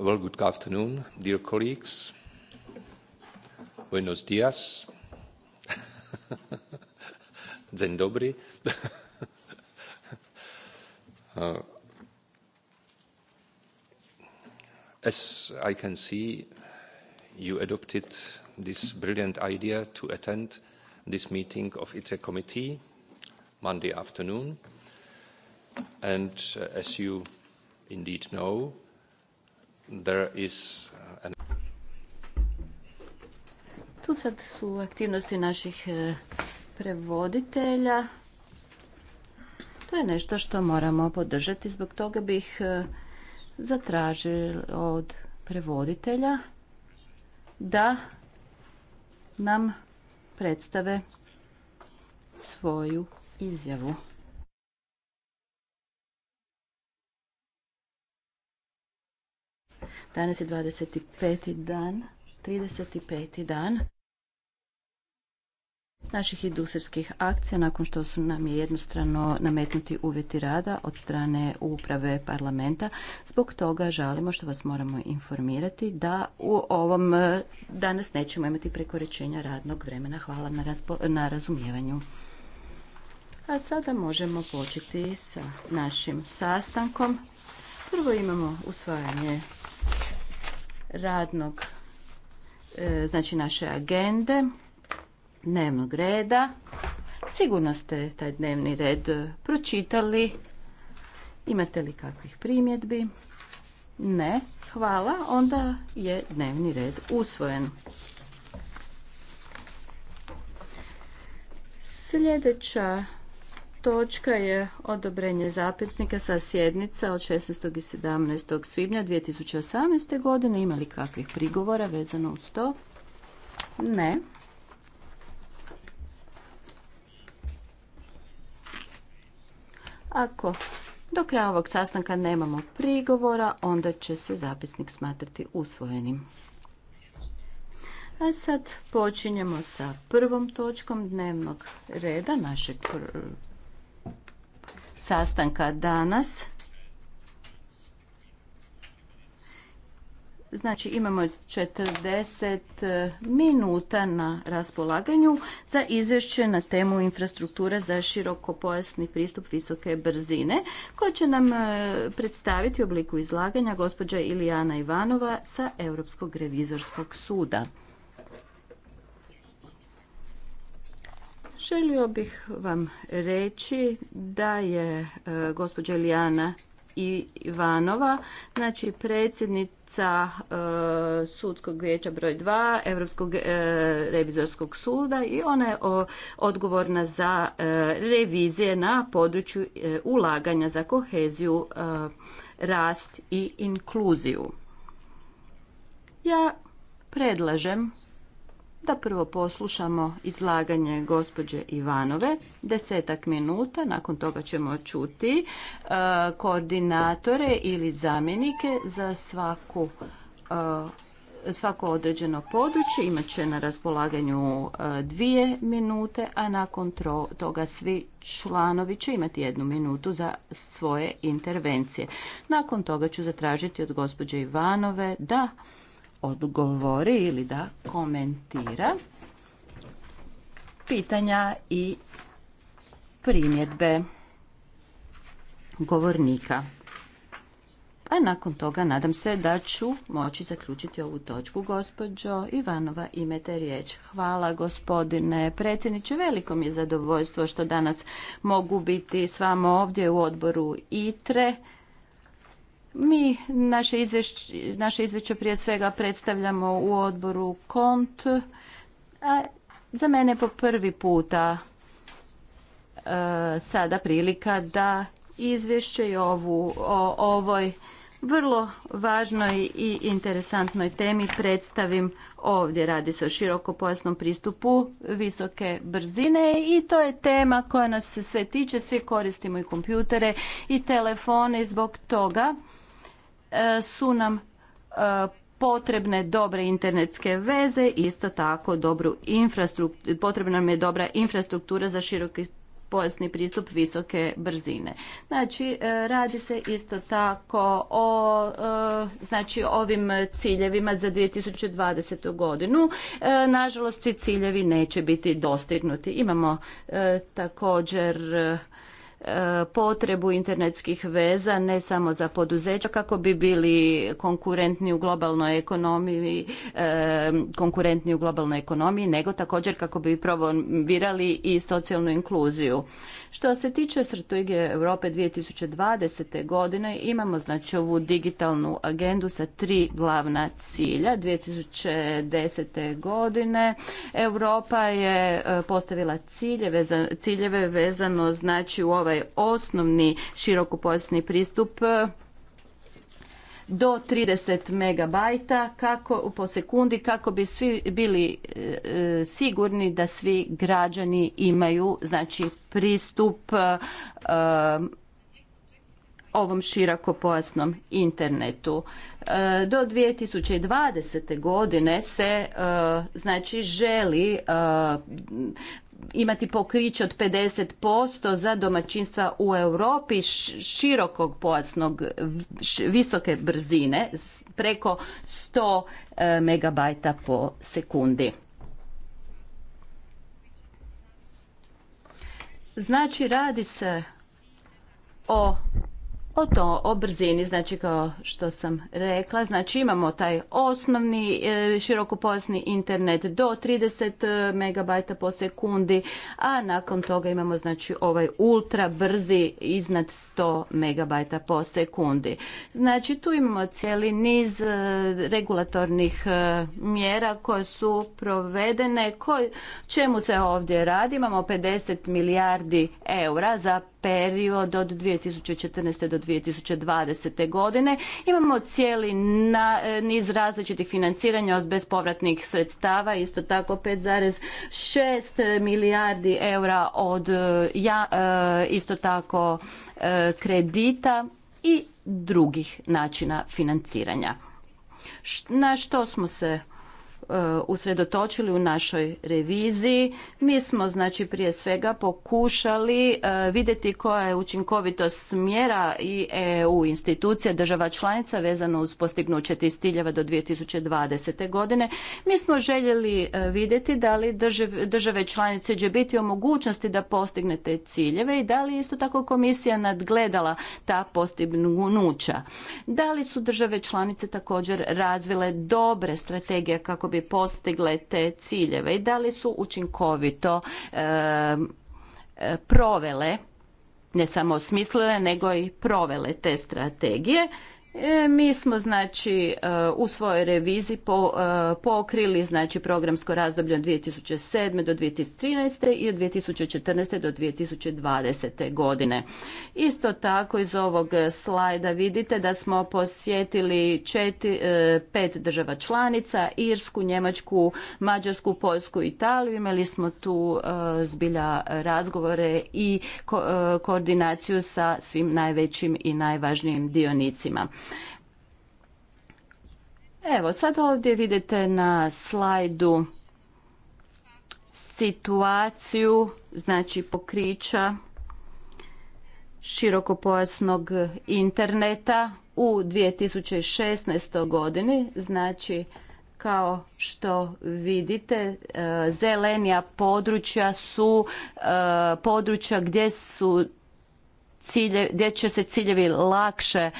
Well, good afternoon, dear colleagues. Buenos dias. Dzień dobry. Uh, as I can see, you adopted this brilliant idea to attend this meeting of ITE committee Monday afternoon. And uh, as you indeed know, Uh, tu sad su aktivnosti naših e, prevoditelja. To je nešto što moramo podržati, zbog toga bih e, zatražila od prevoditelja da nam predstave svoju izjavu. Danas je 25. dan, 35. dan naših industrijskih akcija nakon što su nam je jednostrano nametnuti uvjeti rada od strane uprave parlamenta. Zbog toga žalimo što vas moramo informirati da u ovom e, danas nećemo imati prekoračenja radnog vremena. Hvala na, na razumijevanju. A sada možemo početi sa našim sastankom. Prvo imamo usvajanje radnog, e, znači naše agende, dnevnog reda. Sigurno ste taj dnevni red pročitali. Imate li kakvih primjedbi? Ne. Hvala. Onda je dnevni red usvojen. Sljedeća točka je odobrenje zapisnika sa sjednica od 16. i 17. svibnja 2018. godine. Ima li kakvih prigovora vezano uz to? Ne. Ako do kraja ovog sastanka nemamo prigovora, onda će se zapisnik smatrati usvojenim. A sad počinjemo sa prvom točkom dnevnog reda našeg sastanka danas. Znači imamo 40 e, minuta na raspolaganju za izvješće na temu infrastruktura za širokopojasni pristup visoke brzine koje će nam e, predstaviti u obliku izlaganja gospođa Ilijana Ivanova sa Europskog revizorskog suda. Želio bih vam reći da je e, gospođa Ilijana Ivanova, znači predsjednica e, sudskog vijeća broj 2 Europskog e, revizorskog suda i ona je odgovorna za revizije na području ulaganja za koheziju, rast i inkluziju. Ja predlažem prvo poslušamo izlaganje gospođe Ivanove, desetak minuta, nakon toga ćemo čuti e, koordinatore ili zamjenike za svaku e, svako određeno područje imat će na raspolaganju e, dvije minute, a nakon toga svi članovi će imati jednu minutu za svoje intervencije. Nakon toga ću zatražiti od gospođe Ivanove da odgovori ili da komentira pitanja i primjedbe govornika. A nakon toga nadam se da ću moći zaključiti ovu točku. Gospođo Ivanova, imate riječ. Hvala gospodine predsjedniče. Veliko mi je zadovoljstvo što danas mogu biti s vama ovdje u odboru ITRE. Mi naše izvješće, naše izvješće prije svega predstavljamo u odboru KONT, a za mene po prvi puta e, sada prilika da izvješće i ovu, o ovoj vrlo važnoj i interesantnoj temi predstavim ovdje. Radi se o širokopojasnom pristupu visoke brzine i to je tema koja nas sve tiče. Svi koristimo i kompjutere i telefone zbog toga E, su nam e, potrebne dobre internetske veze, isto tako dobru potrebna nam je dobra infrastruktura za široki pojasni pristup visoke brzine. Znači, e, radi se isto tako o znači, ovim ciljevima za 2020. godinu. Nažalost, svi ciljevi neće biti dostignuti. Imamo također E, potrebu internetskih veza ne samo za poduzeća kako bi bili konkurentni u globalnoj ekonomiji e, konkurentni u globalnoj ekonomiji nego također kako bi promovirali i socijalnu inkluziju. Što se tiče strategije Europe 2020. godine imamo znači ovu digitalnu agendu sa tri glavna cilja. 2010. godine Europa je e, postavila ciljeve, ciljeve vezano znači u ovu ovaj osnovni širokopojasni pristup eh, do 30 megabajta kako, po sekundi kako bi svi bili eh, eh, sigurni da svi građani imaju znači pristup ovom širokopojasnom internetu. do 2020. godine se znači želi imati pokriće od 50% za domaćinstva u Europi širokog pojasnog visoke brzine preko 100 e, megabajta po sekundi. Znači radi se o o to o brzini znači kao što sam rekla znači imamo taj osnovni e, širokopojasni internet do 30 e, MB po sekundi a nakon toga imamo znači ovaj ultra brzi iznad 100 megabajta po sekundi znači tu imamo cijeli niz e, regulatornih mjera koje su provedene koje čemu se ovdje radi imamo 50 milijardi eura za period od 2014 do 2020. godine. Imamo cijeli na, e, niz različitih financiranja od bespovratnih sredstava, isto tako 5,6 milijardi eura od e, ja, e, isto tako kredita i drugih načina financiranja. Na što smo se E, usredotočili u našoj reviziji. Mi smo znači prije svega pokušali e, vidjeti koja je učinkovitost mjera i EU institucija država članica vezano uz postignuće tih stiljeva do 2020. godine. Mi smo željeli e, vidjeti da li države članice će biti u mogućnosti da postigne te ciljeve i da li isto tako komisija nadgledala ta postignuća. Da li su države članice također razvile dobre strategije kako bi bi postigle te ciljeve i da li su učinkovito e, e, provele ne samo osmislile nego i provele te strategije E, mi smo znači e, u svojoj reviziji e, pokrili znači programsko razdoblje od 2007. do 2013. i od 2014. do 2020. godine. Isto tako iz ovog slajda vidite da smo posjetili četi, pet država članica, Irsku, Njemačku, Mađarsku, Poljsku, Italiju. Imali smo tu zbilja razgovore i koordinaciju sa svim najvećim i najvažnijim dionicima. Evo, sad ovdje vidite na slajdu situaciju, znači pokrića širokopojasnog interneta u 2016. godini, znači kao što vidite e, zelenija područja su e, područja gdje su cilje, gdje će se ciljevi lakše e,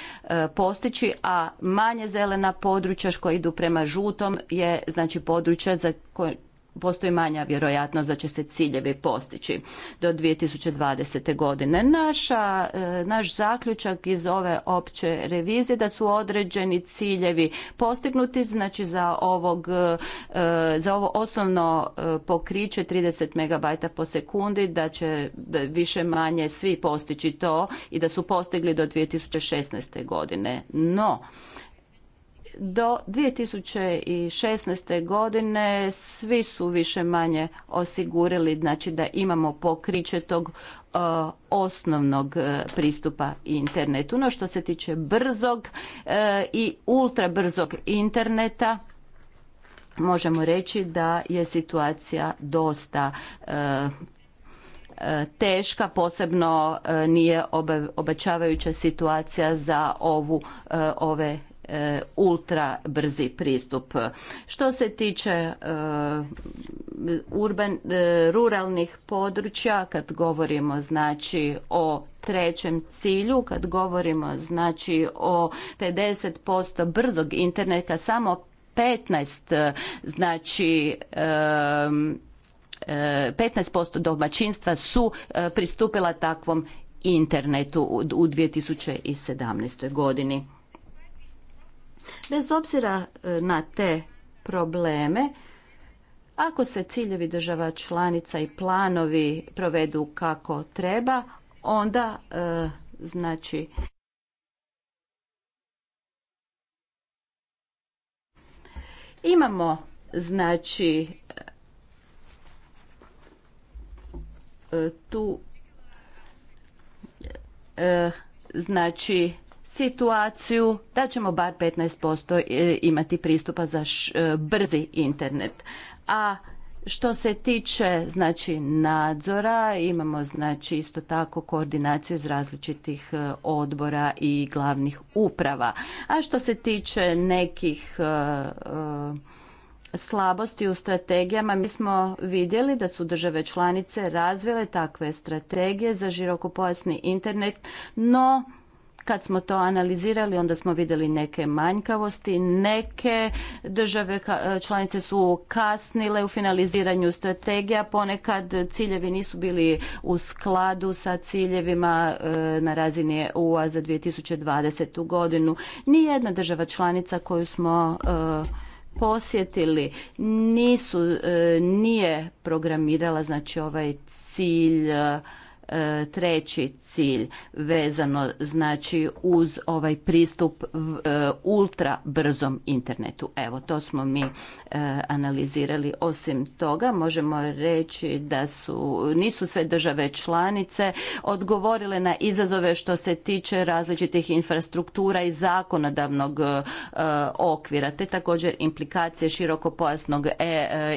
postići, a manje zelena područja koja idu prema žutom je znači područja za koje postoji manja vjerojatnost da će se ciljevi postići do 2020. godine. Naša, e, naš zaključak iz ove opće revizije da su određeni ciljevi postignuti, znači za, ovog, e, za ovo osnovno e, pokriće 30 MB po sekundi, da će više manje svi postići to i da su postigli do 2016. godine. No, do 2016. godine svi su više manje osigurali znači da imamo pokriće tog e, osnovnog e, pristupa internetu. No što se tiče brzog e, i ultrabrzog interneta možemo reći da je situacija dosta teška, posebno nije obećavajuća situacija za ovu, ove E, ultra brzi pristup. Što se tiče e, urban, e, ruralnih područja, kad govorimo znači o trećem cilju kad govorimo znači o 50% brzog interneta samo 15 znači 15% domaćinstva su pristupila takvom internetu u 2017. godini Bez obzira e, na te probleme, ako se ciljevi država članica i planovi provedu kako treba, onda e, znači imamo znači e, tu znači situaciju da ćemo bar 15% e, imati pristupa za e, brzi internet. A što se tiče znači nadzora, imamo znači isto tako koordinaciju iz različitih e, odbora i glavnih uprava. A što se tiče nekih slabosti u strategijama, mi smo vidjeli da su države članice razvile takve strategije za širokopojasni internet, no kad smo to analizirali, onda smo vidjeli neke manjkavosti. Neke države e, članice su kasnile u finaliziranju strategija. Ponekad ciljevi nisu bili u skladu sa ciljevima e, na razini EU-a za 2020. godinu. Nijedna država članica koju smo e, posjetili nisu, nije programirala znači ovaj cilj E, treći cilj vezano znači uz ovaj pristup e, ultra brzom internetu. Evo, to smo mi e, analizirali. Osim toga, možemo reći da su, nisu sve države članice odgovorile na izazove što se tiče različitih infrastruktura i zakonodavnog okvira, te također implikacije širokopojasnog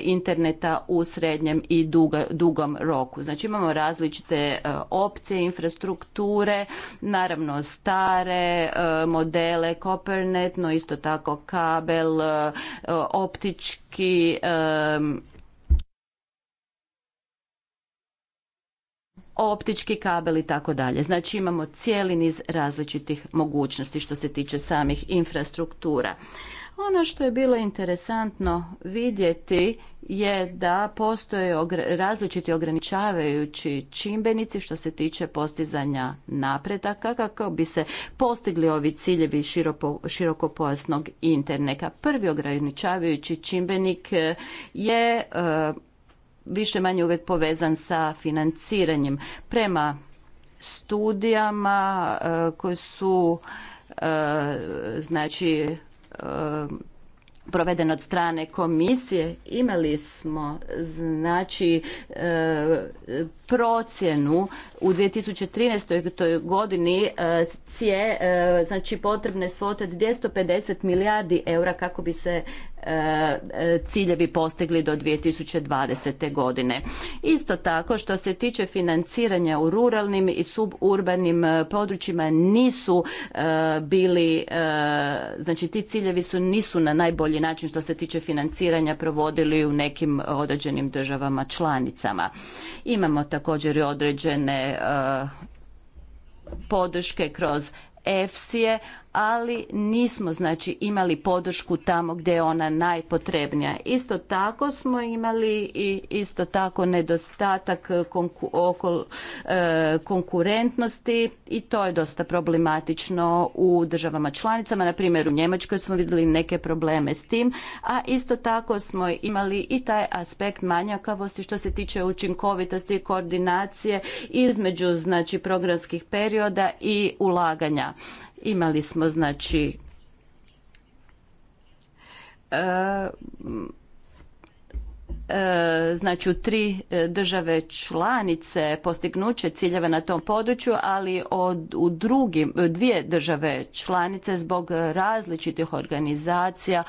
interneta u srednjem i dugom roku. Znači imamo različite E, opcije, infrastrukture, naravno stare e, modele, Kopernet, no isto tako kabel, e, optički optički kabel i tako dalje. Znači imamo cijeli niz različitih mogućnosti što se tiče samih infrastruktura. Ono što je bilo interesantno vidjeti je da postoje različiti ograničavajući čimbenici što se tiče postizanja napredaka kako bi se postigli ovi ciljevi široko, širokopojasnog interneta. Prvi ograničavajući čimbenik e, je e, više manje uvijek povezan sa financiranjem. Prema studijama e, koje su znači E, proveden od strane komisije imali smo znači e, procjenu u 2013. godini e, cije, e, znači potrebne svote 250 milijardi eura kako bi se e, ciljevi postigli do 2020. godine. Isto tako što se tiče financiranja u ruralnim i suburbanim područjima nisu bili, znači ti ciljevi su nisu na najbolji način što se tiče financiranja provodili u nekim određenim državama članicama. Imamo također i određene podrške kroz efsi ali nismo znači imali podršku tamo gdje je ona najpotrebnija. Isto tako smo imali i isto tako nedostatak okol, e, konkurentnosti i to je dosta problematično u državama članicama. Na primjer u Njemačkoj smo vidjeli neke probleme s tim, a isto tako smo imali i taj aspekt manjakavosti što se tiče učinkovitosti i koordinacije između znači programskih perioda i ulaganja. Imali smo znači e, E, znači u tri e, države članice postignuće ciljeve na tom području, ali od, u drugim, e, dvije države članice zbog različitih organizacija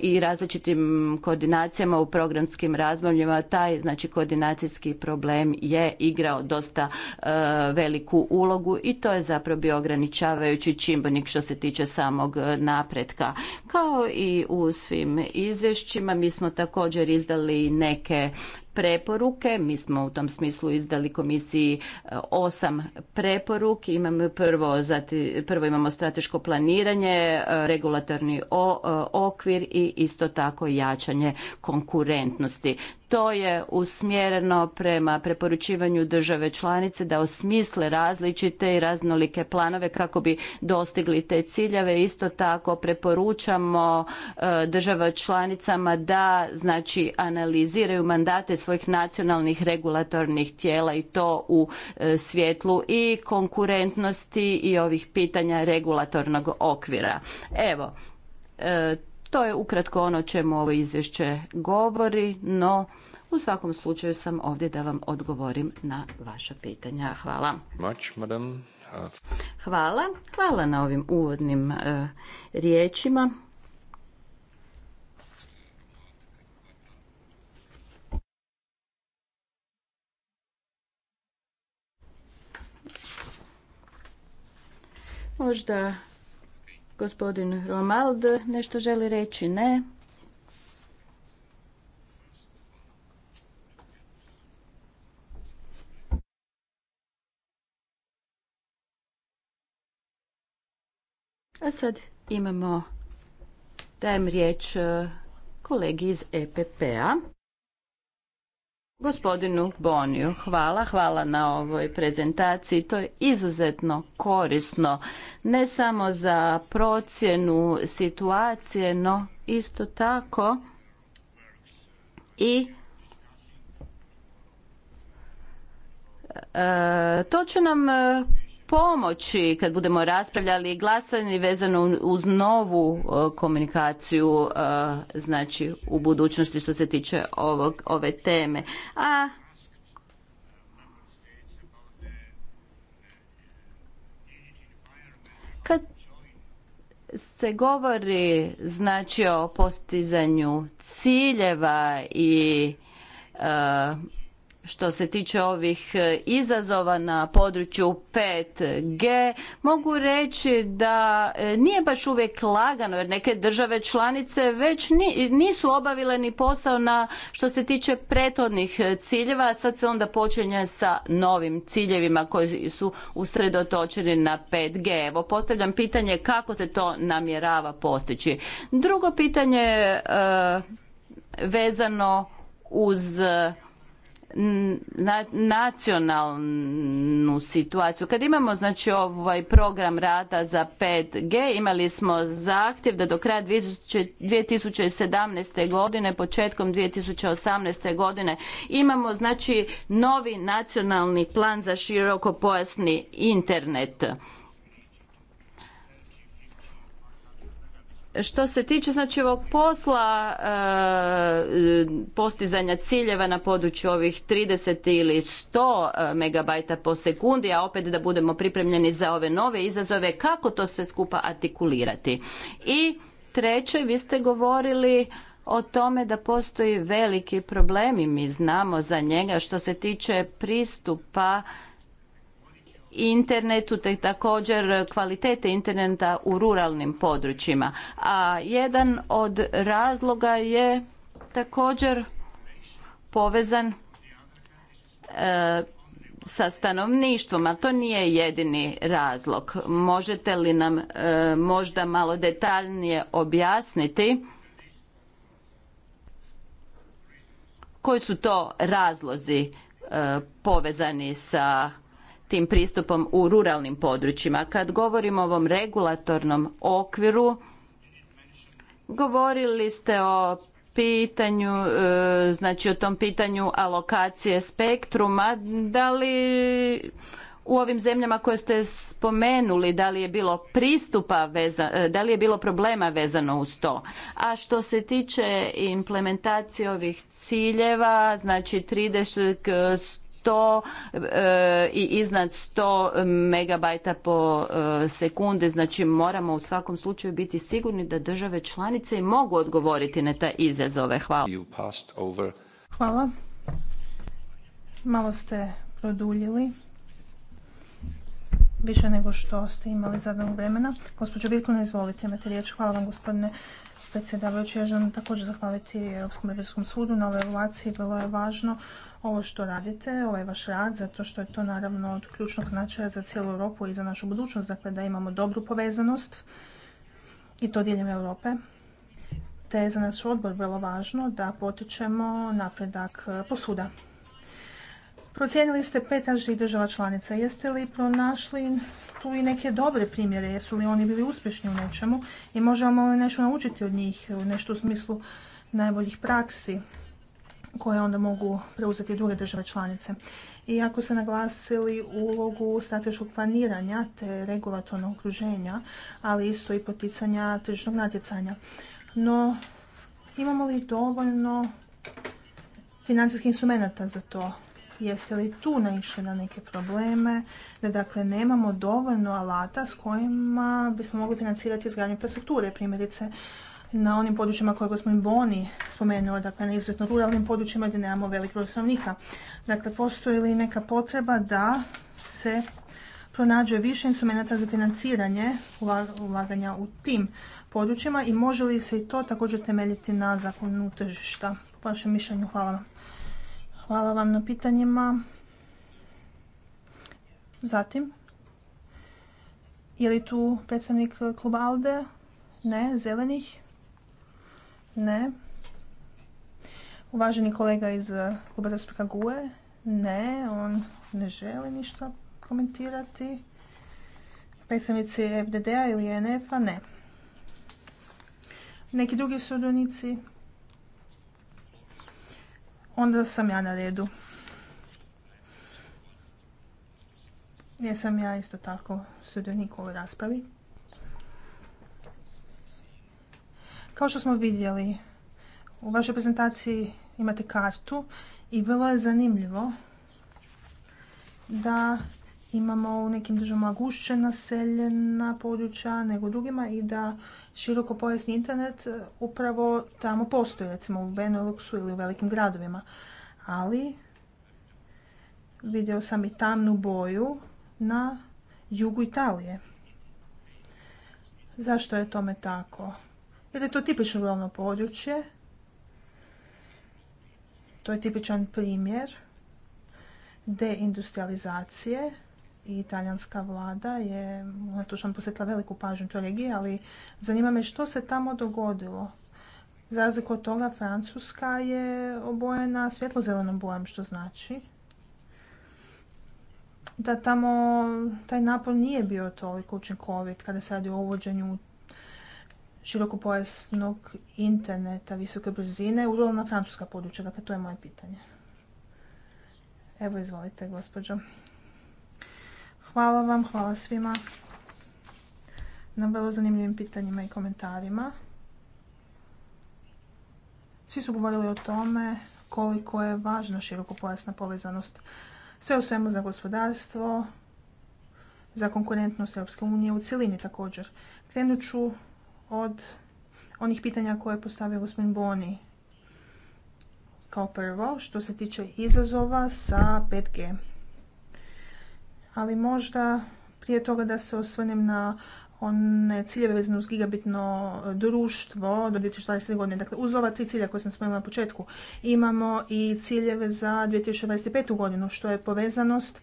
i različitim koordinacijama u programskim razmovljima, taj znači koordinacijski problem je igrao dosta veliku ulogu i to je zapravo bio ograničavajući čimbenik što se tiče samog napretka. Kao i u svim izvješćima mi smo također izdali i neke preporuke. Mi smo u tom smislu izdali komisiji e, osam preporuk. Imamo prvo, prvo imamo strateško planiranje, e, regulatorni e, okvir i isto tako jačanje konkurentnosti. To je usmjereno prema preporučivanju države članice da osmisle različite i raznolike planove kako bi dostigli te ciljeve. Isto tako preporučamo e, država članicama da znači analiziraju mandate svojih nacionalnih regulatornih tijela i to u e, svjetlu i konkurentnosti i ovih pitanja regulatornog okvira. Evo, e, to je ukratko ono čemu ovo izvješće govori, no u svakom slučaju sam ovdje da vam odgovorim na vaša pitanja. Hvala. Hvala. Hvala na ovim uvodnim e, riječima. Možda Gospodin Romald nešto želi reći? Ne. A sad imamo, dajem riječ eh, kolegi iz EPP-a. Gospodinu Boniju, hvala, hvala na ovoj prezentaciji. To je izuzetno korisno, ne samo za procjenu situacije, no isto tako i e, to će nam e, pomoći kad budemo raspravljali i glasani vezano uz novu e, komunikaciju e, znači u budućnosti što se tiče ovog, ove teme. A kad se govori znači o postizanju ciljeva i e, što se tiče ovih e, izazova na području 5G, mogu reći da e, nije baš uvijek lagano jer neke države članice već nisu obavile ni posao na što se tiče prethodnih e, ciljeva, a sad se onda počinje sa novim ciljevima koji su usredotočeni na 5G. Evo, postavljam pitanje kako se to namjerava postići. Drugo pitanje vezano uz nacionalnu situaciju. Kad imamo znači ovaj program rada za 5G, imali smo zahtjev da do kraja 2017. godine, početkom 2018. godine imamo znači novi nacionalni plan za pojasni internet. Što se tiče znači ovog posla e, postizanja ciljeva na području ovih 30 ili 100 e, megabajta po sekundi, a opet da budemo pripremljeni za ove nove izazove, kako to sve skupa artikulirati. I treće, vi ste govorili o tome da postoji veliki problem mi znamo za njega što se tiče pristupa internetu te također kvalitete interneta u ruralnim područjima. A jedan od razloga je također povezan e, sa stanovništvom, ali to nije jedini razlog. Možete li nam e, možda malo detaljnije objasniti koji su to razlozi e, povezani sa tim pristupom u ruralnim područjima. Kad govorimo o ovom regulatornom okviru, govorili ste o pitanju, e, znači o tom pitanju alokacije spektruma, da li u ovim zemljama koje ste spomenuli da li je bilo pristupa e, da li je bilo problema vezano uz to. A što se tiče implementacije ovih ciljeva, znači 30 100 e, i iznad 100 megabajta po e, sekunde. Znači moramo u svakom slučaju biti sigurni da države članice i mogu odgovoriti na ta izazove. Hvala. Hvala. Malo ste produljili više nego što ste imali zadnog vremena. Gospođo Bilkona, izvolite, imate riječ. Hvala vam, gospodine predsjedavajući. Ja želim također zahvaliti Europskom revizijskom sudu na ovoj evaluaciji. Bilo je važno ovo što radite, ovaj vaš rad, zato što je to naravno od ključnog značaja za cijelu Europu i za našu budućnost, dakle da imamo dobru povezanost i to diljem Europe. Te je za naš odbor vrlo važno da potičemo napredak e, posuda. Procijenili ste pet država članica. Jeste li pronašli tu i neke dobre primjere? Jesu li oni bili uspješni u nečemu? I možemo li nešto naučiti od njih, nešto u smislu najboljih praksi? koje onda mogu preuzeti druge države članice. I ako ste naglasili ulogu strateškog planiranja te regulatornog okruženja, ali isto i poticanja tržišnog natjecanja. No, imamo li dovoljno financijskih instrumenata za to? Jeste li tu naišli na neke probleme? Da dakle nemamo dovoljno alata s kojima bismo mogli financirati izgradnju infrastrukture, primjerice na onim područjima koje gospodin Boni spomenuo, dakle na izuzetno ruralnim područjima gdje nemamo velik broj stanovnika. Dakle, postoji li neka potreba da se pronađe više instrumenta za financiranje ulaganja u tim područjima i može li se i to također temeljiti na zakonu tržišta? Po vašem mišljenju, hvala vam. Hvala vam na pitanjima. Zatim, je li tu predstavnik kluba ALDE? Ne, zelenih. Ne. Uvaženi kolega iz eh, kluba zastupnika GUE? Ne, on ne želi ništa komentirati. Predstavnici FDD-a ili nf a Ne. Neki drugi sudionici? Onda sam ja na redu. Jesam ja isto tako sudionik u ovoj raspravi. Kao što smo vidjeli, u vašoj prezentaciji imate kartu i vrlo je zanimljivo da imamo u nekim državama gušće naseljena područja nego drugima i da široko pojasni internet e, upravo tamo postoji, recimo u Beneluxu ili u velikim gradovima. Ali vidio sam i tamnu boju na jugu Italije. Zašto je tome tako? jer dakle, je to tipično ruralno područje. To je tipičan primjer deindustrializacije i italijanska vlada je što vam posjetila veliku pažnju toj regiji, ali zanima me što se tamo dogodilo. Za razliku od toga, Francuska je obojena svjetlo-zelenom bojem, što znači da tamo taj napor nije bio toliko učinkovit kada se radi o uvođenju širokopojasnog interneta visoke brzine u ruralna francuska područja? Dakle, to je moje pitanje. Evo, izvolite, gospođo. Hvala vam, hvala svima na vrlo zanimljivim pitanjima i komentarima. Svi su govorili o tome koliko je važna širokopojasna povezanost sve u svemu za gospodarstvo, za konkurentnost Europske unije u cjelini također. Krenut ću od onih pitanja koje je postavio gospodin Boni. Kao prvo, što se tiče izazova sa 5G. Ali možda prije toga da se osvrnem na one ciljeve vezane uz gigabitno društvo do 2020. godine. Dakle, uz ova tri cilja koje sam spomenula na početku, imamo i ciljeve za 2025. godinu, što je povezanost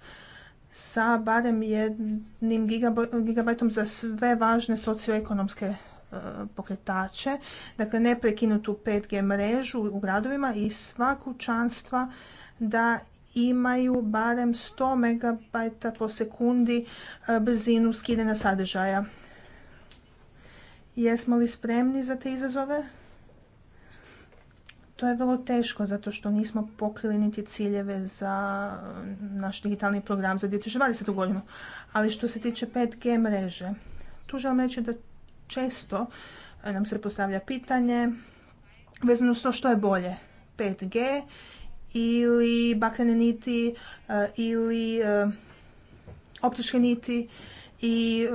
sa barem jednim gigabajtom za sve važne socioekonomske pokretače, dakle neprekinutu 5G mrežu u gradovima i sva kućanstva da imaju barem 100 MB po sekundi e, brzinu skidena sadržaja. Jesmo li spremni za te izazove? To je vrlo teško zato što nismo pokrili niti ciljeve za e, naš digitalni program za 2020. godinu. Ali što se tiče 5G mreže, tu želim reći da često eh, nam se postavlja pitanje vezano s to što je bolje, 5G ili bakrene niti eh, ili eh, optičke niti i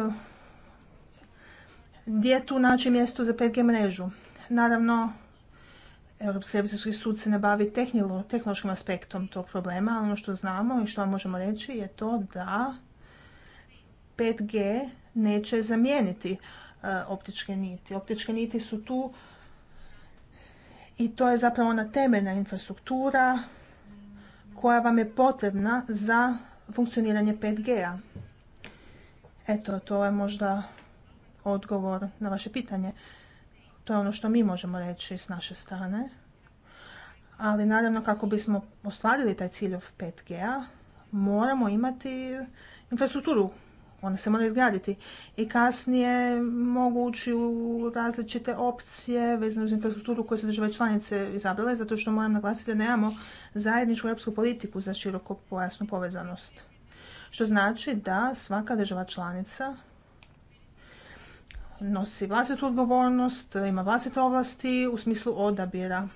gdje tu naći mjesto za 5G mrežu. Naravno, Europski revizorski sud se ne bavi tehnološkim aspektom tog problema, ali ono što znamo i što vam možemo reći je to da 5G neće zamijeniti E, optičke niti. Optičke niti su tu i to je zapravo ona temeljna infrastruktura koja vam je potrebna za funkcioniranje 5G-a. Eto, to je možda odgovor na vaše pitanje. To je ono što mi možemo reći s naše strane. Ali naravno kako bismo ostvarili taj cilj 5G-a, moramo imati infrastrukturu ona se mora izgraditi. I kasnije mogu ući u različite opcije vezane uz infrastrukturu koju su države članice izabrale, zato što moram naglasiti da nemamo zajedničku europsku politiku za široko pojasnu povezanost. Što znači da svaka država članica nosi vlastitu odgovornost, ima vlastite ovlasti u smislu odabira.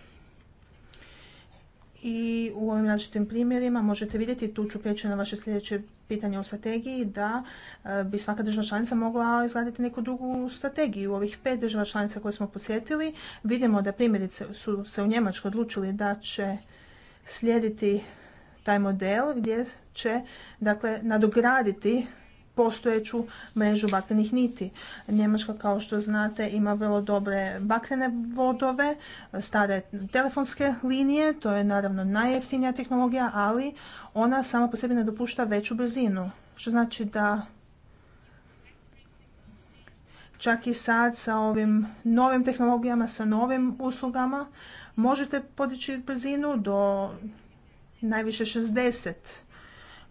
I u ovim različitim primjerima možete vidjeti, tu ću prijeći na vaše sljedeće pitanje o strategiji da e, bi svaka država članica mogla izgledati neku drugu strategiju. U ovih pet država članica koje smo posjetili vidimo da primjerice su se u Njemačkoj odlučili da će slijediti taj model gdje će dakle nadograditi postojeću mrežu bakrenih niti. Njemačka, kao što znate, ima vrlo dobre bakrene vodove, stare telefonske linije, to je naravno najjeftinija tehnologija, ali ona sama po sebi ne dopušta veću brzinu. Što znači da čak i sad sa ovim novim tehnologijama, sa novim uslugama, možete podići brzinu do najviše 60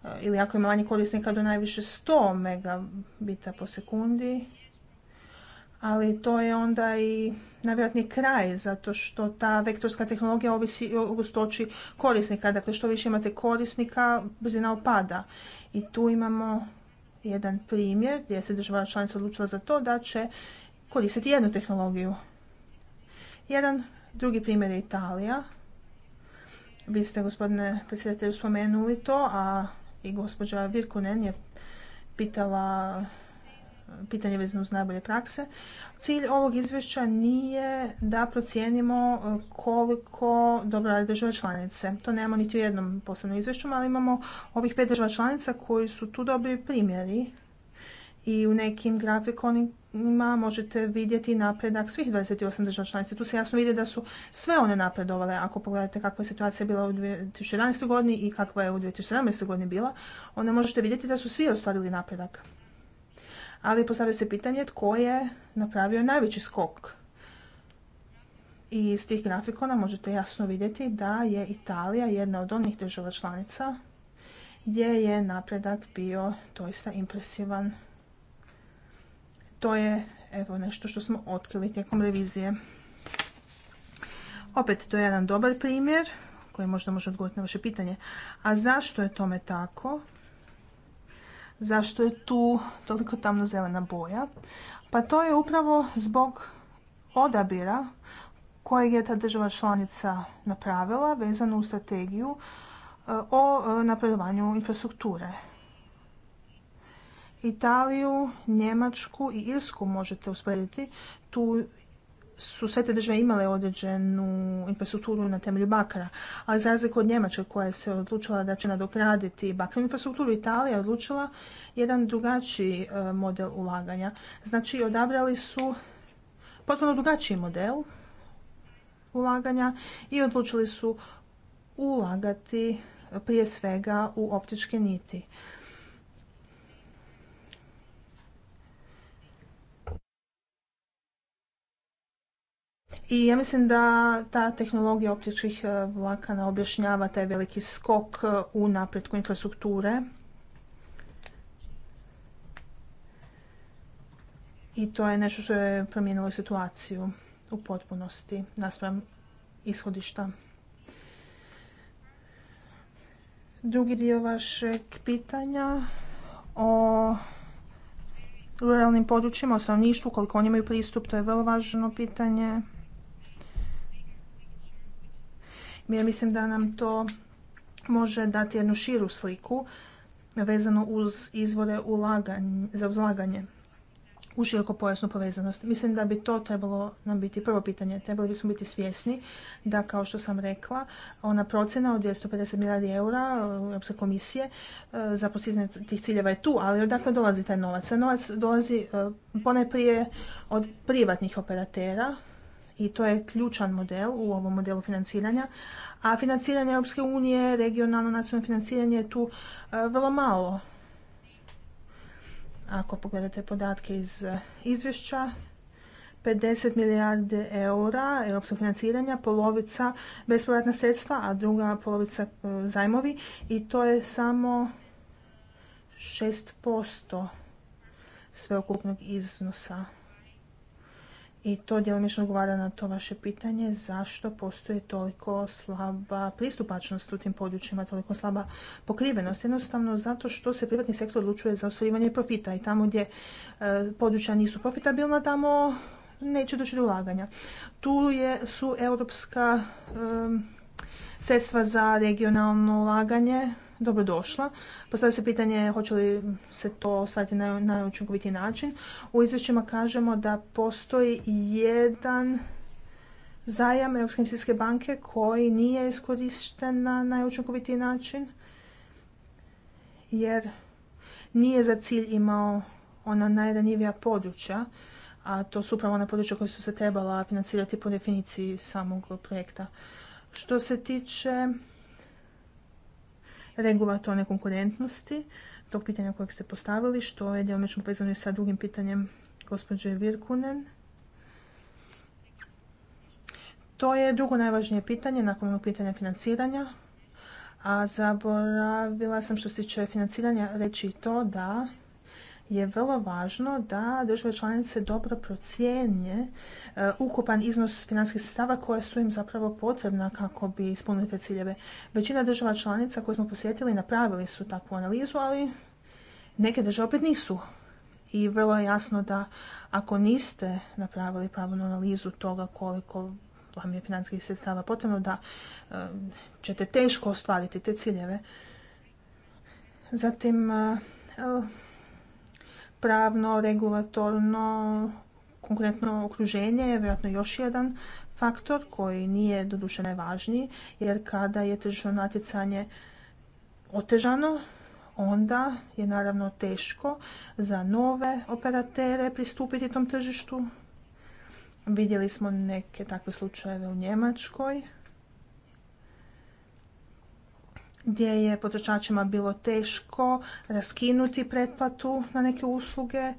Eh, ili ako ima manje korisnika do najviše 100 megabita po sekundi, ali to je onda i najvjerojatniji kraj, zato što ta vektorska tehnologija ovisi o gustoći korisnika. Dakle, što više imate korisnika, brzina opada. I tu imamo jedan primjer gdje se država članica odlučila za to da će koristiti jednu tehnologiju. Jedan drugi primjer je Italija. Vi ste, gospodine predsjedatelju, spomenuli to, a i gospođa Virkunen je pitala pitanje vezano uz najbolje prakse. Cilj ovog izvješća nije da procijenimo e, koliko dobro rade države članice. To nemamo niti u jednom posebnom izvješću, ali imamo ovih pet država članica koji su tu dobri primjeri i u nekim grafikonima možete vidjeti napredak svih 28 država članica. Tu se jasno vidi da su sve one napredovale. Ako pogledate kakva je situacija bila u 2011. godini i kakva je u 2017. godini bila, onda možete vidjeti da su svi ostvarili napredak. Ali postavlja se pitanje tko je napravio najveći skok. I iz tih grafikona možete jasno vidjeti da je Italija jedna od onih država članica gdje je napredak bio doista impresivan to je evo nešto što smo otkrili tijekom revizije. Opet, to je jedan dobar primjer koji možda može odgovoriti na vaše pitanje. A zašto je tome tako? Zašto je tu toliko tamno zelena boja? Pa to je upravo zbog odabira kojeg je ta država članica napravila vezano u strategiju e, o e, napredovanju infrastrukture. Italiju, Njemačku i Irsku možete usporediti. Tu su sve te države imale određenu infrastrukturu na temelju bakara, ali za razliku od Njemačke koja se odlučila da će nadokraditi bakarnu infrastrukturu, Italija je odlučila jedan drugačiji e, model ulaganja. Znači odabrali su potpuno drugačiji model ulaganja i odlučili su ulagati prije svega u optičke niti. I ja mislim da ta tehnologija optičkih e, vlakana objašnjava taj veliki skok e, u napretku infrastrukture. I to je nešto što je promijenilo situaciju u potpunosti naspram ishodišta. Drugi dio vašeg pitanja o ruralnim područjima, o stanovništvu, koliko oni imaju pristup, to je vrlo važno pitanje. Ja mislim da nam to može dati jednu širu sliku vezano uz izvore za uzlaganje u široko pojasnu povezanost. Mislim da bi to trebalo nam biti prvo pitanje. Trebali bismo biti svjesni da, kao što sam rekla, ona procjena od 250 milijardi eura Europske komisije e, za postizanje tih ciljeva je tu, ali odakle dolazi taj novac? novac dolazi e, ponajprije od privatnih operatera, i to je ključan model u ovom modelu financiranja. A financiranje Europske unije, regionalno nacionalno financiranje je tu e, vrlo malo. Ako pogledate podatke iz e, izvješća, 50 milijarde eura europskog financiranja, polovica bespovratna sredstva, a druga polovica e, zajmovi i to je samo 6% sveukupnog iznosa i to djelomično odgovara na to vaše pitanje zašto postoji toliko slaba pristupačnost u tim područjima, toliko slaba pokrivenost. Jednostavno zato što se privatni sektor odlučuje za ostvarivanje profita i tamo gdje e, područja nisu profitabilna, tamo neće doći do ulaganja. Tu je, su europska e, sredstva za regionalno ulaganje dobro došla, Postavlja se pitanje hoće li se to sad na najučinkovitiji način. U izvješćima kažemo da postoji jedan zajam Europske investicijske banke koji nije iskorišten na najučinkovitiji način jer nije za cilj imao ona najranjivija područja, a to su upravo ona područja koja su se trebala financirati po definiciji samog projekta. Što se tiče regulatorne konkurentnosti, tog pitanja kojeg ste postavili, što je djelomično povezano i sa drugim pitanjem gospođe Virkunen. To je drugo najvažnije pitanje nakon onog pitanja financiranja. A zaboravila sam što se tiče financiranja reći i to da je vrlo važno da države članice dobro procijenje e, ukupan iznos financijskih sredstava koja su im zapravo potrebna kako bi ispunili te ciljeve. Većina država članica koje smo posjetili napravili su takvu analizu, ali neke države opet nisu. I vrlo je jasno da ako niste napravili pravnu analizu toga koliko vam je financijskih sredstava potrebno, da e, ćete teško ostvariti te ciljeve. Zatim, e, pravno, regulatorno, konkretno okruženje je vjerojatno još jedan faktor koji nije doduše najvažniji, jer kada je tržišno natjecanje otežano, onda je naravno teško za nove operatere pristupiti tom tržištu. Vidjeli smo neke takve slučajeve u Njemačkoj gdje je potrošačima bilo teško raskinuti pretplatu na neke usluge.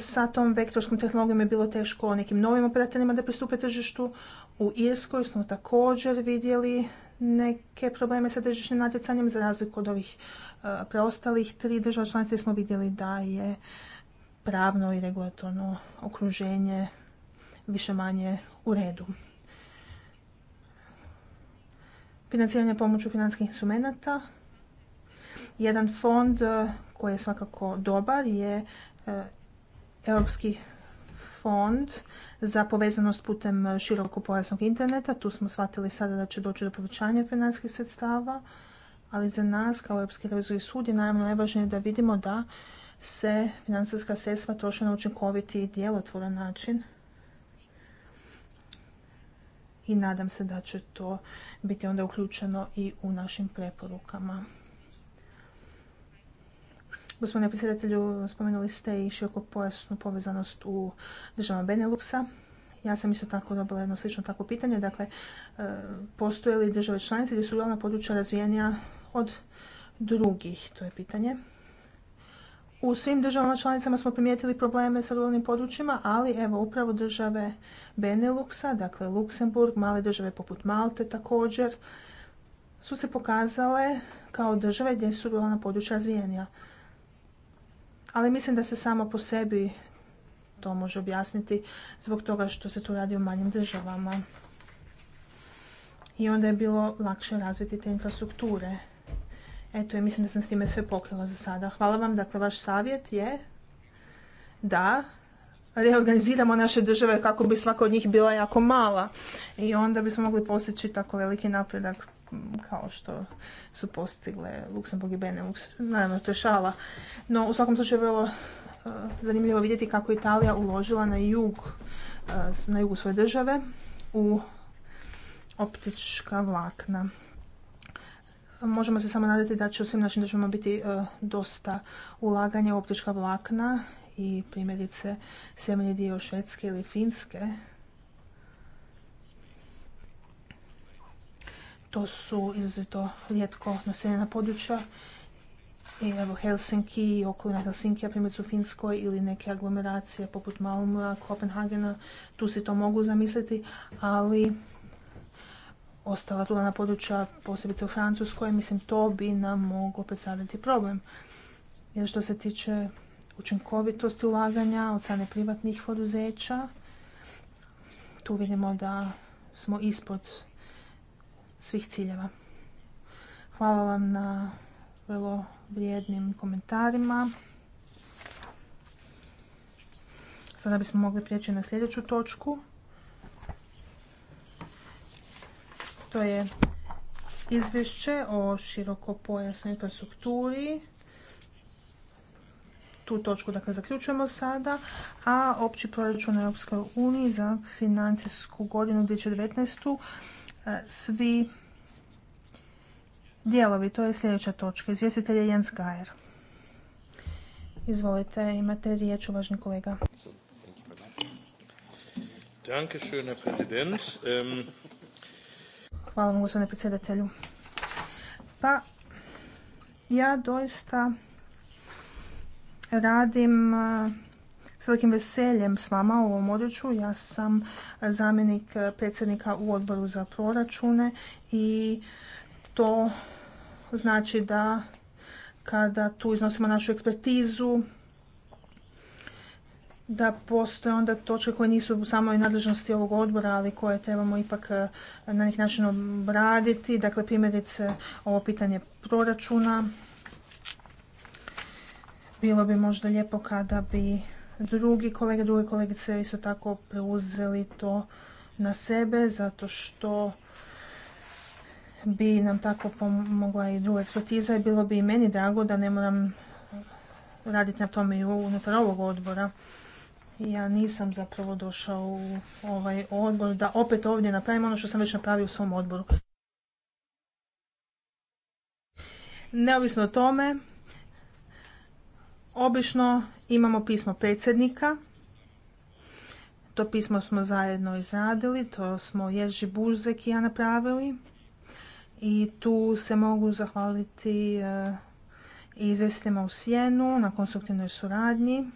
Sa tom vektorskom tehnologijom je bilo teško nekim novim operatorima da pristupe tržištu. U Irskoj smo također vidjeli neke probleme sa tržišnim natjecanjem za razliku od ovih e, preostalih tri država članice smo vidjeli da je pravno i regulatorno okruženje više manje u redu financiranja pomoću financijskih instrumenata. Jedan fond eh, koji je svakako dobar je eh, Europski fond za povezanost putem širokopojasnog interneta. Tu smo shvatili sada da će doći do povećanja financijskih sredstava, ali za nas kao Europski revizori sud je naravno najvažnije da vidimo da se financijska sredstva troše na učinkoviti i djelotvoran način i nadam se da će to biti onda uključeno i u našim preporukama. Gospodine predsjedatelju, spomenuli ste i široko pojasnu povezanost u državama Beneluxa. Ja sam isto tako dobila jedno slično takvo pitanje. Dakle, e, postoje li države članice gdje su glavna područja razvijenija od drugih? To je pitanje. U svim državama članicama smo primijetili probleme sa ruralnim područjima, ali evo upravo države Beneluxa, dakle Luksemburg, male države poput Malte također, su se pokazale kao države gdje su ruralna područja razvijenija. Ali mislim da se samo po sebi to može objasniti zbog toga što se tu radi u manjim državama. I onda je bilo lakše razviti te infrastrukture. Eto, ja mislim da sam s time sve pokrila za sada. Hvala vam. Dakle, vaš savjet je da reorganiziramo naše države kako bi svaka od njih bila jako mala i onda bismo mogli postići tako veliki napredak mm, kao što su postigle Luksemburg i Benelux. Naravno, to je šala. No, u svakom slučaju je vrlo e, zanimljivo vidjeti kako Italija uložila na jug, e, na jugu svoje države u optička vlakna. Možemo se samo nadati da će u svim našim državama biti e, dosta ulaganja u optička vlakna i primjerice sjemenje dio Švedske ili Finske. To su izrazito rijetko naseljena područja i evo Helsinki i okolina Helsinkija, primjerice u Finskoj ili neke aglomeracije poput Malmöa, Kopenhagena, tu si to mogu zamisliti, ali ostala na područja, posebice u Francuskoj, mislim to bi nam moglo predstavljati problem. Jer što se tiče učinkovitosti ulaganja od strane privatnih poduzeća, tu vidimo da smo ispod svih ciljeva. Hvala vam na vrlo vrijednim komentarima. Sada bismo mogli prijeći na sljedeću točku. je izvješće o širokopojasnoj infrastrukturi. Tu točku dakle zaključujemo sada, a opći proračun Europske unije za financijsku godinu 2019. E, svi dijelovi, to je sljedeća točka. Izvjestitelj je Jens Gajer. Izvolite, imate riječ, uvaženi kolega. Danke, Herr Präsident. Ähm, Hvala vam, gospodine predsjedatelju. Pa, ja doista radim eh, s velikim veseljem s vama u ovom odreću. Ja sam zamjenik eh, predsjednika u odboru za proračune i to znači da kada tu iznosimo našu ekspertizu, da postoje onda točke koje nisu u samoj nadležnosti ovog odbora, ali koje trebamo ipak e, na njih način obraditi. Dakle, primjerice ovo pitanje proračuna. Bilo bi možda lijepo kada bi drugi kolege, druge kolegice isto tako preuzeli to na sebe, zato što bi nam tako pomogla i druga ekspertiza i bilo bi i meni drago da ne moram raditi na tome i unutar ovog odbora. Ja nisam zapravo došao u ovaj odbor da opet ovdje napravim ono što sam već napravio u svom odboru. Neovisno o tome, obično imamo pismo predsjednika. To pismo smo zajedno izradili, to smo Jerži Burzek i ja napravili. I tu se mogu zahvaliti i e, izvestima u Sjenu na konstruktivnoj suradnji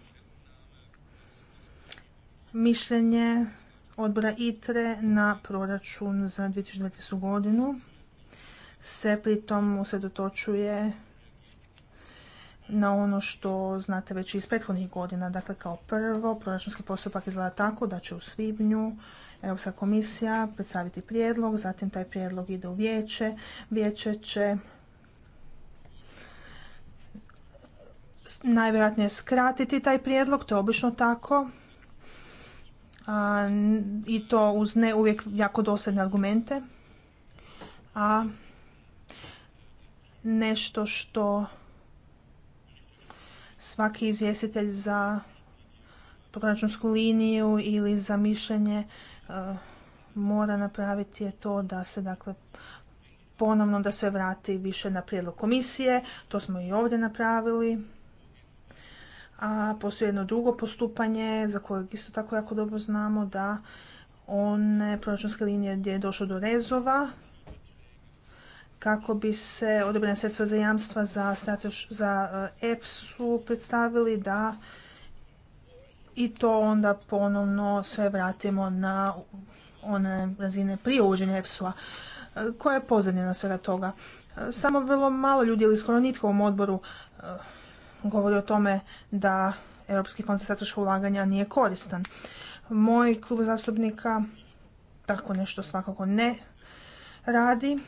mišljenje odbora ITRE na proračun za 2019. godinu se pritom usredotočuje na ono što znate već iz prethodnih godina. Dakle, kao prvo, proračunski postupak izgleda tako da će u svibnju Europska komisija predstaviti prijedlog, zatim taj prijedlog ide u vijeće. Vijeće će najvjerojatnije skratiti taj prijedlog, to je obično tako, a, i to uz ne uvijek jako dosadne argumente, a nešto što svaki izvjestitelj za proračunsku liniju ili za mišljenje e, mora napraviti je to da se dakle ponovno da se vrati više na prijedlog komisije, to smo i ovdje napravili a postoji jedno drugo postupanje za kojeg isto tako jako dobro znamo da one proračunske linije gdje je došlo do rezova kako bi se odobrena sredstva za jamstva za, strateš, za e, EFSU predstavili da i to onda ponovno sve vratimo na one razine prije uvođenja EFSU-a. Koja je pozadina svega toga? Samo vrlo malo ljudi ili skoro nitko u ovom odboru govori o tome da Europski fond ulaganja nije koristan. Moj klub zastupnika tako nešto svakako ne radi.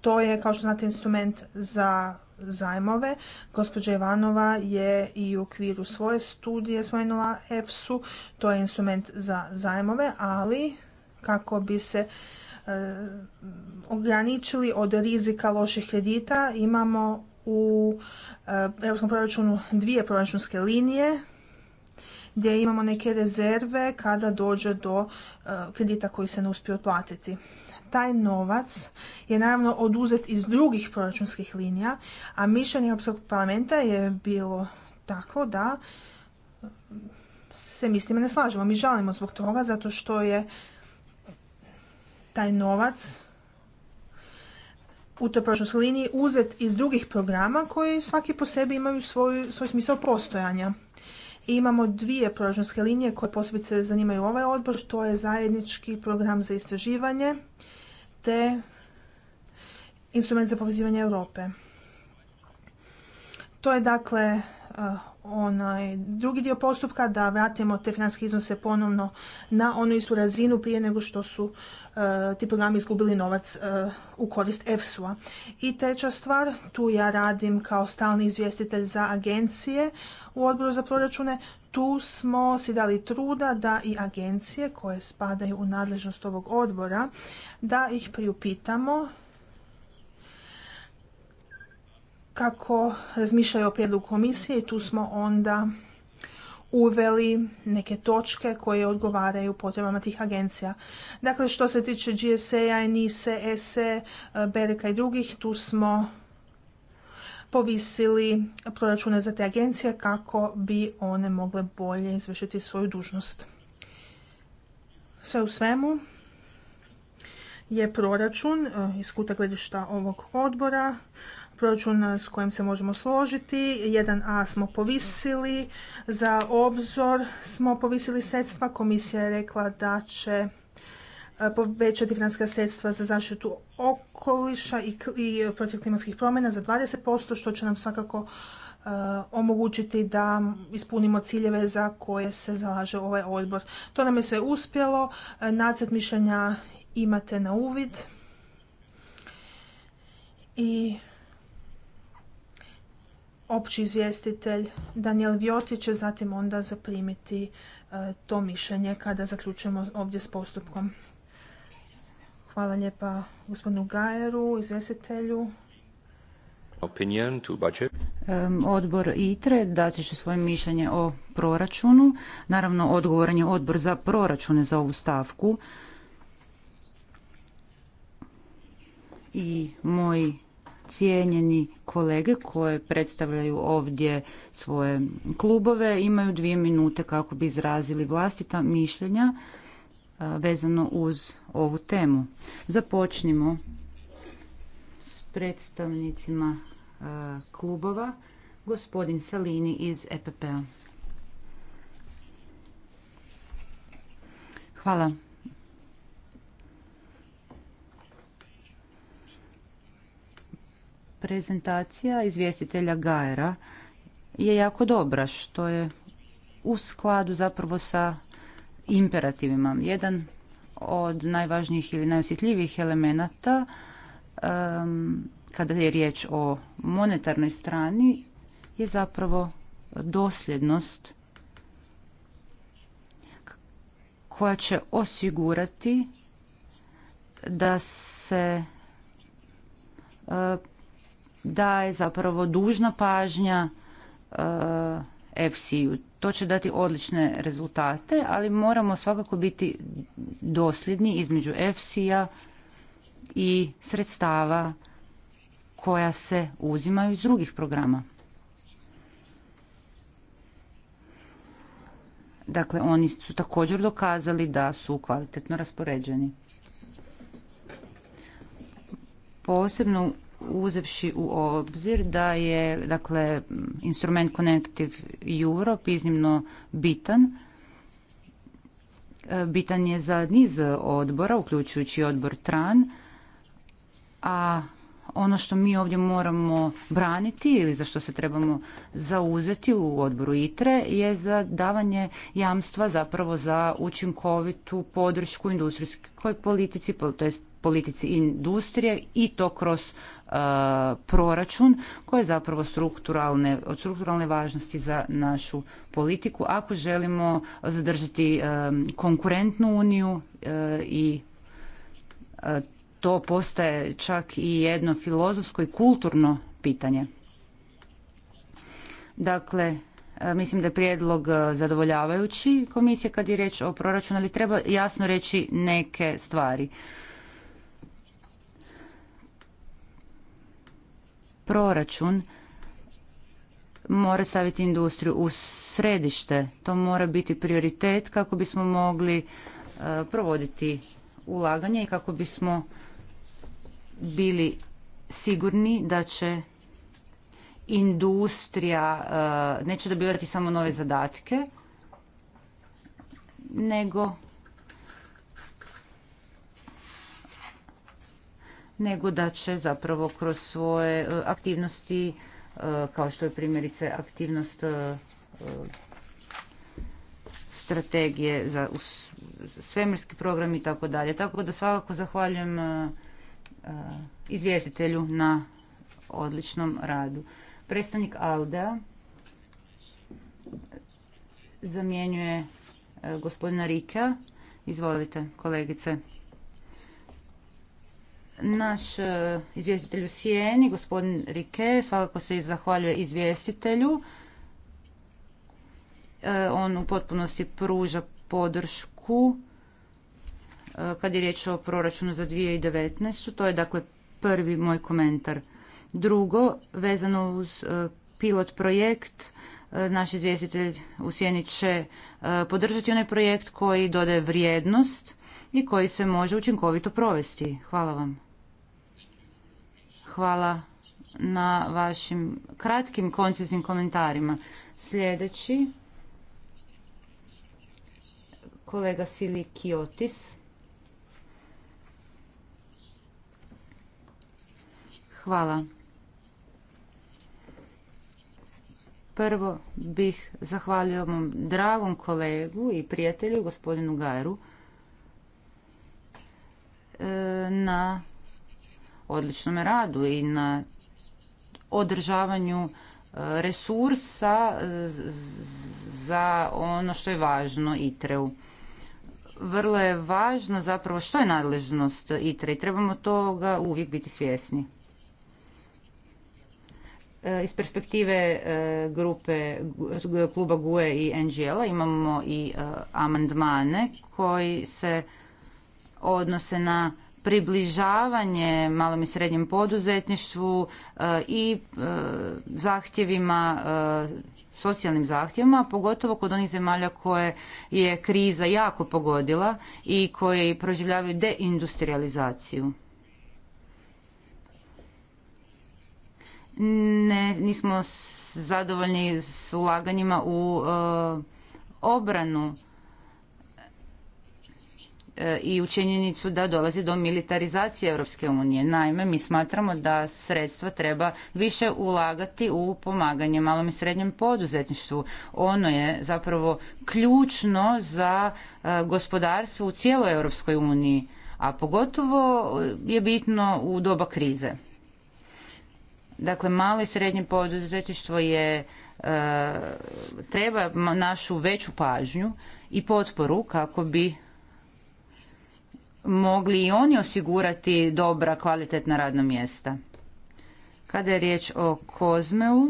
To je, kao što znate, instrument za zajmove. Gospođa Ivanova je i u okviru svoje studije spomenula EFSU. To je instrument za zajmove, ali kako bi se e, ograničili od rizika loših kredita imamo u e, europskom proračunu dvije proračunske linije gdje imamo neke rezerve kada dođe do e, kredita koji se ne uspije otplatiti. Taj novac je naravno oduzet iz drugih proračunskih linija, a mišljenje Europskog parlamenta je bilo tako da se mi s time ne slažemo. Mi žalimo zbog toga zato što je taj novac u toj proračunskoj liniji uzet iz drugih programa koji svaki po sebi imaju svoj, svoj smisao postojanja. I imamo dvije proračunske linije koje posebice zanimaju ovaj odbor, to je zajednički program za istraživanje te instrument za povezivanje Europe. To je dakle eh, onaj drugi dio postupka da vratimo te financijske iznose ponovno na onu istu razinu prije nego što su e, ti programi izgubili novac e, u korist EFSU-a. I treća stvar, tu ja radim kao stalni izvjestitelj za agencije u odboru za proračune. Tu smo si dali truda da i agencije koje spadaju u nadležnost ovog odbora, da ih priupitamo kako razmišljaju o prijedlogu komisije i tu smo onda uveli neke točke koje odgovaraju potrebama tih agencija. Dakle, što se tiče GSA, NISE, ESE, Bereka i drugih, tu smo povisili proračune za te agencije kako bi one mogle bolje izvršiti svoju dužnost. Sve u svemu je proračun eh, iz kuta gledišta ovog odbora proračun s kojim se možemo složiti. 1A smo povisili, za obzor smo povisili sredstva. Komisija je rekla da će e, povećati financijska sredstva za zaštitu okoliša i protiv klimatskih promjena za 20%, što će nam svakako e, omogućiti da ispunimo ciljeve za koje se zalaže ovaj odbor. To nam je sve uspjelo. E, nacrt mišljenja imate na uvid. I opći izvjestitelj Daniel Vjoti će zatim onda zaprimiti e, to mišljenje kada zaključujemo ovdje s postupkom. Hvala lijepa gospodinu Gajeru, izvjestitelju. Odbor ITRE dati će svoje mišljenje o proračunu. Naravno, odgovoran je odbor za proračune za ovu stavku. I moj cijenjeni kolege koje predstavljaju ovdje svoje klubove imaju dvije minute kako bi izrazili vlastita mišljenja vezano uz ovu temu. Započnimo s predstavnicima klubova. Gospodin Salini iz EPP-a. Hvala Prezentacija izvjestitelja Gajera je jako dobra, što je u skladu zapravo sa imperativima. Jedan od najvažnijih ili najosjetljivijih elemenata kada je riječ o monetarnoj strani je zapravo dosljednost koja će osigurati da se da je zapravo dužna pažnja e, FC-u. To će dati odlične rezultate, ali moramo svakako biti dosljedni između FC-a i sredstava koja se uzimaju iz drugih programa. Dakle, oni su također dokazali da su kvalitetno raspoređeni. Posebno uzevši u obzir da je dakle instrument Connective Europe iznimno bitan. E, bitan je za niz odbora, uključujući odbor TRAN, a ono što mi ovdje moramo braniti ili za što se trebamo zauzeti u odboru ITRE je za davanje jamstva zapravo za učinkovitu podršku industrijskoj politici, to je politici industrije i to kroz E, proračun koji je zapravo strukturalne, od strukturalne važnosti za našu politiku ako želimo zadržati e, konkurentnu uniju e, i to postaje čak i jedno filozofsko i kulturno pitanje. Dakle, mislim da je prijedlog zadovoljavajući komisije kad je riječ o proračunu, ali treba jasno reći neke stvari. proračun mora staviti industriju u središte. To mora biti prioritet kako bismo mogli e, provoditi ulaganje i kako bismo bili sigurni da će industrija e, neće dobivati samo nove zadatke, nego nego da će zapravo kroz svoje e, aktivnosti, e, kao što je primjerice aktivnost e, strategije za svemirski program i tako dalje. Tako da svakako zahvaljujem izvjestitelju na odličnom radu. Predstavnik Aldea zamjenjuje gospodina Rika. Izvolite, kolegice. Naš e, izvjestitelj u Sijeni, gospodin Rike, svakako se i zahvaljuje izvjestitelju. E, on u potpunosti pruža podršku e, kad je riječ o proračunu za 2019. To je dakle prvi moj komentar. Drugo, vezano uz pilot projekt, naš izvjestitelj u Sijeni će podržati onaj projekt koji dodaje vrijednost i koji se može učinkovito provesti. Hvala vam hvala na vašim kratkim konciznim komentarima. Sljedeći, kolega Sili Kiotis. Hvala. Prvo bih zahvalio mom dragom kolegu i prijatelju, gospodinu Gajeru, e, na odličnom radu i na održavanju e, resursa e, za ono što je važno ITRE-u. Vrlo je važno zapravo što je nadležnost ITRE i trebamo toga uvijek biti svjesni. E, iz perspektive grupe kluba GUE i NGL-a imamo i amandmane koji se odnose na približavanje malom i srednjem poduzetništvu e, i e, zahtjevima e, socijalnim zahtjevima, pogotovo kod onih zemalja koje je kriza jako pogodila i koje proživljavaju deindustrializaciju. nismo zadovoljni s ulaganjima u obranu E, i u činjenicu da dolazi do militarizacije Europske unije. Naime, mi smatramo da sredstva treba više ulagati u pomaganje malom i srednjem poduzetništvu. Ono je zapravo ključno za e, gospodarstvo u cijeloj Europskoj uniji, a pogotovo je bitno u doba krize. Dakle, malo i srednje poduzetništvo je e, treba našu veću pažnju i potporu kako bi mogli i oni osigurati dobra kvalitetna radna mjesta. Kada je riječ o Kozmeu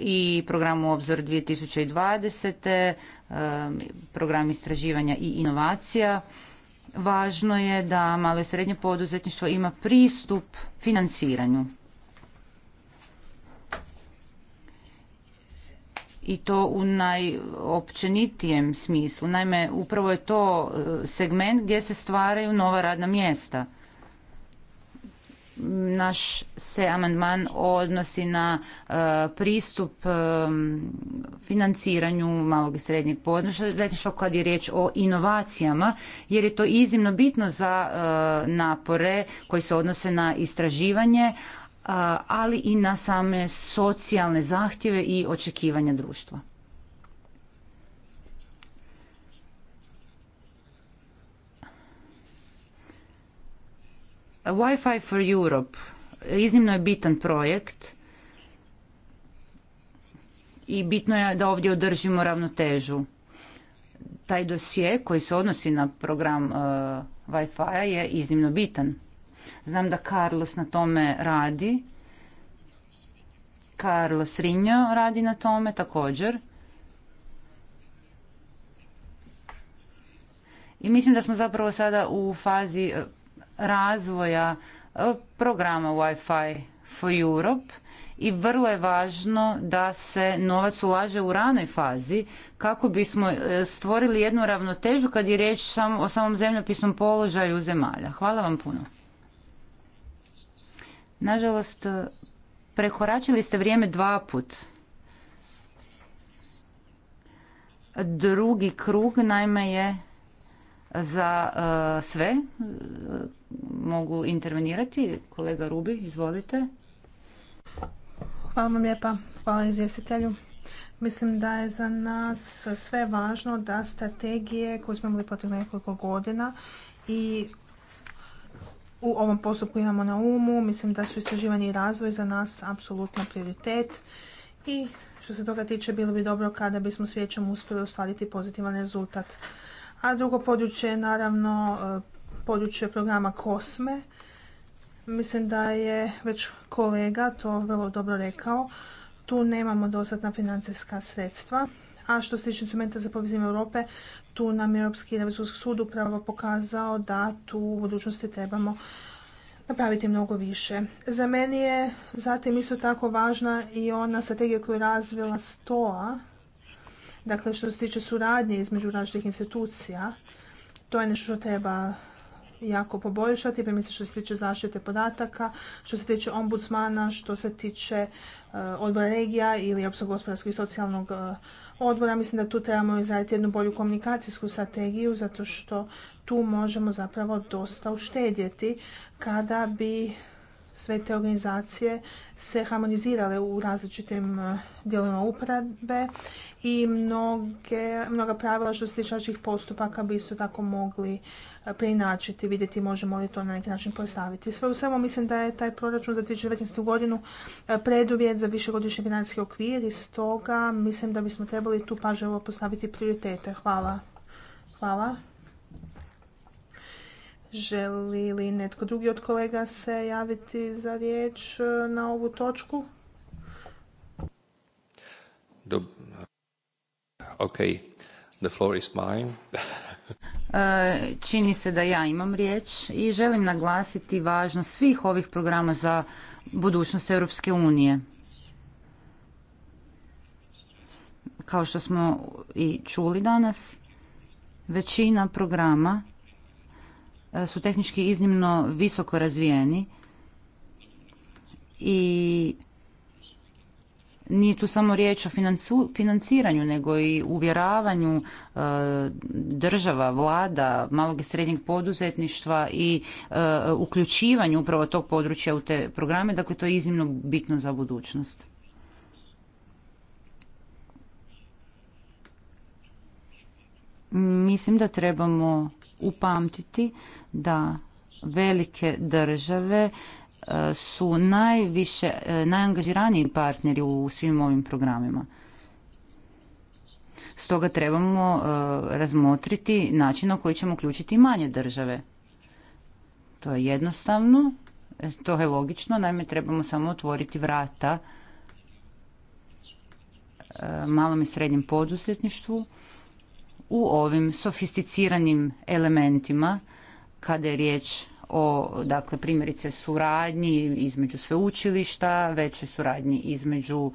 i programu Obzor 2020, um, program istraživanja i inovacija, važno je da malo i srednje poduzetništvo ima pristup financiranju. i to u najopćenitijem smislu. Naime, upravo je to e, segment gdje se stvaraju nova radna mjesta. Naš se amandman odnosi na e, pristup e, financiranju malog i srednjeg što kad je riječ o inovacijama jer je to iznimno bitno za napore koji se odnose na istraživanje, ali i na same socijalne zahtjeve i očekivanja društva. Wi-Fi for Europe iznimno je bitan projekt i bitno je da ovdje održimo ravnotežu. Taj dosje koji se odnosi na program e, Wi-Fi je iznimno bitan. Znam da Carlos na tome radi. Carlos Rinjo radi na tome također. I mislim da smo zapravo sada u fazi e, razvoja e, programa Wi-Fi for Europe i vrlo je važno da se novac ulaže u ranoj fazi kako bismo e, stvorili jednu ravnotežu kad je riječ o samom zemljopisnom položaju zemalja. Hvala vam puno. Nažalost, e, prekoračili ste vrijeme dva put. Drugi krug, naime, je za e, sve. E, mogu intervenirati. Kolega Rubi, izvolite. Hvala vam lijepa. Hvala izvjestitelju. Mislim da je za nas sve važno da strategije koje smo imali protiv nekoliko godina i u ovom postupku imamo na umu. Mislim da su istraživanje i razvoj za nas apsolutno prioritet i što se toga tiče bilo bi dobro kada bismo s vijećem uspjeli ostvariti pozitivan rezultat. A drugo područje je naravno e, područje programa KOSME. Mislim da je već kolega to vrlo dobro rekao. Tu nemamo dostatna financijska sredstva. A što se tiče instrumenta za povezivanje Europe, tu nam je Europski revizorski sud upravo pokazao da tu u budućnosti trebamo napraviti mnogo više. Za meni je zatim isto tako važna i ona strategija koju je razvila STOA, dakle što se tiče suradnje između različitih institucija, to je nešto što treba jako poboljšati, pa što se tiče zaštite podataka, što se tiče ombudsmana, što se tiče e, odbora regija ili opsog gospodarskog i socijalnog e, odbora. Mislim da tu trebamo izraditi jednu bolju komunikacijsku strategiju zato što tu možemo zapravo dosta uštedjeti kada bi sve te organizacije se harmonizirale u različitim eh, dijelovima uporabe i mnoge, mnoga pravila što se tiče postupaka bi isto tako mogli eh, preinačiti, vidjeti možemo li to na neki način postaviti. Sve u svemu mislim da je taj proračun za 2019. godinu eh, preduvjet za višegodišnji financijski okvir i stoga mislim da bismo trebali tu pažljivo postaviti prioritete. Hvala. Hvala. Želi li netko drugi od kolega se javiti za riječ e, na ovu točku? the floor is mine. E, čini se da ja imam riječ i želim naglasiti važnost svih ovih programa za budućnost Europske unije. Kao što smo i čuli danas, većina programa su tehnički iznimno visoko razvijeni i nije tu samo riječ o financiranju nego i uvjeravanju e, država, vlada, malog i srednjeg poduzetništva i e, uključivanju upravo tog područja u te programe. Dakle, to je iznimno bitno za budućnost. Mislim da trebamo upamtiti da velike države e, su najviše, e, najangažiraniji partneri u svim ovim programima. Stoga trebamo e, razmotriti način na koji ćemo uključiti manje države. To je jednostavno, to je logično, naime trebamo samo otvoriti vrata malom i srednjem poduzetništvu u ovim sofisticiranim elementima kada je riječ o dakle primjerice suradnji između sveučilišta, većoj suradnji između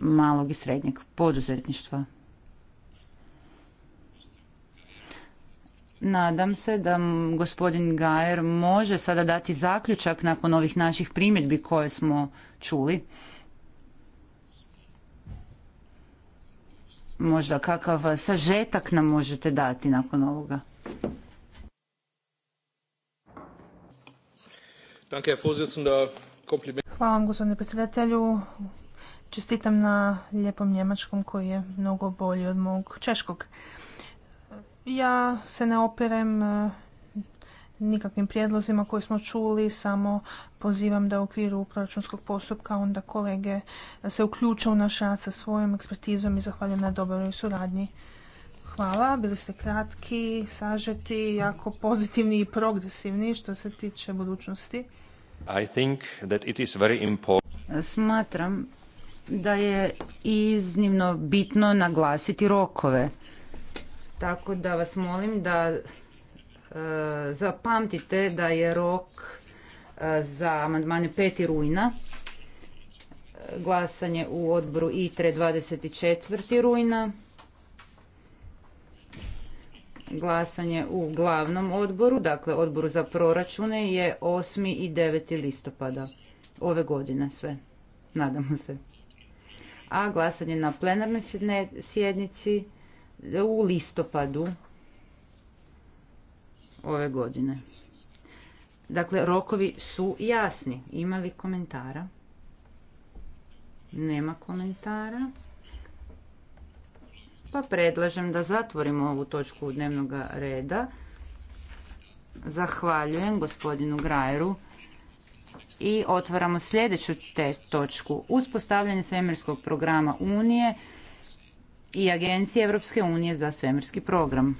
malog i srednjeg poduzetništva. Nadam se da gospodin Gajer može sada dati zaključak nakon ovih naših primjedbi koje smo čuli. možda kakav sažetak nam možete dati nakon ovoga? Hvala vam gospodine predsjedatelju. Čestitam na lijepom njemačkom koji je mnogo bolji od mog češkog. Ja se ne operem nikakvim prijedlozima koje smo čuli, samo pozivam da u okviru proračunskog postupka onda kolege se uključe u naš rad sa svojom ekspertizom i zahvaljujem na dobroj suradnji. Hvala, bili ste kratki, sažeti, jako pozitivni i progresivni što se tiče budućnosti. I think that it is very Smatram da je iznimno bitno naglasiti rokove. Tako da vas molim da Eh, zapamtite da je rok eh, za amandmane 5. rujna, eh, glasanje u odboru ITRE 24. rujna, glasanje u glavnom odboru, dakle odboru za proračune je 8. i 9. listopada ove godine sve, nadamo se. A glasanje na plenarnoj sjednici u listopadu ove godine. Dakle, rokovi su jasni. Ima li komentara? Nema komentara. Pa predlažem da zatvorimo ovu točku dnevnog reda. Zahvaljujem gospodinu Grajeru i otvaramo sljedeću te točku. Uspostavljanje svemirskog programa Unije i Agencije Europske unije za svemirski program.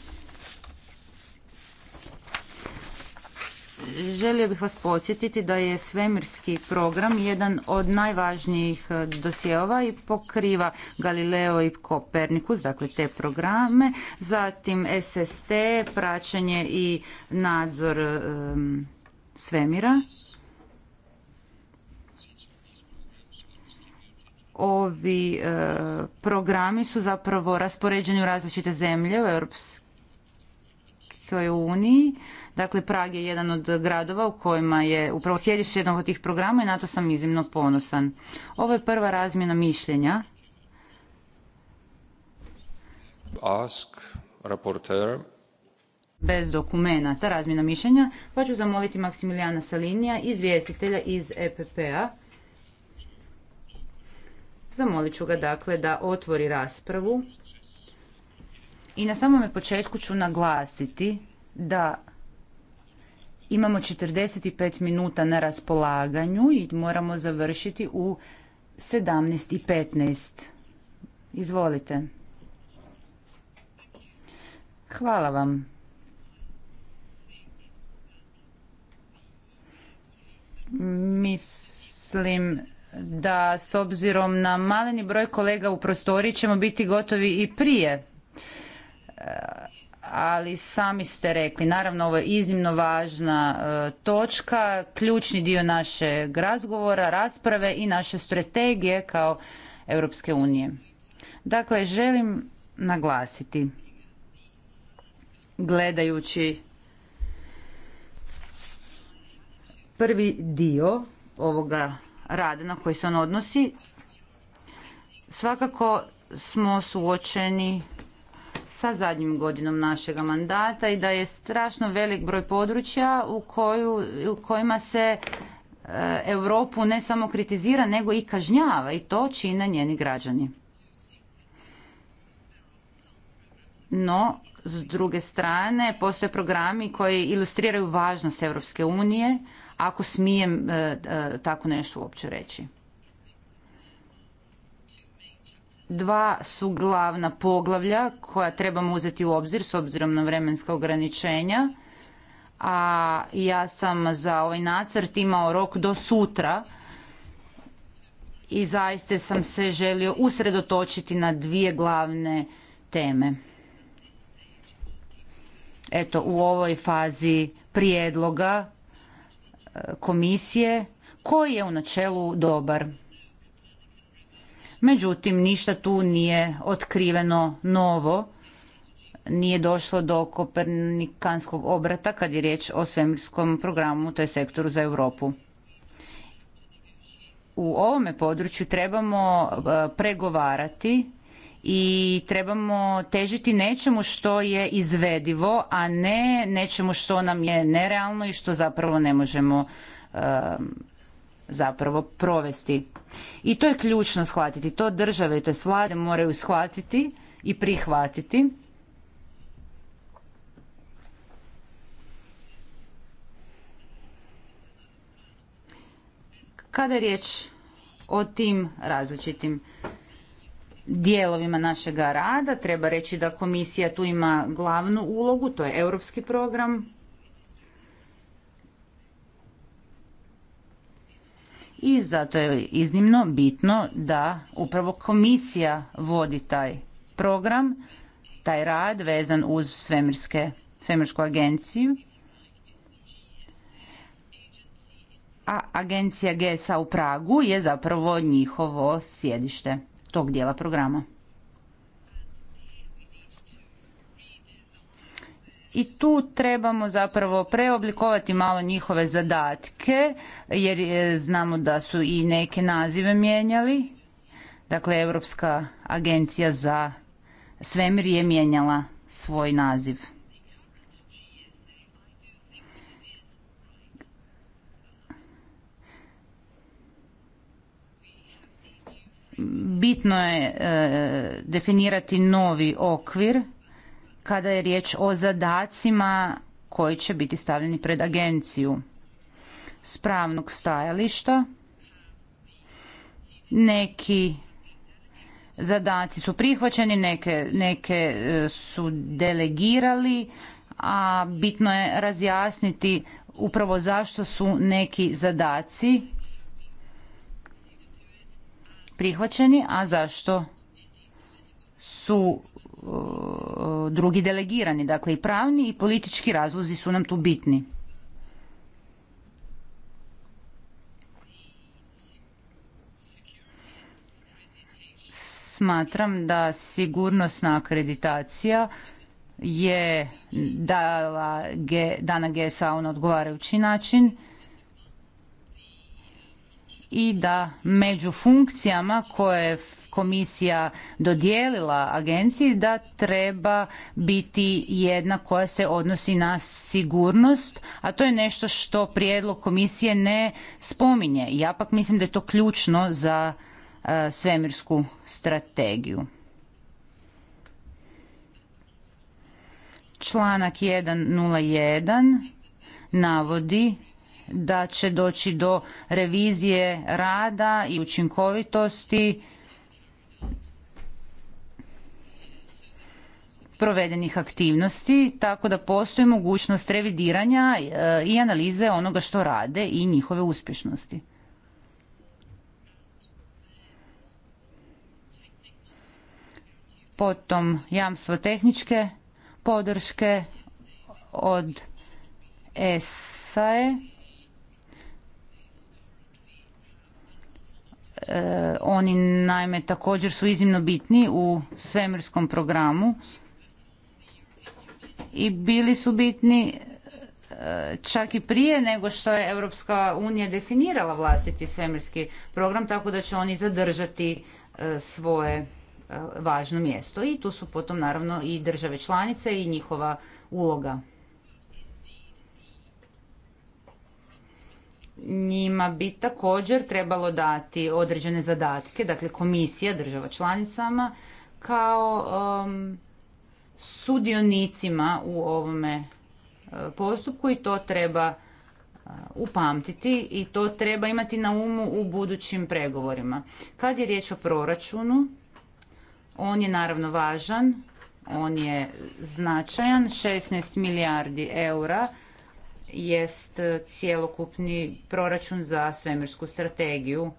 želio bih vas podsjetiti da je svemirski program jedan od najvažnijih eh, dosjeova i pokriva Galileo i Kopernikus, dakle te programe, zatim SST, praćenje i nadzor ehm, svemira. Ovi eh, programi su zapravo raspoređeni u različite zemlje u Europskoj uniji Dakle, Prag je jedan od gradova u kojima je upravo sjediš jednog od tih programa i na to sam iznimno ponosan. Ovo je prva razmjena mišljenja. Ask, reporter. Bez dokumenata, razmjena mišljenja, pa ću zamoliti Maksimilijana Salinija, izvjestitelja iz EPP-a. Zamolit ću ga dakle da otvori raspravu. I na samome početku ću naglasiti da Imamo 45 minuta na raspolaganju i moramo završiti u 17.15. Izvolite. Hvala vam. Mislim da s obzirom na maleni broj kolega u prostoriji ćemo biti gotovi i prije ali sami ste rekli, naravno ovo je iznimno važna e, točka, ključni dio našeg razgovora, rasprave i naše strategije kao Europske unije. Dakle, želim naglasiti, gledajući prvi dio ovoga rada na koji se on odnosi, svakako smo suočeni sa zadnjim godinom našega mandata i da je strašno velik broj područja u, koju, u kojima se e, Europu ne samo kritizira nego i kažnjava i to čine njeni građani. No, s druge strane, postoje programi koji ilustriraju važnost Europske unije, ako smijem e, e, tako nešto uopće reći. Dva su glavna poglavlja koja trebamo uzeti u obzir s obzirom na vremenska ograničenja, a ja sam za ovaj nacrt imao rok do sutra i zaiste sam se želio usredotočiti na dvije glavne teme. Eto, u ovoj fazi prijedloga e, komisije koji je u načelu dobar. Međutim, ništa tu nije otkriveno novo. Nije došlo do kopernikanskog obrata kad je riječ o svemirskom programu, to je sektoru za Europu. U ovome području trebamo e, pregovarati i trebamo težiti nečemu što je izvedivo, a ne nečemu što nam je nerealno i što zapravo ne možemo e, zapravo provesti. I to je ključno shvatiti, to države i to vlade moraju shvatiti i prihvatiti. Kada je riječ o tim različitim dijelovima našega rada, treba reći da komisija tu ima glavnu ulogu, to je europski program, i zato je iznimno bitno da upravo komisija vodi taj program, taj rad vezan uz svemirske, svemirsku agenciju. A agencija GSA u Pragu je zapravo njihovo sjedište tog dijela programa. i tu trebamo zapravo preoblikovati malo njihove zadatke jer e, znamo da su i neke nazive mijenjali. Dakle, Europska agencija za svemir je mijenjala svoj naziv. Bitno je e, definirati novi okvir kada je riječ o zadacima koji će biti stavljeni pred agenciju. S pravnog stajališta neki zadaci su prihvaćeni, neke, neke e, su delegirali, a bitno je razjasniti upravo zašto su neki zadaci prihvaćeni, a zašto su E, drugi delegirani. Dakle, i pravni i politički razlozi su nam tu bitni. Smatram da sigurnosna akreditacija je dala dana GSA na odgovarajući način i da među funkcijama koje komisija dodijelila agenciji da treba biti jedna koja se odnosi na sigurnost, a to je nešto što prijedlog komisije ne spominje. Ja pak mislim da je to ključno za e, svemirsku strategiju. Članak 1.01 navodi da će doći do revizije rada i učinkovitosti provedenih aktivnosti, tako da postoji mogućnost revidiranja e, i analize onoga što rade i njihove uspješnosti. Potom jamstvo tehničke podrške od ESAE. E, oni naime također su iznimno bitni u svemirskom programu i bili su bitni e, čak i prije nego što je Europska unija definirala vlastiti svemirski program, tako da će oni zadržati e, svoje e, važno mjesto. I tu su potom naravno i države članice i njihova uloga. Njima bi također trebalo dati određene zadatke, dakle komisija država članicama, kao sudionicima u ovome e, postupku i to treba e, upamtiti i to treba imati na umu u budućim pregovorima. Kad je riječ o proračunu, on je naravno važan, on je značajan, 16 milijardi eura jest e, cjelokupni proračun za svemirsku strategiju.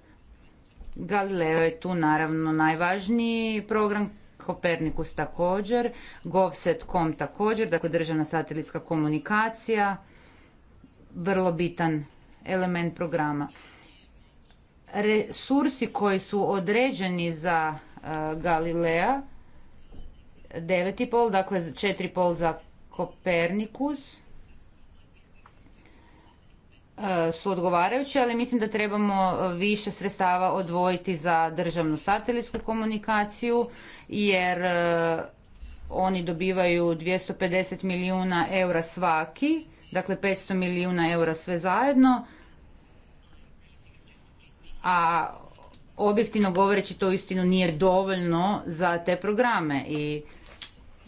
Galileo je tu naravno najvažniji program Kopernikus također, Govset.com također, dakle državna satelitska komunikacija, vrlo bitan element programa. Resursi koji su određeni za e, Galilea, Galilea, 9,5, dakle 4,5 za Kopernikus, E, su odgovarajuće, ali mislim da trebamo više sredstava odvojiti za državnu satelitsku komunikaciju, jer e, oni dobivaju 250 milijuna eura svaki, dakle 500 milijuna eura sve zajedno, a objektivno govoreći to istinu nije dovoljno za te programe i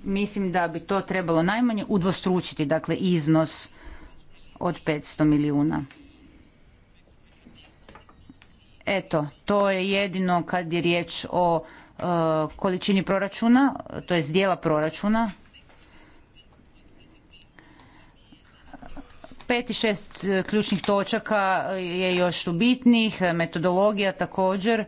mislim da bi to trebalo najmanje udvostručiti, dakle iznos od 500 milijuna. Eto, to je jedino kad je riječ o e, količini proračuna, to je dijela proračuna. 5 i 6 e, ključnih točaka je još u bitnih, metodologija također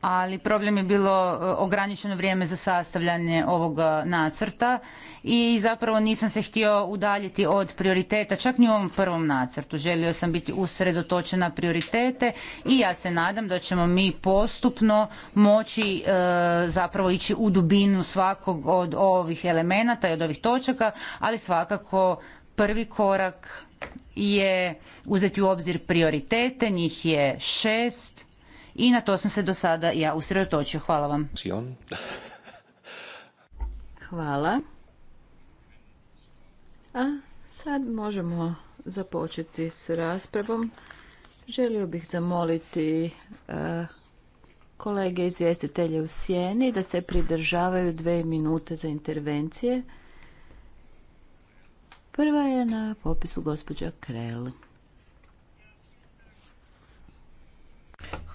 ali problem je bilo e, ograničeno vrijeme za sastavljanje ovog e, nacrta i zapravo nisam se htio udaljiti od prioriteta, čak ni u ovom prvom nacrtu. Želio sam biti usredotočen na prioritete i ja se nadam da ćemo mi postupno moći e, zapravo ići u dubinu svakog od ovih elemenata i od ovih točaka, ali svakako prvi korak je uzeti u obzir prioritete, njih je šest i na to sam se do sada ja usredotočio. Hvala vam. Hvala. A sad možemo započeti s raspravom. Želio bih zamoliti e, kolege izvjestitelje u sjeni da se pridržavaju dve minute za intervencije. Prva je na popisu gospođa Krell.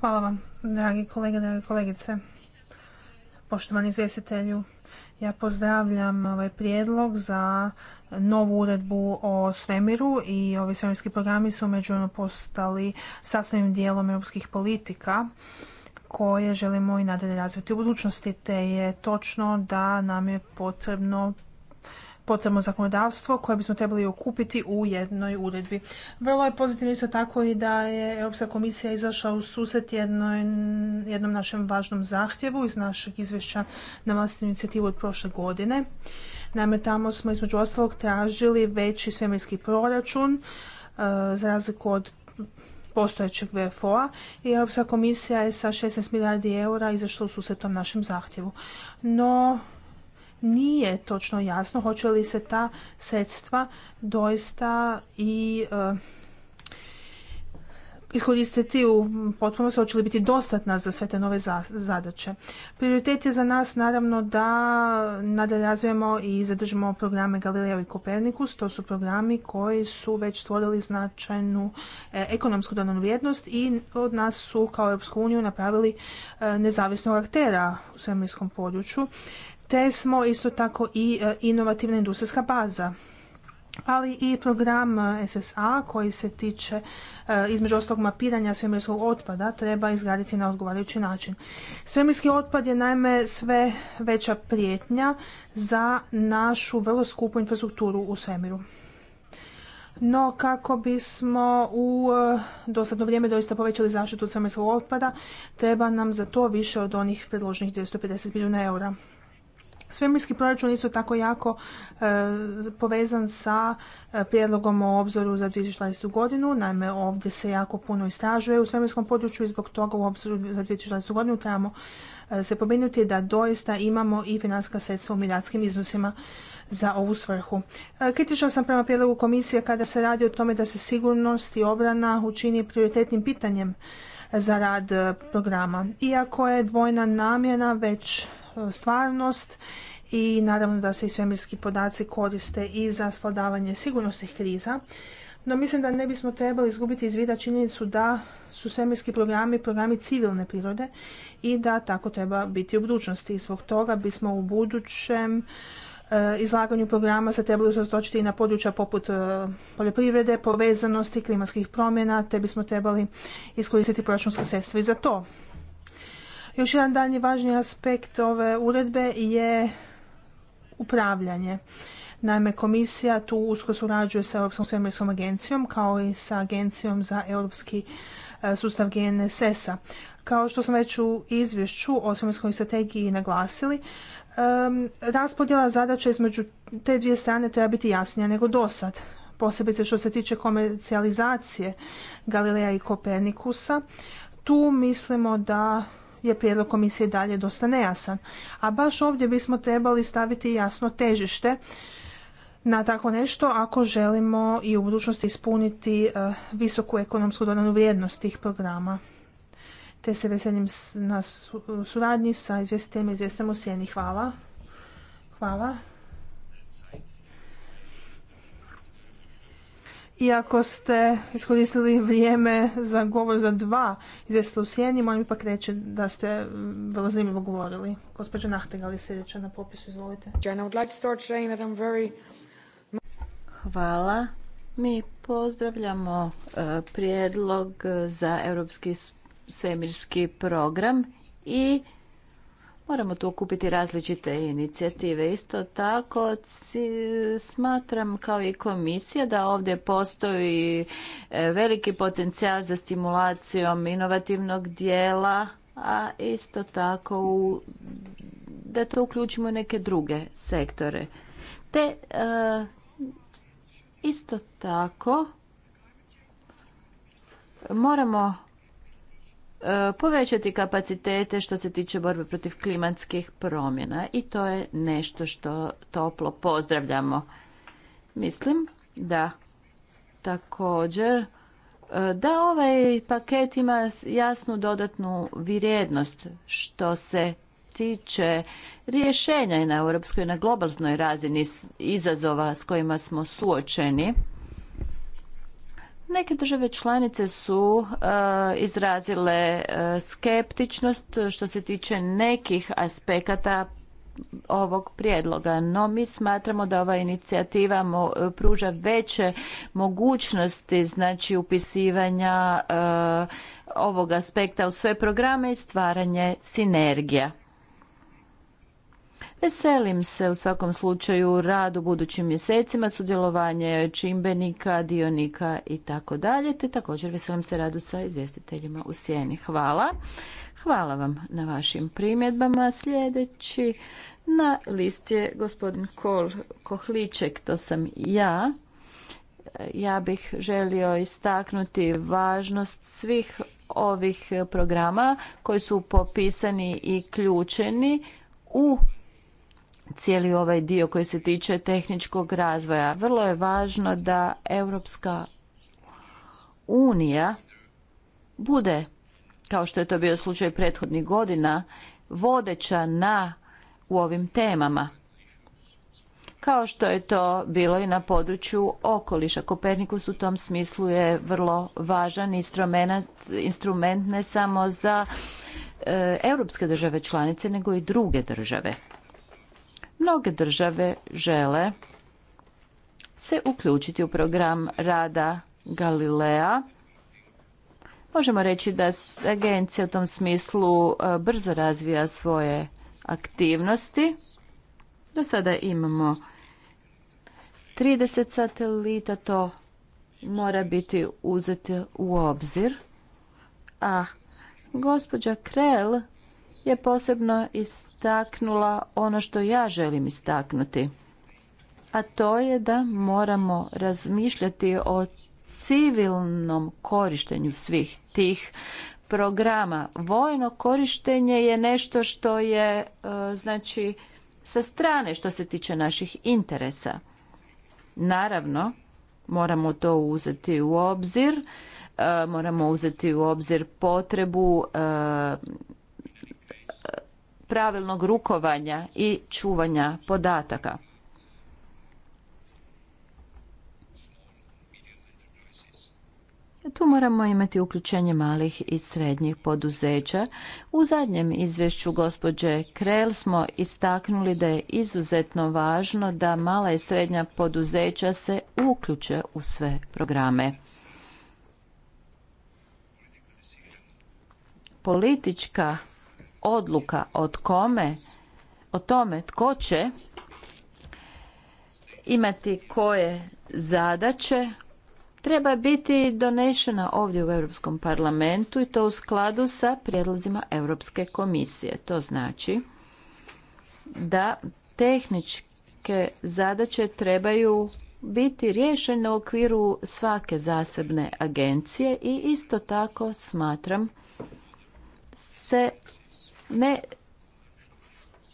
Hvala vam, dragi kolege, dragi kolegice. Poštovani izvjestitelju, ja pozdravljam ovaj prijedlog za novu uredbu o svemiru i ovi svemirski programi su ono postali sastavnim dijelom europskih politika koje želimo i nadalje razviti u budućnosti, te je točno da nam je potrebno potrebno zakonodavstvo koje bismo trebali okupiti u jednoj uredbi. Vrlo je pozitivno isto tako i da je Europska komisija izašla u susret jednom našem važnom zahtjevu iz našeg izvješća na vlastnu inicijativu od prošle godine. Naime, tamo smo između ostalog tražili veći svemirski proračun e, za razliku od postojećeg VFO-a i Europska komisija je sa 16 milijardi eura izašla u susret tom našem zahtjevu. No, nije točno jasno hoće li se ta sredstva doista i e, iskoristiti u potpunosti, hoće li biti dostatna za sve te nove zadaće. Prioritet je za nas naravno da nadalje razvijemo i zadržimo programe Galileo i Kopernikus. To su programi koji su već stvorili značajnu e, ekonomsku dodanu vrijednost i od nas su kao Europsku uniju napravili e, nezavisnog aktera u svemirskom području te smo isto tako i e, inovativna industrijska baza ali i program e, SSA koji se tiče e, između ostalog mapiranja svemirskog otpada treba izgraditi na odgovarajući način. Svemirski otpad je naime sve veća prijetnja za našu vrlo skupu infrastrukturu u svemiru. No kako bismo u dosadno vrijeme doista povećali zaštitu svemirskog otpada, treba nam za to više od onih predloženih 250 milijuna eura svemirski proračun isto tako jako e, povezan sa e, prijedlogom o obzoru za 2020. godinu. Naime, ovdje se jako puno istražuje u svemirskom području i zbog toga u obzoru za 2020. godinu trebamo e, se pobrinuti da doista imamo i finanska sredstva u milijardskim iznosima za ovu svrhu. Kritičan sam prema prijedlogu komisije kada se radi o tome da se sigurnost i obrana učini prioritetnim pitanjem za rad programa. Iako je dvojna namjena već E, stvarnost i naravno da se i svemirski podaci koriste i za svladavanje sigurnosnih kriza. No mislim da ne bismo trebali izgubiti iz vida činjenicu da su svemirski programi programi civilne prirode i da tako treba biti u budućnosti. I zbog toga bismo u budućem e, izlaganju programa se trebali usredotočiti i na područja poput e, poljoprivrede, povezanosti, klimatskih promjena, te bismo trebali iskoristiti proračunske sredstva i za to. Još jedan dalje važni aspekt ove uredbe je upravljanje. Naime, komisija tu usko surađuje sa Europskom svemirskom agencijom kao i sa agencijom za europski e, sustav GNSS-a. Kao što smo već u izvješću o svemirskoj strategiji naglasili, raspodjela zadaća između te dvije strane treba biti jasnija nego dosad. Posebice što se tiče komercijalizacije Galileja i Kopernikusa, tu mislimo da je prijedlog komisije dalje dosta nejasan. A baš ovdje bismo trebali staviti jasno težište na tako nešto ako želimo i u budućnosti ispuniti e, visoku ekonomsku dodanu vrijednost tih programa. Te se veselim na suradnji sa izvjestiteljem i izvjestiteljem u Hvala. Hvala. Iako ste iskoristili vrijeme za govor za dva izvjesta u sjeni, moram ipak reći da ste vrlo zanimljivo govorili. Gospođa Nahtegal je sljedeća na popisu, izvolite. Hvala. Mi pozdravljamo e, prijedlog za Europski svemirski program i Moramo tu okupiti različite inicijative. Isto tako smatram kao i komisija da ovdje postoji e, veliki potencijal za stimulacijom inovativnog dijela, a isto tako da to uključimo neke druge sektore. Te e, isto tako moramo E, povećati kapacitete što se tiče borbe protiv klimatskih promjena i to je nešto što toplo pozdravljamo. Mislim da također e, da ovaj paket ima jasnu dodatnu vrijednost što se tiče rješenja i na europskoj i na globalnoj razini izazova s kojima smo suočeni Neke države članice su e, izrazile e, skeptičnost što se tiče nekih aspekata ovog prijedloga, no mi smatramo da ova inicijativa mo, e, pruža veće mogućnosti znači upisivanja ovog aspekta u sve programe i stvaranje sinergija. Veselim se u svakom slučaju radu budućim mjesecima, sudjelovanje čimbenika, dionika i tako dalje, te također veselim se radu sa izvjestiteljima u sjeni. Hvala. Hvala vam na vašim primjedbama. Sljedeći na listi je gospodin Kol Kohliček, to sam ja. Ja bih želio istaknuti važnost svih ovih programa koji su popisani i ključeni u cijeli ovaj dio koji se tiče tehničkog razvoja. Vrlo je važno da Europska unija bude, kao što je to bio slučaj prethodnih godina, vodeća na u ovim temama. Kao što je to bilo i na području okoliša. Kopernikus u tom smislu je vrlo važan instrument, instrument ne samo za e, europske države članice, nego i druge države. Mnoge države žele se uključiti u program rada Galilea. Možemo reći da agencija u tom smislu e, brzo razvija svoje aktivnosti. Do sada imamo 30 satelita, to mora biti uzeti u obzir. A gospođa Krell je posebno istaknula ono što ja želim istaknuti, a to je da moramo razmišljati o civilnom korištenju svih tih programa. Vojno korištenje je nešto što je e, znači sa strane što se tiče naših interesa. Naravno, moramo to uzeti u obzir, e, moramo uzeti u obzir potrebu e, pravilnog rukovanja i čuvanja podataka. Tu moramo imati uključenje malih i srednjih poduzeća. U zadnjem izvješću gospođe Krel smo istaknuli da je izuzetno važno da mala i srednja poduzeća se uključe u sve programe. Politička odluka od kome, o tome tko će imati koje zadaće treba biti donešena ovdje u Europskom parlamentu i to u skladu sa prijedlozima Europske komisije. To znači da tehničke zadaće trebaju biti riješene u okviru svake zasebne agencije i isto tako smatram se ne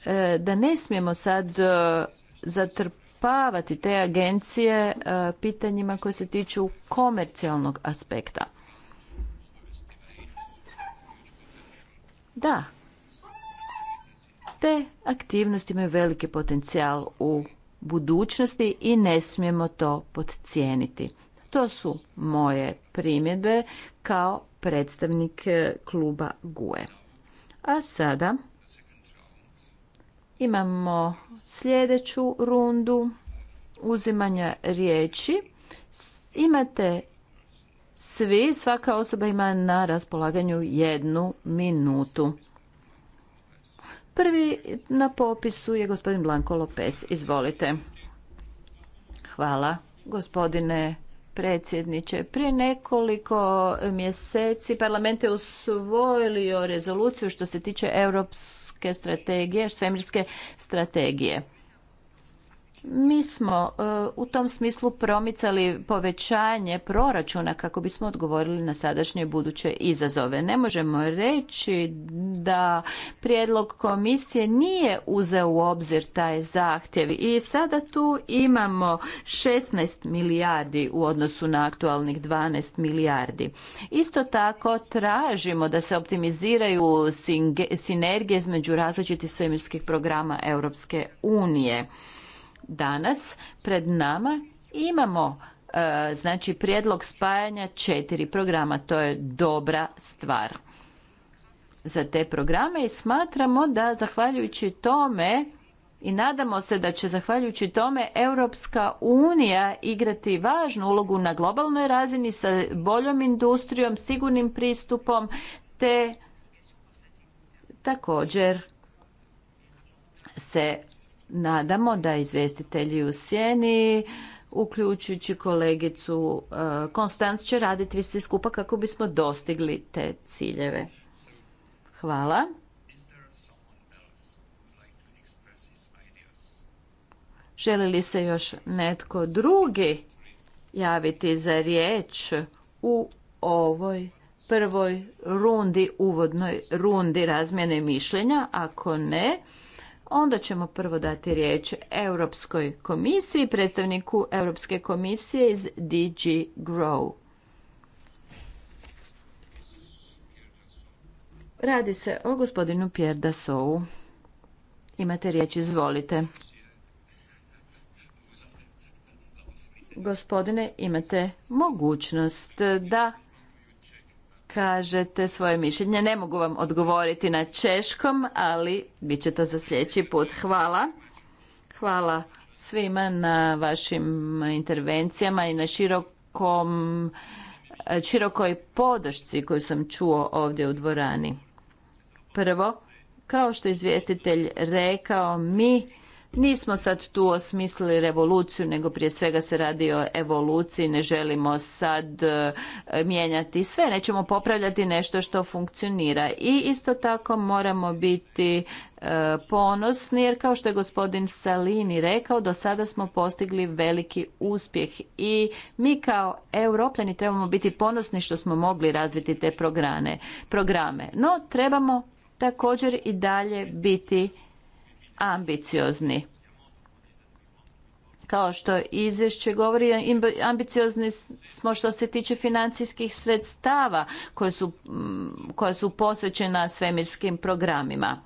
e, da ne smijemo sad e, zatrpavati te agencije e, pitanjima koje se tiču komercijalnog aspekta. Da, te aktivnosti imaju veliki potencijal u budućnosti i ne smijemo to podcijeniti. To su moje primjedbe kao predstavnik kluba GUE. A sada imamo sljedeću rundu uzimanja riječi. Imate svi, svaka osoba ima na raspolaganju jednu minutu. Prvi na popisu je gospodin Blanko Lopez. Izvolite. Hvala gospodine predsjedniče. Prije nekoliko mjeseci parlament je usvojio rezoluciju što se tiče europske strategije, svemirske strategije. Mi smo e, u tom smislu promicali povećanje proračuna kako bismo odgovorili na sadašnje i buduće izazove. Ne možemo reći da prijedlog komisije nije uzeo u obzir taj zahtjev i sada tu imamo 16 milijardi u odnosu na aktualnih 12 milijardi. Isto tako tražimo da se optimiziraju sinergije između različitih svemirskih programa Europske unije danas pred nama imamo e, znači prijedlog spajanja četiri programa. To je dobra stvar za te programe i smatramo da zahvaljujući tome i nadamo se da će zahvaljujući tome Europska unija igrati važnu ulogu na globalnoj razini sa boljom industrijom, sigurnim pristupom te također se nadamo da izvjestitelji u sjeni uključujući kolegicu e, Konstanc će raditi svi skupa kako bismo dostigli te ciljeve. Hvala. Želi li se još netko drugi javiti za riječ u ovoj prvoj rundi, uvodnoj rundi razmjene mišljenja? Ako ne, onda ćemo prvo dati riječ Europskoj komisiji, predstavniku Europske komisije iz DG Grow. Radi se o gospodinu Pierre Dassou. Imate riječ, izvolite. Gospodine, imate mogućnost da kažete svoje mišljenje. Ne mogu vam odgovoriti na češkom, ali bit će to za sljedeći put. Hvala. Hvala svima na vašim intervencijama i na širokom, širokoj podršci koju sam čuo ovdje u dvorani. Prvo, kao što je izvjestitelj rekao, mi Nismo sad tu osmislili revoluciju, nego prije svega se radi o evoluciji, ne želimo sad e, mijenjati sve, nećemo popravljati nešto što funkcionira. I isto tako moramo biti e, ponosni, jer kao što je gospodin Salini rekao, do sada smo postigli veliki uspjeh i mi kao europljani trebamo biti ponosni što smo mogli razviti te programe. No, trebamo također i dalje biti ambiciozni. Kao što izvješće govori, ambiciozni smo što se tiče financijskih sredstava koje su, mm, koja su posvećena svemirskim programima.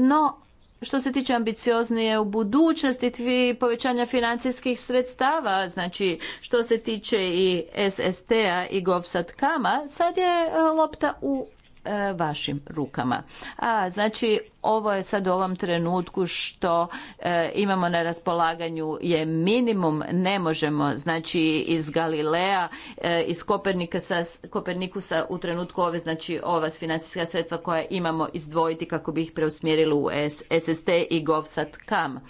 No, što se tiče ambicioznije u budućnosti povećanja financijskih sredstava, znači što se tiče i SST-a i Govsat Kama, sad je e, lopta u E, vašim rukama. A znači ovo je sad u ovom trenutku što e, imamo na raspolaganju je minimum, ne možemo znači iz Galilea, e, iz Kopernika sa, Kopernikusa u trenutku ove, znači ova financijska sredstva koja imamo izdvojiti kako bi ih preusmjerili u SST i govsat kam.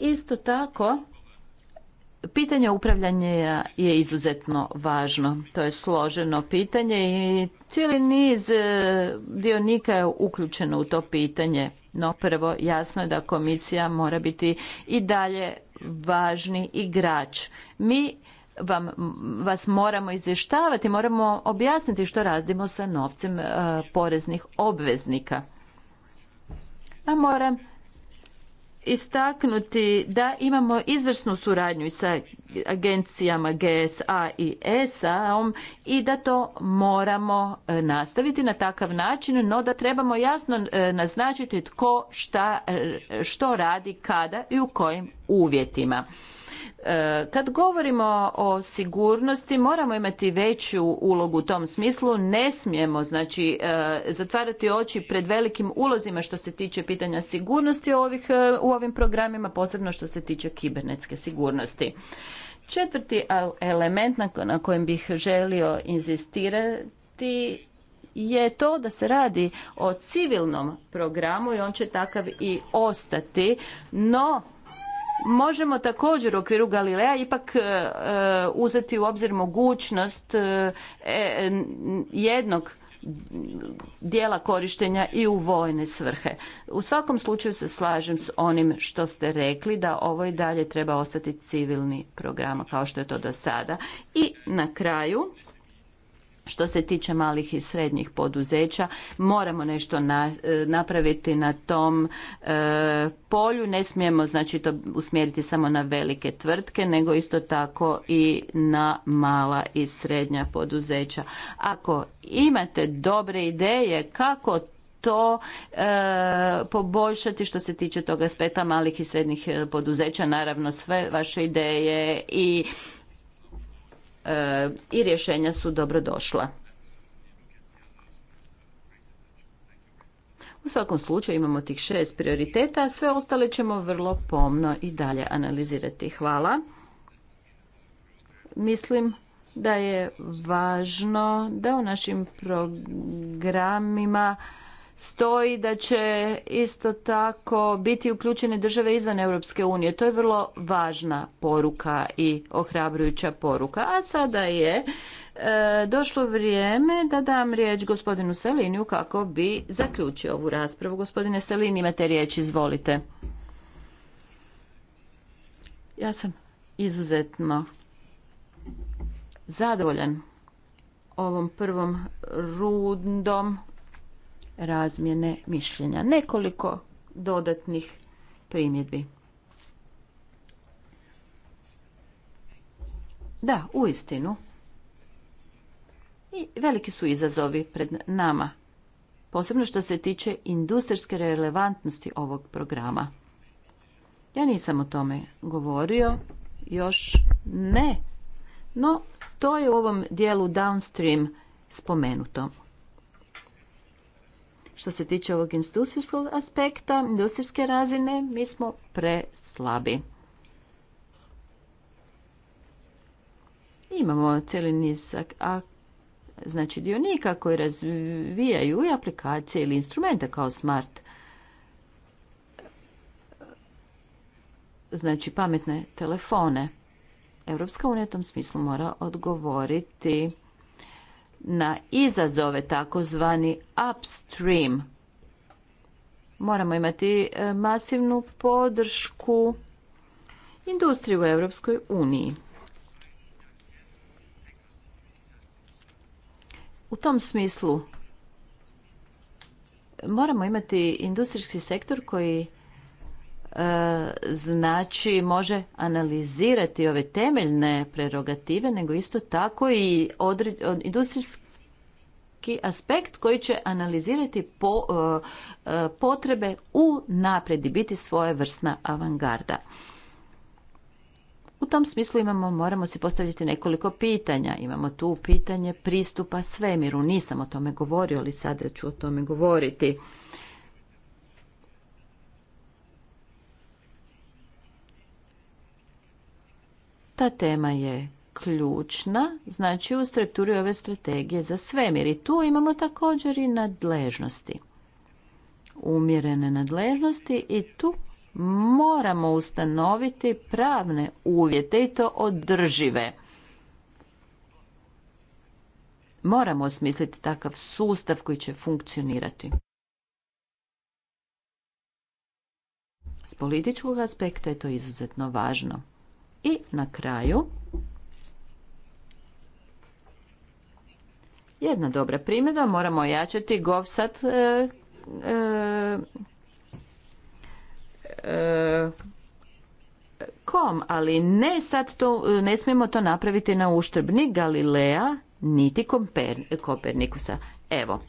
Isto tako, Pitanje upravljanja je izuzetno važno. To je složeno pitanje i cijeli niz e, dionika je uključeno u to pitanje. No prvo jasno je da komisija mora biti i dalje važni igrač. Mi vam, vas moramo izvještavati, moramo objasniti što radimo sa novcem e, poreznih obveznika. A moram istaknuti da imamo izvrsnu suradnju sa agencijama GSA i esa i da to moramo e, nastaviti na takav način, no da trebamo jasno e, naznačiti tko šta, e, što radi, kada i u kojim uvjetima. E, kad govorimo o sigurnosti, moramo imati veću ulogu u tom smislu. Ne smijemo znači, e, zatvarati oči pred velikim ulozima što se tiče pitanja sigurnosti ovih, e, u ovim programima, posebno što se tiče kibernetske sigurnosti. Četvrti element na kojem bih želio inzistirati je to da se radi o civilnom programu i on će takav i ostati, no možemo također u okviru Galilea ipak e, e, uzeti u obzir mogućnost e, jednog dijela korištenja i u vojne svrhe. U svakom slučaju se slažem s onim što ste rekli da ovo i dalje treba ostati civilni program kao što je to do sada. I na kraju što se tiče malih i srednjih poduzeća moramo nešto e, napraviti na tom e, polju ne smijemo znači to usmjeriti samo na velike tvrtke nego isto tako i na mala i srednja poduzeća ako imate dobre ideje kako to e, poboljšati što se tiče toga aspekta malih i srednjih poduzeća naravno sve vaše ideje i E, i rješenja su dobrodošla. U svakom slučaju imamo tih šest prioriteta, sve ostale ćemo vrlo pomno i dalje analizirati. Hvala. Mislim da je važno da u našim programima stoji da će isto tako biti uključene države izvan Europske unije. To je vrlo važna poruka i ohrabrujuća poruka. A sada je e, došlo vrijeme da dam riječ gospodinu Seliniju kako bi zaključio ovu raspravu. Gospodine Selini imate riječ, izvolite. Ja sam izuzetno zadovoljan ovom prvom rundom razmjene mišljenja. Nekoliko dodatnih primjedbi. Da, u istinu. I veliki su izazovi pred nama, posebno što se tiče industrijske relevantnosti ovog programa. Ja nisam o tome govorio, još ne, no to je u ovom dijelu downstream spomenuto. Što se tiče ovog industrijskog aspekta, industrijske razine, mi smo slabi. Imamo cijeli niz znači dionika koji razvijaju i aplikacije ili instrumente kao smart znači pametne telefone. Europska unija u tom smislu mora odgovoriti na izazove takozvani upstream. Moramo imati e, masivnu podršku industrije u Europskoj uniji. U tom smislu moramo imati industrijski sektor koji E, znači može analizirati ove temeljne prerogative, nego isto tako i industrijski aspekt koji će analizirati e, e, potrebe u napredi, biti biti svojevrsna avangarda. U tom smislu imamo, moramo si postaviti nekoliko pitanja. Imamo tu pitanje pristupa svemiru. Nisam o tome govorio, ali sada ću o tome govoriti. Ta tema je ključna, znači u strukturi ove strategije za svemir. I tu imamo također i nadležnosti. Umjerene nadležnosti i tu moramo ustanoviti pravne uvjete i to održive. Moramo osmisliti takav sustav koji će funkcionirati. S političkog aspekta je to izuzetno važno. I na kraju, jedna dobra primjedba, moramo ojačati govsat e, e, e, kom, ali ne sad to, ne smijemo to napraviti na uštrb ni Galilea, niti Kopernikusa. Evo,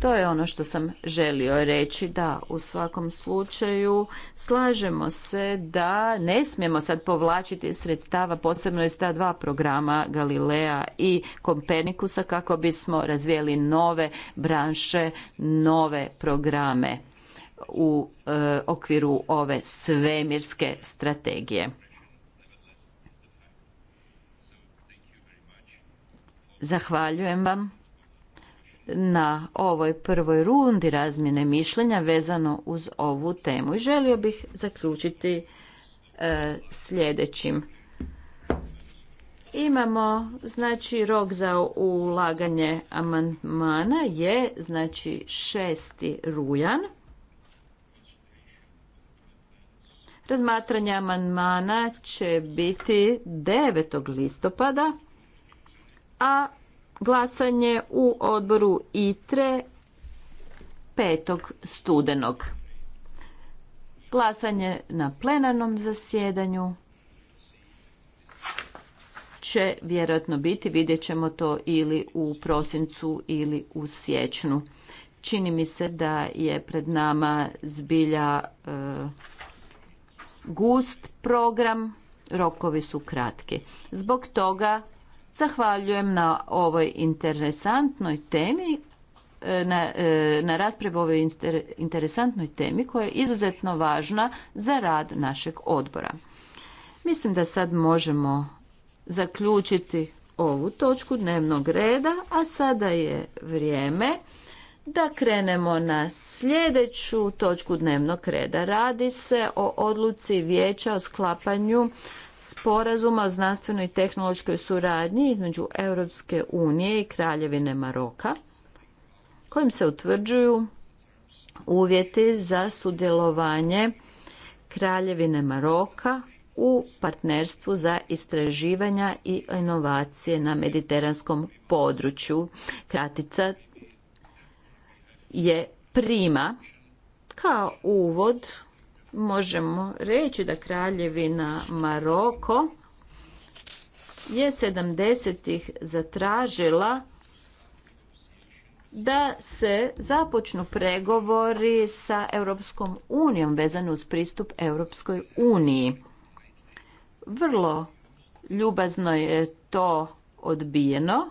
to je ono što sam želio reći, da u svakom slučaju slažemo se da ne smijemo sad povlačiti sredstava posebno iz ta dva programa Galilea i Kompernikusa kako bismo razvijeli nove branše, nove programe u e, okviru ove svemirske strategije. Zahvaljujem vam na ovoj prvoj rundi razmjene mišljenja vezano uz ovu temu. I želio bih zaključiti e, sljedećim. Imamo, znači, rok za ulaganje amandmana je, znači, 6. rujan. Razmatranje amandmana će biti 9. listopada, a Glasanje u odboru ITRE 5. studenog. Glasanje na plenarnom zasjedanju će vjerojatno biti, vidjet ćemo to ili u prosincu ili u siječnju. Čini mi se da je pred nama zbilja e, gust program, rokovi su kratki. Zbog toga Zahvaljujem na ovoj interesantnoj temi, e, na, e, na raspravu ovoj interesantnoj temi koja je izuzetno važna za rad našeg odbora. Mislim da sad možemo zaključiti ovu točku dnevnog reda, a sada je vrijeme da krenemo na sljedeću točku dnevnog reda. Radi se o odluci vijeća o sklapanju sporazuma o znanstvenoj i tehnološkoj suradnji između Europske unije i Kraljevine Maroka, kojim se utvrđuju uvjeti za sudjelovanje Kraljevine Maroka u partnerstvu za istraživanja i inovacije na mediteranskom području. Kratica je prima kao uvod možemo reći da kraljevina Maroko je 70-ih zatražila da se započnu pregovori sa Europskom unijom vezano uz pristup Europskoj uniji. Vrlo ljubazno je to odbijeno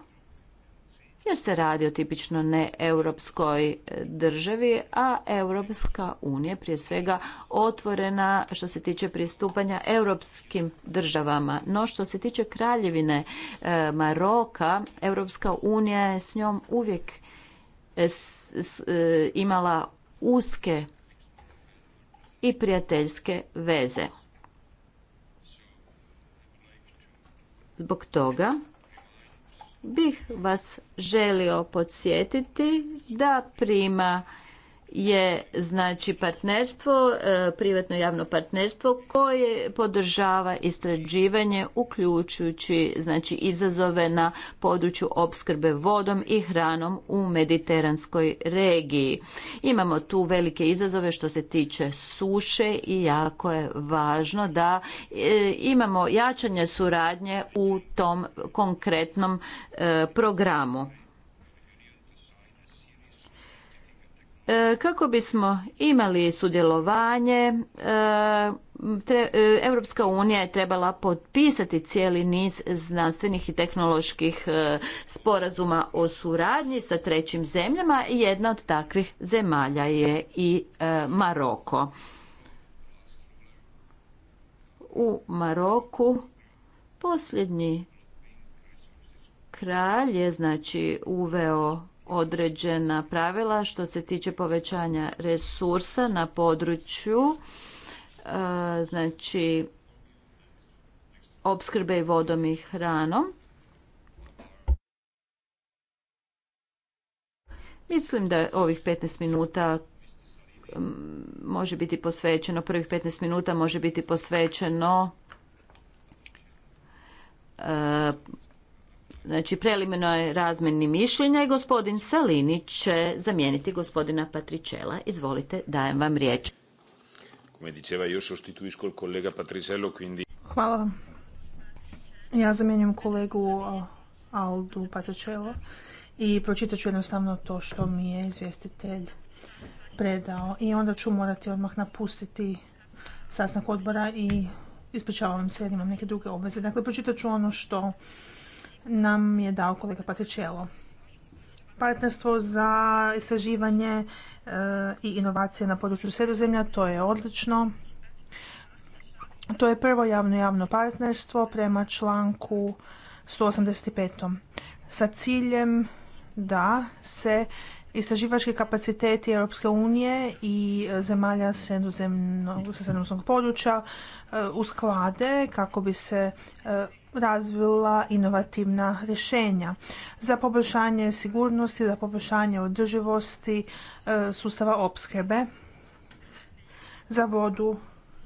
jer se radi o tipično neeuropskoj e, državi, a Europska unija prije svega otvorena što se tiče pristupanja europskim državama. No što se tiče kraljevine e, Maroka, Europska unija je s njom uvijek e, imala uske i prijateljske veze. Zbog toga bih vas želio podsjetiti da prima je znači partnerstvo, e, privatno javno partnerstvo koje podržava istraživanje uključujući znači izazove na području opskrbe vodom i hranom u mediteranskoj regiji. Imamo tu velike izazove što se tiče suše i jako je važno da e, imamo jačanje suradnje u tom konkretnom e, programu. E, kako bismo imali sudjelovanje, e, e, Europska unija je trebala potpisati cijeli niz znanstvenih i tehnoloških sporazuma o suradnji sa trećim zemljama i jedna od takvih zemalja je i Maroko. U Maroku posljednji kralj je znači uveo određena pravila što se tiče povećanja resursa na području e, znači opskrbe i vodom i hranom. Mislim da ovih 15 minuta može biti posvećeno, prvih 15 minuta može biti posvećeno znači je razmeni mišljenja i gospodin Salini će zamijeniti gospodina Patričela. Izvolite, dajem vam riječ. Hvala vam. Ja zamijenjam kolegu Aldu Patričelo i pročitat ću jednostavno to što mi je izvjestitelj predao i onda ću morati odmah napustiti sastanak odbora i ispričavam se jer imam neke druge obveze. Dakle, pročitat ću ono što nam je dao kolega Patričelo. Partnerstvo za istraživanje e, i inovacije na području sredozemlja, to je odlično. To je prvo javno-javno partnerstvo prema članku 185. sa ciljem da se istraživački kapaciteti Europske unije i zemalja sredozemnog područja e, usklade kako bi se e, razvila inovativna rješenja za poboljšanje sigurnosti, za poboljšanje održivosti e, sustava opskrbe za vodu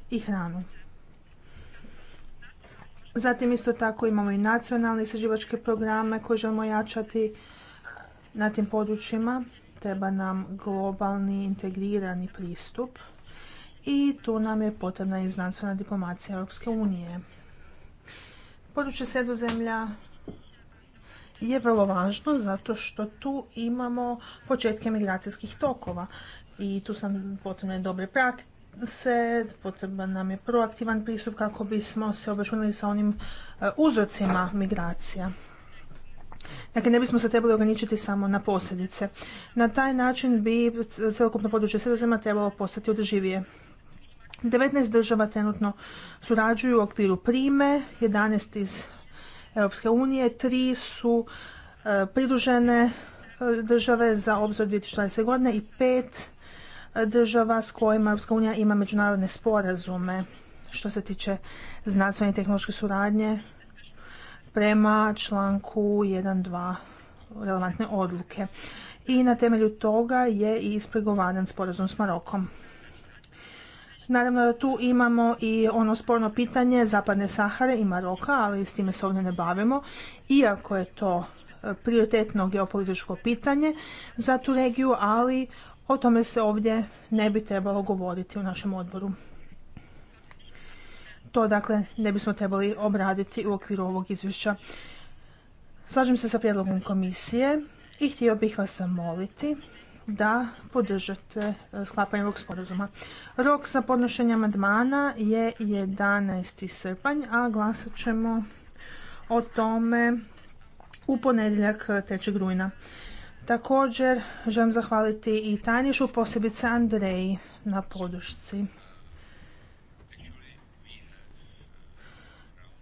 i hranu. Zatim isto tako imamo i nacionalne istraživačke programe koje želimo jačati na tim područjima. Treba nam globalni integrirani pristup i tu nam je potrebna i znanstvena diplomacija Europske unije. Područje sredozemlja je vrlo važno zato što tu imamo početke migracijskih tokova i tu sam potrebne dobre prakse, potreban nam je proaktivan pristup kako bismo se obračunali sa onim eh, uzrocima migracija. Dakle, ne bismo se trebali ograničiti samo na posljedice. Na taj način bi celokupno područje sredozema trebalo postati održivije. 19 država trenutno surađuju u okviru prime, 11 iz Europske unije, 3 su e, pridružene e, države za obzor 2020. godine i 5 e, država s kojima Europska unija ima međunarodne sporazume što se tiče znanstvene i tehnološke suradnje prema članku 1.2 relevantne odluke. I na temelju toga je i ispregovaran sporazum s Marokom. Naravno da tu imamo i ono sporno pitanje Zapadne Sahare i Maroka, ali s time se ovdje ne bavimo. Iako je to e, prioritetno geopolitičko pitanje za tu regiju, ali o tome se ovdje ne bi trebalo govoriti u našem odboru. To dakle ne bismo trebali obraditi u okviru ovog izvješća. Slažem se sa prijedlogom komisije i htio bih vas zamoliti da podržate e, sklapanje ovog sporazuma. Rok za podnošenje amandmana je 11. srpanj, a glasat ćemo o tome u ponedjeljak 3. E, rujna. Također želim zahvaliti i tajnišu posebice Andreji na podršci.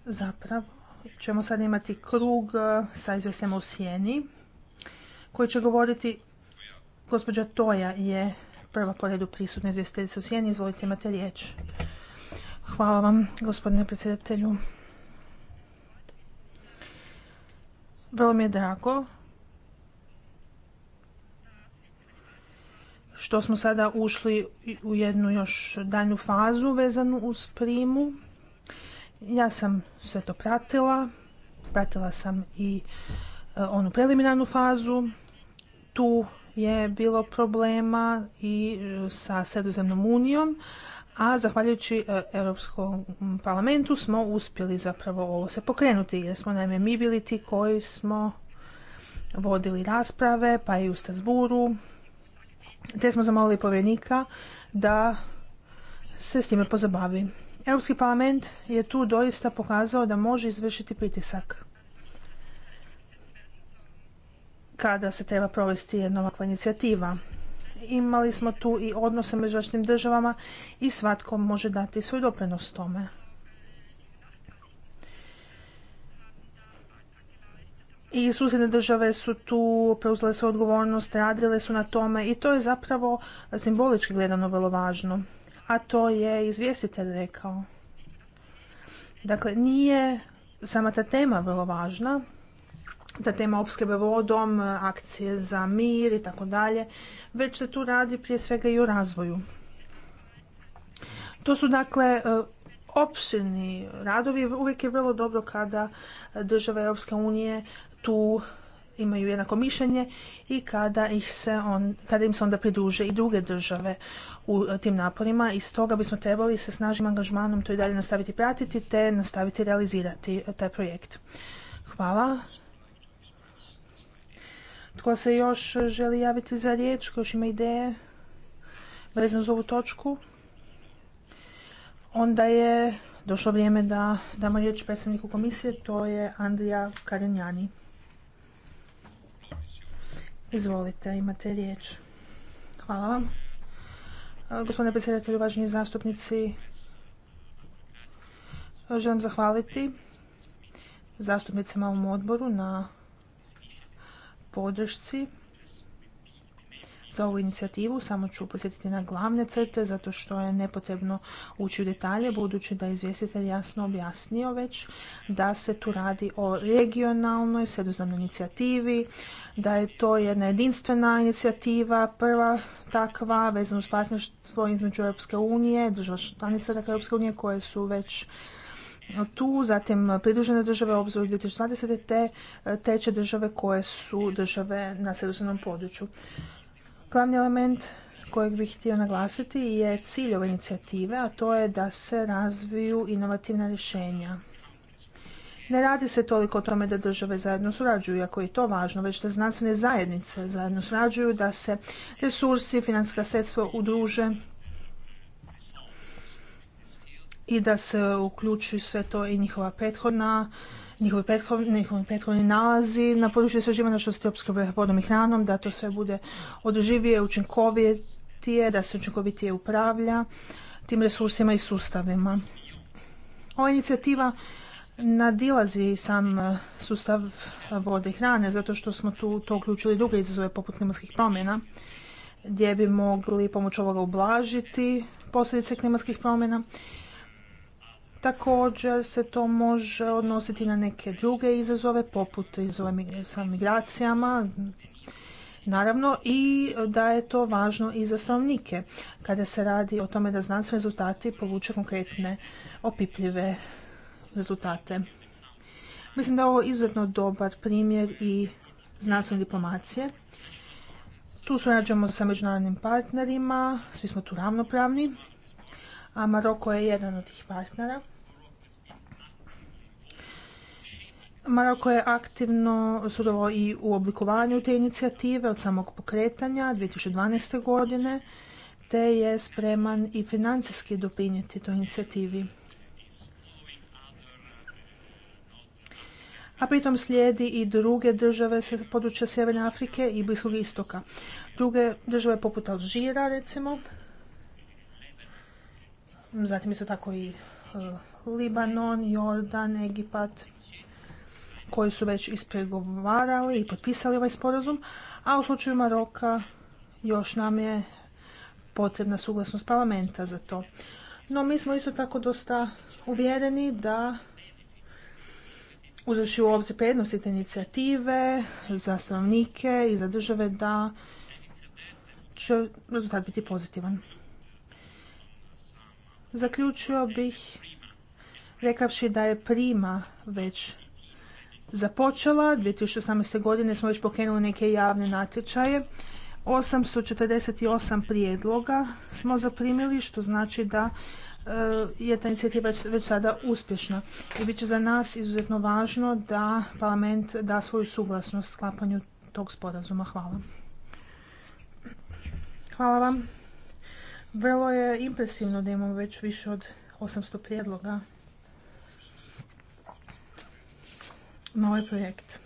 Zapravo ćemo sad imati krug e, sa izvjestima u sjeni koji će govoriti Gospođa Toja je prva po redu prisutna izvjestiteljica u Sjeni. Izvolite, imate riječ. Hvala vam, gospodine predsjedatelju. Vrlo mi je drago što smo sada ušli u jednu još danju fazu vezanu uz primu. Ja sam sve to pratila. Pratila sam i e, onu preliminarnu fazu. Tu je bilo problema i e, sa Sredozemnom unijom, a zahvaljujući e, Europskom parlamentu smo uspjeli zapravo ovo se pokrenuti, jer smo naime mi bili ti koji smo vodili rasprave, pa i u Strasburu, te smo zamolili povjerenika da se s time pozabavi. Europski parlament je tu doista pokazao da može izvršiti pritisak. kada se treba provesti jedna ovakva inicijativa. Imali smo tu i odnose među vašim državama i svatko može dati svoj doprinos tome. I susjedne države su tu preuzele svoju odgovornost, radile su na tome i to je zapravo simbolički gledano vrlo važno. A to je izvjestitelj rekao. Dakle, nije sama ta tema vrlo važna, ta tema opskrbe vodom, akcije za mir i tako dalje, već se tu radi prije svega i o razvoju. To su dakle e, opsirni radovi, uvijek je vrlo dobro kada države Europske unije tu imaju jednako mišljenje i kada, ih se on, kada im se onda pridruže i druge države u tim naporima i stoga bismo trebali sa snažnim angažmanom to i dalje nastaviti pratiti te nastaviti realizirati taj projekt. Hvala. Tko se još želi javiti za riječ? Tko još ima ideje vezano za ovu točku? Onda je došlo vrijeme da damo riječ predstavniku komisije, to je Andrija Karenjani. Izvolite, imate riječ. Hvala vam. Gospodine predsjedatelju, važni zastupnici, želim zahvaliti zastupnicima ovom odboru na podršci za ovu inicijativu. Samo ću posjetiti na glavne crte, zato što je nepotrebno ući u detalje, budući da je izvjestitelj jasno objasnio već da se tu radi o regionalnoj sredozemnoj inicijativi, da je to jedna jedinstvena inicijativa, prva takva vezano uz partnerstvo između Europske unije, država članica dakle Europske unije koje su već tu, zatim pridružene države u 2020. te teče države koje su države na sredozemnom području. Glavni element kojeg bih htio naglasiti je cilj ove inicijative, a to je da se razviju inovativna rješenja. Ne radi se toliko o tome da države zajedno surađuju, iako je to važno, već da znanstvene zajednice zajedno surađuju, da se resursi, financijska sredstva udruže i da se uključi sve to i njihova prethodna njihovi prethodni, prethodni nalazi na području istraživanja što se opskrbe vodom i hranom, da to sve bude održivije, učinkovitije, da se učinkovitije upravlja tim resursima i sustavima. Ova inicijativa nadilazi sam e, sustav vode i hrane, zato što smo tu to uključili druge izazove poput klimatskih promjena, gdje bi mogli pomoć ovoga ublažiti posljedice klimatskih promjena Također se to može odnositi na neke druge izazove poput izazove sa migracijama, Naravno i da je to važno i za stanovnike kada se radi o tome da znanstveni rezultati povuče konkretne opipljive rezultate. Mislim da je ovo izuzetno dobar primjer i znanstvene diplomacije. Tu surađujemo sa međunarodnim partnerima, svi smo tu ravnopravni a Maroko je jedan od tih partnera. Maroko je aktivno sudovao i u oblikovanju te inicijative od samog pokretanja 2012. godine, te je spreman i financijski doprinijeti toj inicijativi. A pritom slijedi i druge države sa područja Sjeverne Afrike i Bliskog istoka. Druge države poput Alžira, recimo, zatim isto tako i e, Libanon, Jordan, Egipat, koji su već ispregovarali i potpisali ovaj sporazum, a u slučaju Maroka još nam je potrebna suglasnost parlamenta za to. No mi smo isto tako dosta uvjereni da uzreši u obzir prednosti te inicijative za stanovnike i za države da će rezultat biti pozitivan. Zaključio bih rekavši da je prima već započela. 2018. godine smo već pokrenuli neke javne natječaje. 848 prijedloga smo zaprimili, što znači da e, je ta inicijativa već sada uspješna. I bit će za nas izuzetno važno da parlament da svoju suglasnost sklapanju tog sporazuma. Hvala. Hvala vam. Vrlo je impresivno da imamo već više od 800 prijedloga na ovaj projekt.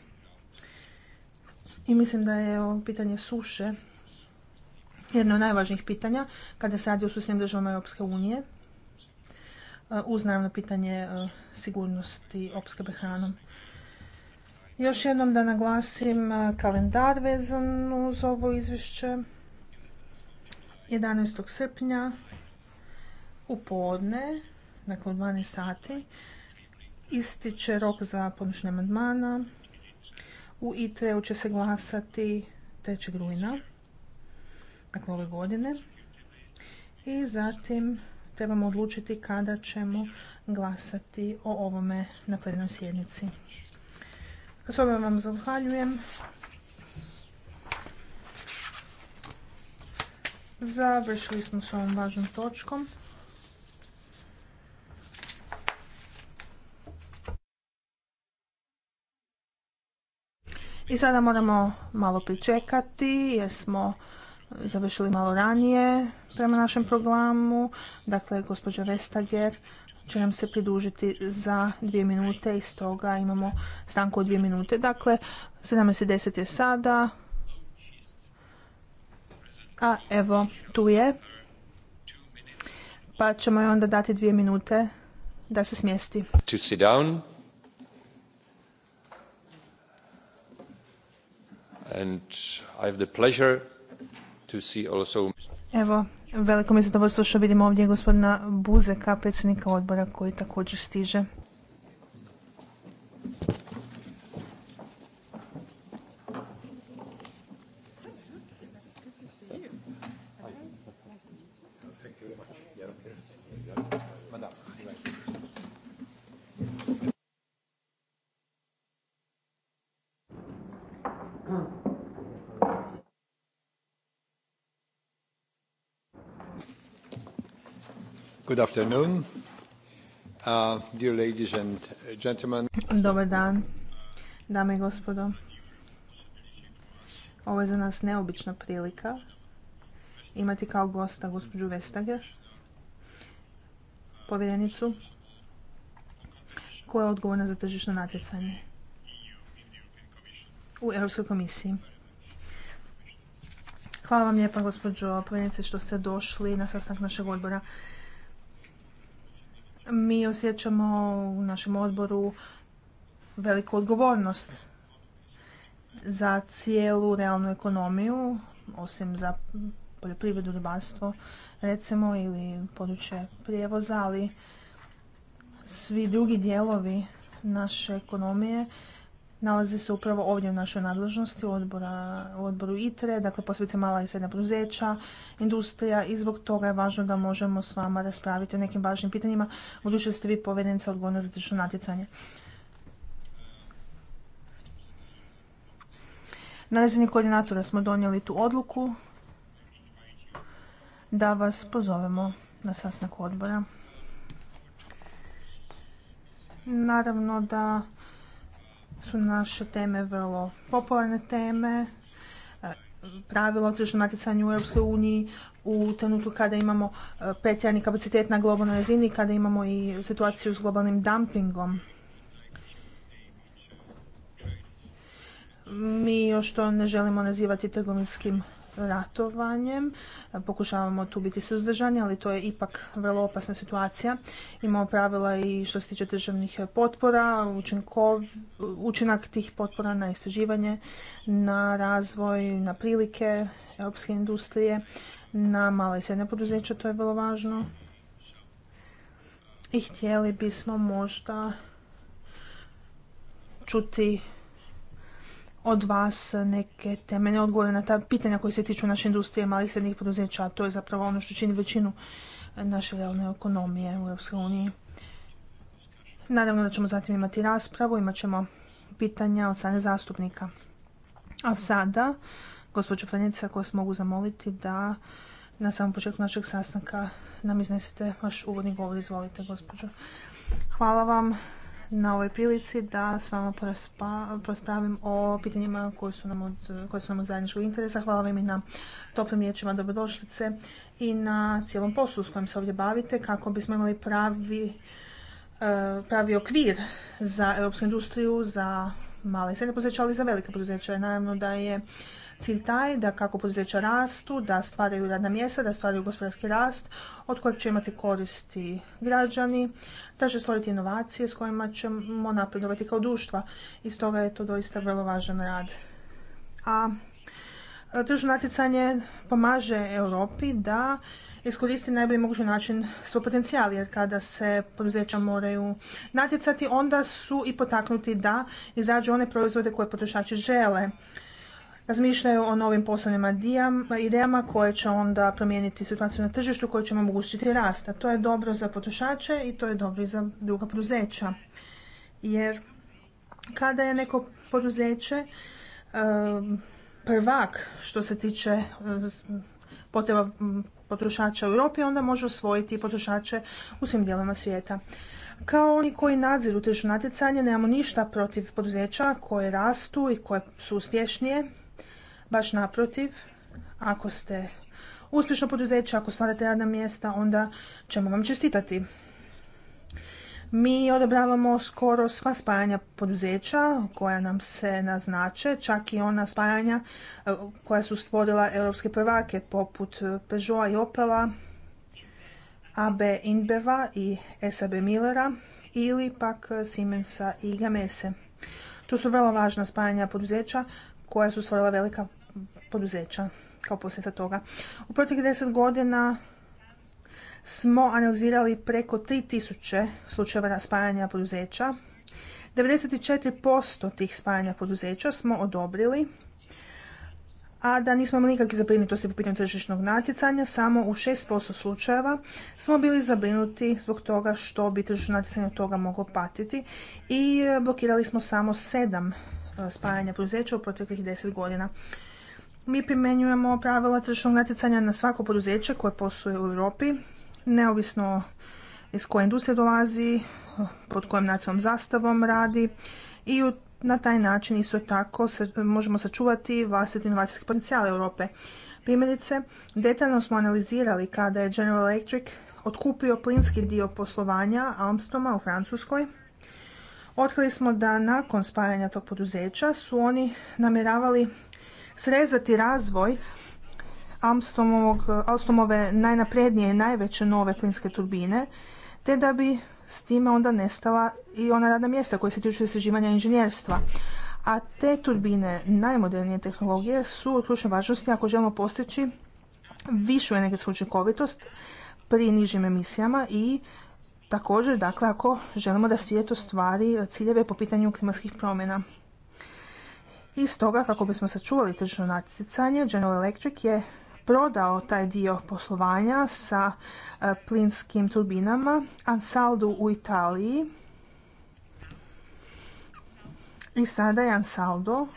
I mislim da je ovo pitanje suše jedno od najvažnijih pitanja kada se radi o susjednim državama Europske unije uh, uz naravno pitanje uh, sigurnosti opskrbe hranom. Još jednom da naglasim uh, kalendar vezan uz ovo izvješće. 11. srpnja u podne, dakle u 12 sati, ističe rok za podnošenje amandmana. U ITRE-u će se glasati 3. rujna, dakle ove godine. I zatim trebamo odlučiti kada ćemo glasati o ovome na plenarnoj sjednici. S vam zahvaljujem. Završili smo s ovom važnom točkom. I sada moramo malo pričekati jer smo završili malo ranije prema našem programu. Dakle, gospođa Vestager će nam se pridužiti za dvije minute i stoga imamo stanku od dvije minute. Dakle, 17.10 je sada, a evo, tu je. Pa ćemo joj onda dati dvije minute da se smjesti. And I have the pleasure to see also... Evo, veliko mi je zadovoljstvo što vidimo ovdje gospodina Buzeka, predsjednika odbora koji također stiže. Good uh, dear ladies and gentlemen. Dobar dan, dame i gospodo. Ovo je za nas neobična prilika imati kao gosta gospođu Vestager, povjerenicu koja je odgovorna za tržišno natjecanje u Europskoj komisiji. Hvala vam lijepa gospođo povjerenice što ste došli na sastanak našeg odbora mi osjećamo u našem odboru veliku odgovornost za cijelu realnu ekonomiju, osim za poljoprivredu, ribarstvo, recimo, ili područje prijevoza, ali svi drugi dijelovi naše ekonomije nalazi se upravo ovdje u našoj nadležnosti u, odboru ITRE, dakle posebice mala i srednja poduzeća, industrija i zbog toga je važno da možemo s vama raspraviti o nekim važnim pitanjima, budući ste vi povjerenica odgovorna za tržišno natjecanje. Na razini koordinatora smo donijeli tu odluku da vas pozovemo na sastanak odbora. Naravno da su naše teme vrlo popularne teme. E, Pravilo o tržnom u Europskoj uniji u trenutku kada imamo e, pretjerani kapacitet na globalnoj razini, kada imamo i situaciju s globalnim dumpingom. Mi još to ne želimo nazivati trgovinskim ratovanjem. Pokušavamo tu biti suzdržani, ali to je ipak vrlo opasna situacija. Imamo pravila i što se tiče državnih potpora, učinak tih potpora na istraživanje, na razvoj, na prilike europske industrije, na male i srednje poduzeća, to je vrlo važno. I htjeli bismo možda čuti od vas neke temeljne odgovore na ta pitanja koji se tiču naše industrije malih i srednjih poduzeća, a to je zapravo ono što čini većinu naše realne ekonomije u EU. Naravno da ćemo zatim imati raspravu, imat ćemo pitanja od strane zastupnika. A sada, gospođo Planica, koja vas mogu zamoliti da na samom početku našeg sastanka nam iznesete vaš uvodni govor. Izvolite, gospođo. Hvala vam na ovoj prilici da s vama prospravim o pitanjima koje su nam od, zajedničkog interesa. Hvala vam i na toplim riječima dobrodošlice i na cijelom poslu s kojim se ovdje bavite kako bismo imali pravi, e, pravi okvir za europsku industriju, za male i srednje poduzeća, ali i za velike poduzeća. Naravno da je cilj taj da kako poduzeća rastu, da stvaraju radna mjesta, da stvaraju gospodarski rast od kojeg će imati koristi građani, da će stvoriti inovacije s kojima ćemo napredovati kao društva. I stoga je to doista vrlo važan rad. A e, tržno natjecanje pomaže Europi da iskoristi najbolji mogući način svoj potencijal, jer kada se poduzeća moraju natjecati, onda su i potaknuti da izađu one proizvode koje potrošači žele razmišljaju o novim poslovnim idejama koje će onda promijeniti situaciju na tržištu koje će omogućiti rasta. To je dobro za potrošače i to je dobro i za druga poduzeća. Jer kada je neko poduzeće ehm, prvak što se tiče ehm, potreba potrošača u Europi, onda može osvojiti potrošače u svim dijelovima svijeta. Kao oni koji nadziru tržišno natjecanje, nemamo ništa protiv poduzeća koje rastu i koje su uspješnije Baš naprotiv, ako ste uspješno poduzeće, ako stvarate radna mjesta, onda ćemo vam čestitati. Mi odobravamo skoro sva spajanja poduzeća koja nam se naznače, čak i ona spajanja e, koja su stvorila europske prvake poput Peugeot i Opela, AB Inbeva i SAB Millera ili pak Simensa i Gamese. To su vrlo važna spajanja poduzeća koja su stvorila velika poduzeća kao posljedica toga. U proteklih 10 godina smo analizirali preko 3000 slučajeva spajanja poduzeća. 94% tih spajanja poduzeća smo odobrili, a da nismo imali nikakve zabrinutosti po pitanju tržišnog natjecanja, samo u 6% slučajeva smo bili zabrinuti zbog toga što bi tržišno natjecanje od toga moglo patiti i blokirali smo samo 7 e, spajanja poduzeća u proteklih 10 godina. Mi primjenjujemo pravila tržišnog natjecanja na svako poduzeće koje posluje u Europi, neovisno iz koje industrije dolazi, pod kojom nacionalnom zastavom radi i na taj način isto tako možemo sačuvati vlastiti inovacijski potencijal Europe. Primjerice, detaljno smo analizirali kada je General Electric otkupio plinski dio poslovanja Almstroma u Francuskoj. Otkrili smo da nakon spajanja tog poduzeća su oni namjeravali srezati razvoj Alstomove najnaprednije i najveće nove plinske turbine, te da bi s time onda nestala i ona radna mjesta koja se tiču istraživanja inženjerstva. A te turbine najmodernije tehnologije su od ključne važnosti ako želimo postići višu energetsku učinkovitost pri nižim emisijama i također dakle ako želimo da svijet ostvari ciljeve po pitanju klimatskih promjena. I stoga kako bismo sačuvali tržišno natjecanje, General Electric je prodao taj dio poslovanja sa e, plinskim turbinama Ansaldu u Italiji. I sada je Ansaldo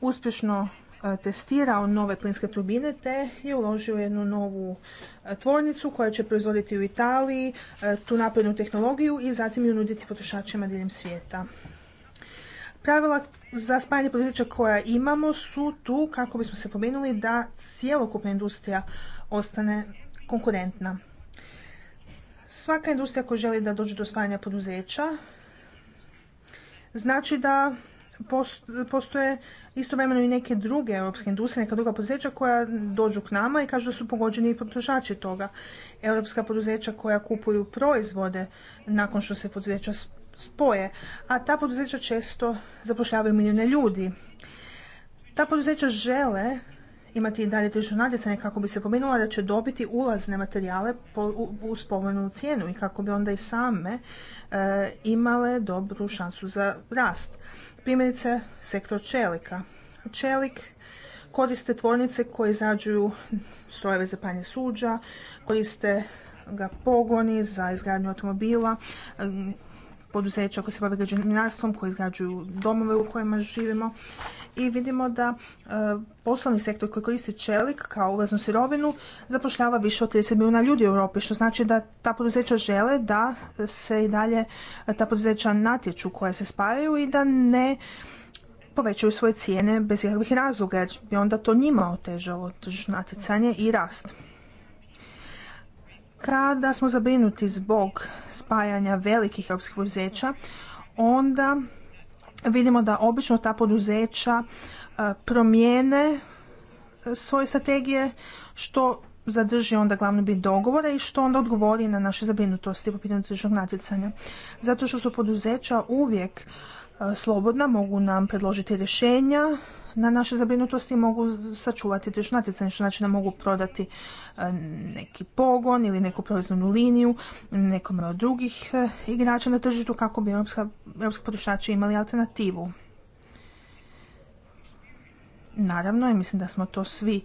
uspješno e, testirao nove plinske turbine te je uložio jednu novu e, tvornicu koja će proizvoditi u Italiji tu naprednu tehnologiju i zatim ju nuditi potrošačima diljem svijeta. Pravila za spajanje poduzeća koja imamo su tu kako bismo se pomenuli da cijelokupna industrija ostane konkurentna. Svaka industrija koja želi da dođe do spajanja poduzeća znači da postoje istovremeno i neke druge europske industrije, neka druga poduzeća koja dođu k nama i kažu da su pogođeni i potrošači toga. Europska poduzeća koja kupuju proizvode nakon što se poduzeća spoje, a ta poduzeća često zapošljavaju milijune ljudi. Ta poduzeća žele imati i dalje tržišno natjecanje kako bi se pominula da će dobiti ulazne materijale u, uz povoljnu cijenu i kako bi onda i same e, imale dobru šansu za rast. Primjerice, sektor čelika. Čelik koriste tvornice koje izrađuju strojeve za panje suđa, koriste ga pogoni za izgradnju automobila, poduzeća koje se bave građevinarstvom, koje izgrađuju domove u kojima živimo i vidimo da e, poslovni sektor koji koristi čelik kao ulaznu sirovinu zapošljava više od 30 milijuna ljudi u Europi, što znači da ta poduzeća žele da se i dalje e, ta poduzeća natječu koja se spajaju i da ne povećaju svoje cijene bez ikakvih razloga jer bi onda to njima otežalo natjecanje i rast. Kada smo zabrinuti zbog spajanja velikih europskih poduzeća, onda vidimo da obično ta poduzeća e, promijene svoje strategije, što zadrži onda glavno bit dogovora i što onda odgovori na naše zabrinutosti po pitanju tržišnog natjecanja. Zato što su poduzeća uvijek e, slobodna, mogu nam predložiti rješenja, na naše zabrinutosti mogu sačuvati tržišno natjecanje, što znači da mogu prodati e, neki pogon ili neku proizvodnu liniju nekom od drugih e, igrača na tržištu kako bi europski potrošači imali alternativu. Naravno, i mislim da smo to svi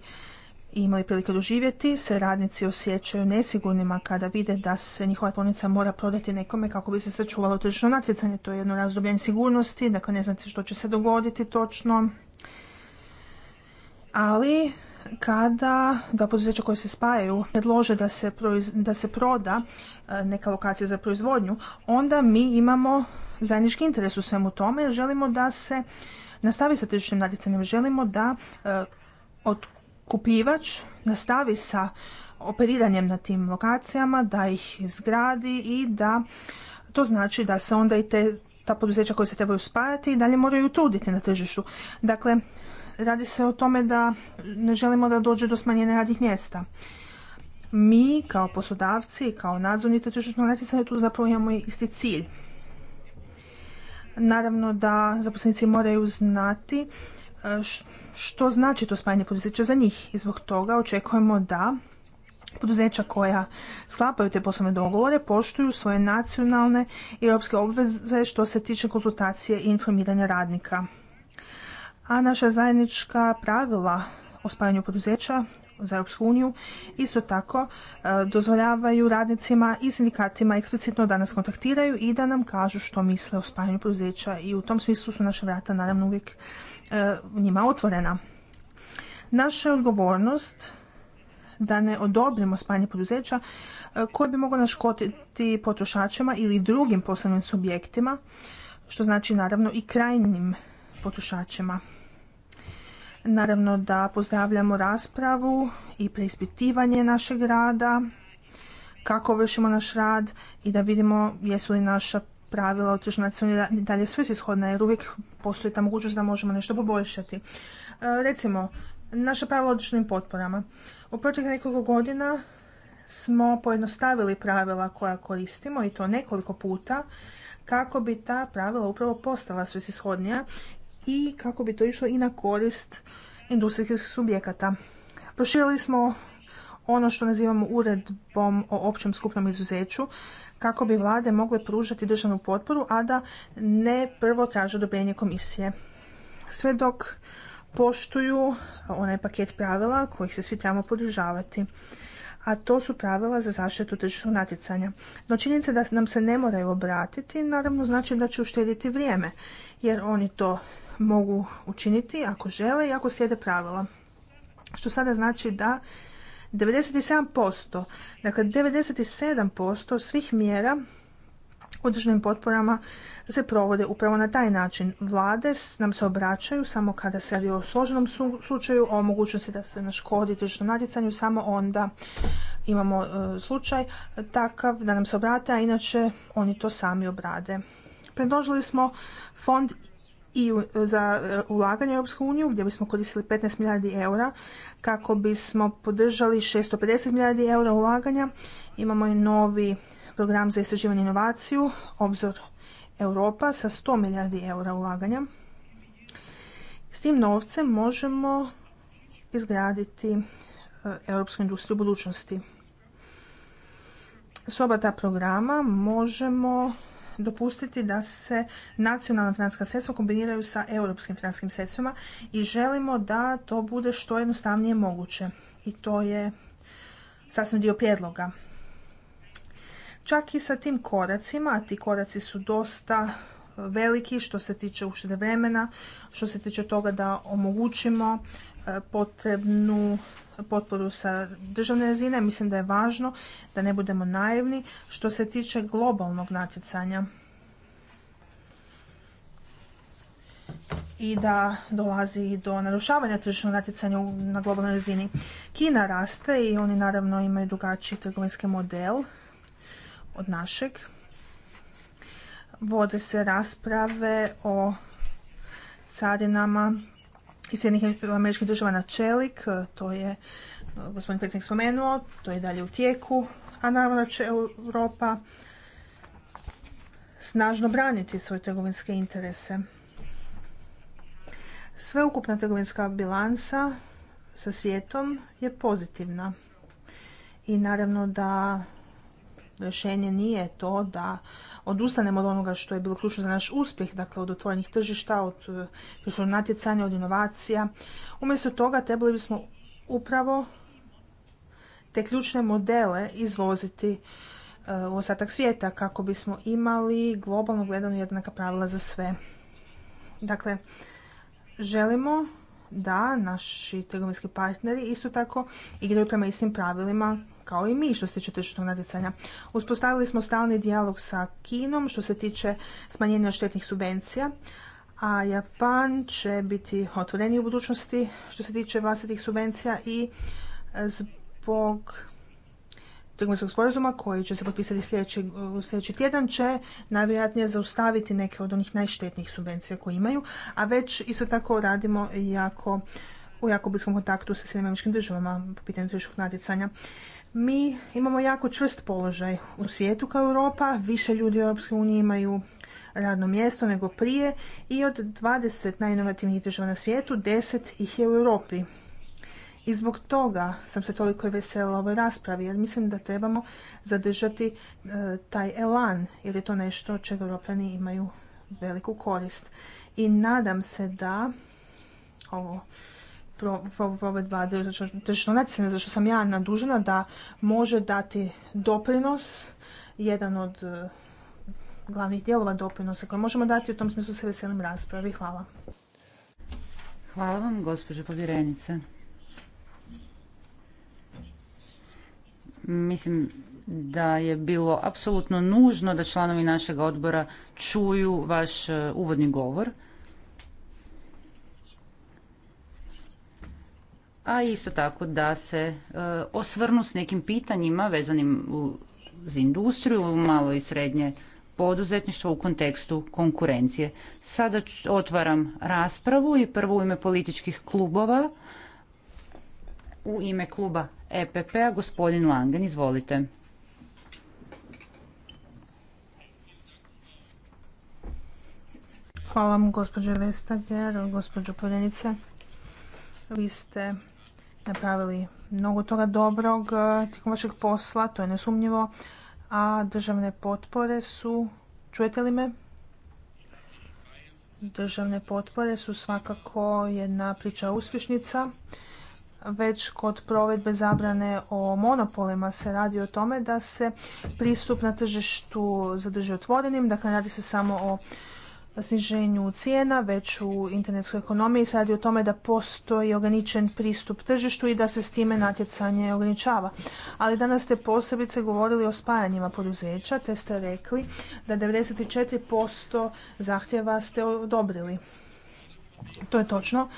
imali prilike doživjeti, se radnici osjećaju nesigurnima kada vide da se njihova tvornica mora prodati nekome kako bi se sačuvalo tržišno natjecanje. To je jedno razdoblje nesigurnosti, dakle ne znate što će se dogoditi točno ali kada dva poduzeća koje se spajaju predlože da se, da se proda e, neka lokacija za proizvodnju, onda mi imamo zajednički interes u svemu tome jer želimo da se nastavi sa tržišnim natjecanjem. Želimo da e, otkupivač nastavi sa operiranjem na tim lokacijama, da ih izgradi i da to znači da se onda i te ta poduzeća koja se trebaju spajati i dalje moraju truditi na tržištu. Dakle, radi se o tome da ne želimo da dođe do smanjenja radnih mjesta. Mi kao poslodavci, kao nadzorni tržišnog natjecanja tu zapravo imamo isti cilj. Naravno da zaposlenici moraju znati e, što znači to smanjenje poduzeća za njih i zbog toga očekujemo da poduzeća koja sklapaju te poslovne dogovore poštuju svoje nacionalne i europske obveze što se tiče konzultacije i informiranja radnika a naša zajednička pravila o spajanju poduzeća za Europsku uniju isto tako e, dozvoljavaju radnicima i sindikatima eksplicitno da nas kontaktiraju i da nam kažu što misle o spajanju poduzeća i u tom smislu su naše vrata naravno uvijek e, njima otvorena. Naša je odgovornost da ne odobrimo spajanje poduzeća e, koje bi moglo naškotiti potrošačima ili drugim poslovnim subjektima, što znači naravno i krajnim potrošačima. Naravno da pozdravljamo raspravu i preispitivanje našeg rada, kako vršimo naš rad i da vidimo jesu li naša pravila o tržnoj i dalje ishodna, jer uvijek postoji ta mogućnost da možemo nešto poboljšati. E, recimo, naša pravila o tržnim potporama. U proteklih nekoliko godina smo pojednostavili pravila koja koristimo i to nekoliko puta kako bi ta pravila upravo postala svrsishodnija i kako bi to išlo i na korist industrijskih subjekata. Proširili smo ono što nazivamo uredbom o općem skupnom izuzeću kako bi vlade mogle pružati državnu potporu, a da ne prvo traže odobrenje komisije. Sve dok poštuju onaj paket pravila kojih se svi trebamo podržavati a to su pravila za zaštitu tržišnog natjecanja. No činjenica da nam se ne moraju obratiti, naravno znači da će uštediti vrijeme, jer oni to mogu učiniti ako žele i ako slijede pravila. Što sada znači da 97%, dakle 97% svih mjera u državnim potporama se provode upravo na taj način. Vlade nam se obraćaju samo kada se radi o složenom slučaju, o mogućnosti da se naškodi tržišnom natjecanju, samo onda imamo e, slučaj takav da nam se obrate, a inače oni to sami obrade. Predložili smo fond i e, za e, ulaganje u Europsku uniju gdje bismo koristili 15 milijardi eura kako bismo podržali 650 milijardi eura ulaganja. Imamo i novi program za istraživanje inovaciju, obzor Europa sa 100 milijardi eura ulaganja. S tim novcem možemo izgraditi e, europsku industriju budućnosti. S oba ta programa možemo dopustiti da se nacionalna financijska sredstva kombiniraju sa europskim financijskim sredstvima i želimo da to bude što jednostavnije moguće. I to je sasvim dio prijedloga. Čak i sa tim koracima, a ti koraci su dosta veliki što se tiče uštede vremena, što se tiče toga da omogućimo e, potrebnu potporu sa državne razine. Mislim da je važno da ne budemo naivni što se tiče globalnog natjecanja i da dolazi do narušavanja tržišnog natjecanja na globalnoj razini. Kina raste i oni naravno imaju drugačiji trgovinski model od našeg. Vode se rasprave o carinama iz Sjednih američkih država na čelik, e, to je e, gospodin predsjednik spomenuo, to je dalje u tijeku, a naravno da će Europa snažno braniti svoje trgovinske interese. Sveukupna trgovinska bilansa sa svijetom je pozitivna i naravno da rješenje nije to da odustanemo od onoga što je bilo ključno za naš uspjeh, dakle od otvorenih tržišta, od e, natjecanja, od inovacija. Umjesto toga trebali bismo upravo te ključne modele izvoziti e, u ostatak svijeta kako bismo imali globalno gledano jednaka pravila za sve. Dakle, želimo da naši trgovinski partneri isto tako igraju prema istim pravilima kao i mi što se tiče tržišnog natjecanja. Uspostavili smo stalni dijalog sa Kinom što se tiče smanjenja štetnih subvencija, a Japan će biti otvoreniji u budućnosti što se tiče vlastitih subvencija i e, zbog trgovinskog sporazuma koji će se potpisati sljedeći, sljedeći tjedan će najvjerojatnije zaustaviti neke od onih najštetnijih subvencija koje imaju, a već isto tako radimo jako u jako bliskom kontaktu sa Sjedinjenim državama po pitanju tržišnog natjecanja. Mi imamo jako čvrst položaj u svijetu kao Europa, više ljudi u EU imaju radno mjesto nego prije i od 20 najinovativnijih država na svijetu, 10 ih je u Europi. I zbog toga sam se toliko vesela u ovoj raspravi, jer mislim da trebamo zadržati e, taj elan, jer je to nešto od čega Europljani imaju veliku korist. I nadam se da ovo provedba tržišnog natjecanja, sam ja nadužena, da može dati doprinos, jedan od e, glavnih dijelova doprinosa koje možemo dati, u tom smislu se veselim raspravi. Hvala. Hvala vam, gospođo povjerenice. Mislim da je bilo apsolutno nužno da članovi našeg odbora čuju vaš e, uvodni govor. a isto tako da se e, osvrnu s nekim pitanjima vezanim uz industriju, malo i srednje poduzetništvo u kontekstu konkurencije. Sada otvaram raspravu i prvo u ime političkih klubova. U ime kluba EPP-a gospodin Langen, izvolite. Hvala vam gospođo Vestager, gospođo Poljenice. Vi ste napravili mnogo toga dobrog e, tijekom vašeg posla, to je nesumnjivo, a državne potpore su, čujete li me? Državne potpore su svakako jedna priča uspješnica. Već kod provedbe zabrane o monopolima se radi o tome da se pristup na tržištu zadrži otvorenim, dakle radi se samo o sniženju cijena, već u internetskoj ekonomiji sad je o tome da postoji ograničen pristup tržištu i da se s time natjecanje ograničava. Ali danas ste posebice govorili o spajanjima poduzeća, te ste rekli da 94% zahtjeva ste odobrili. To je točno,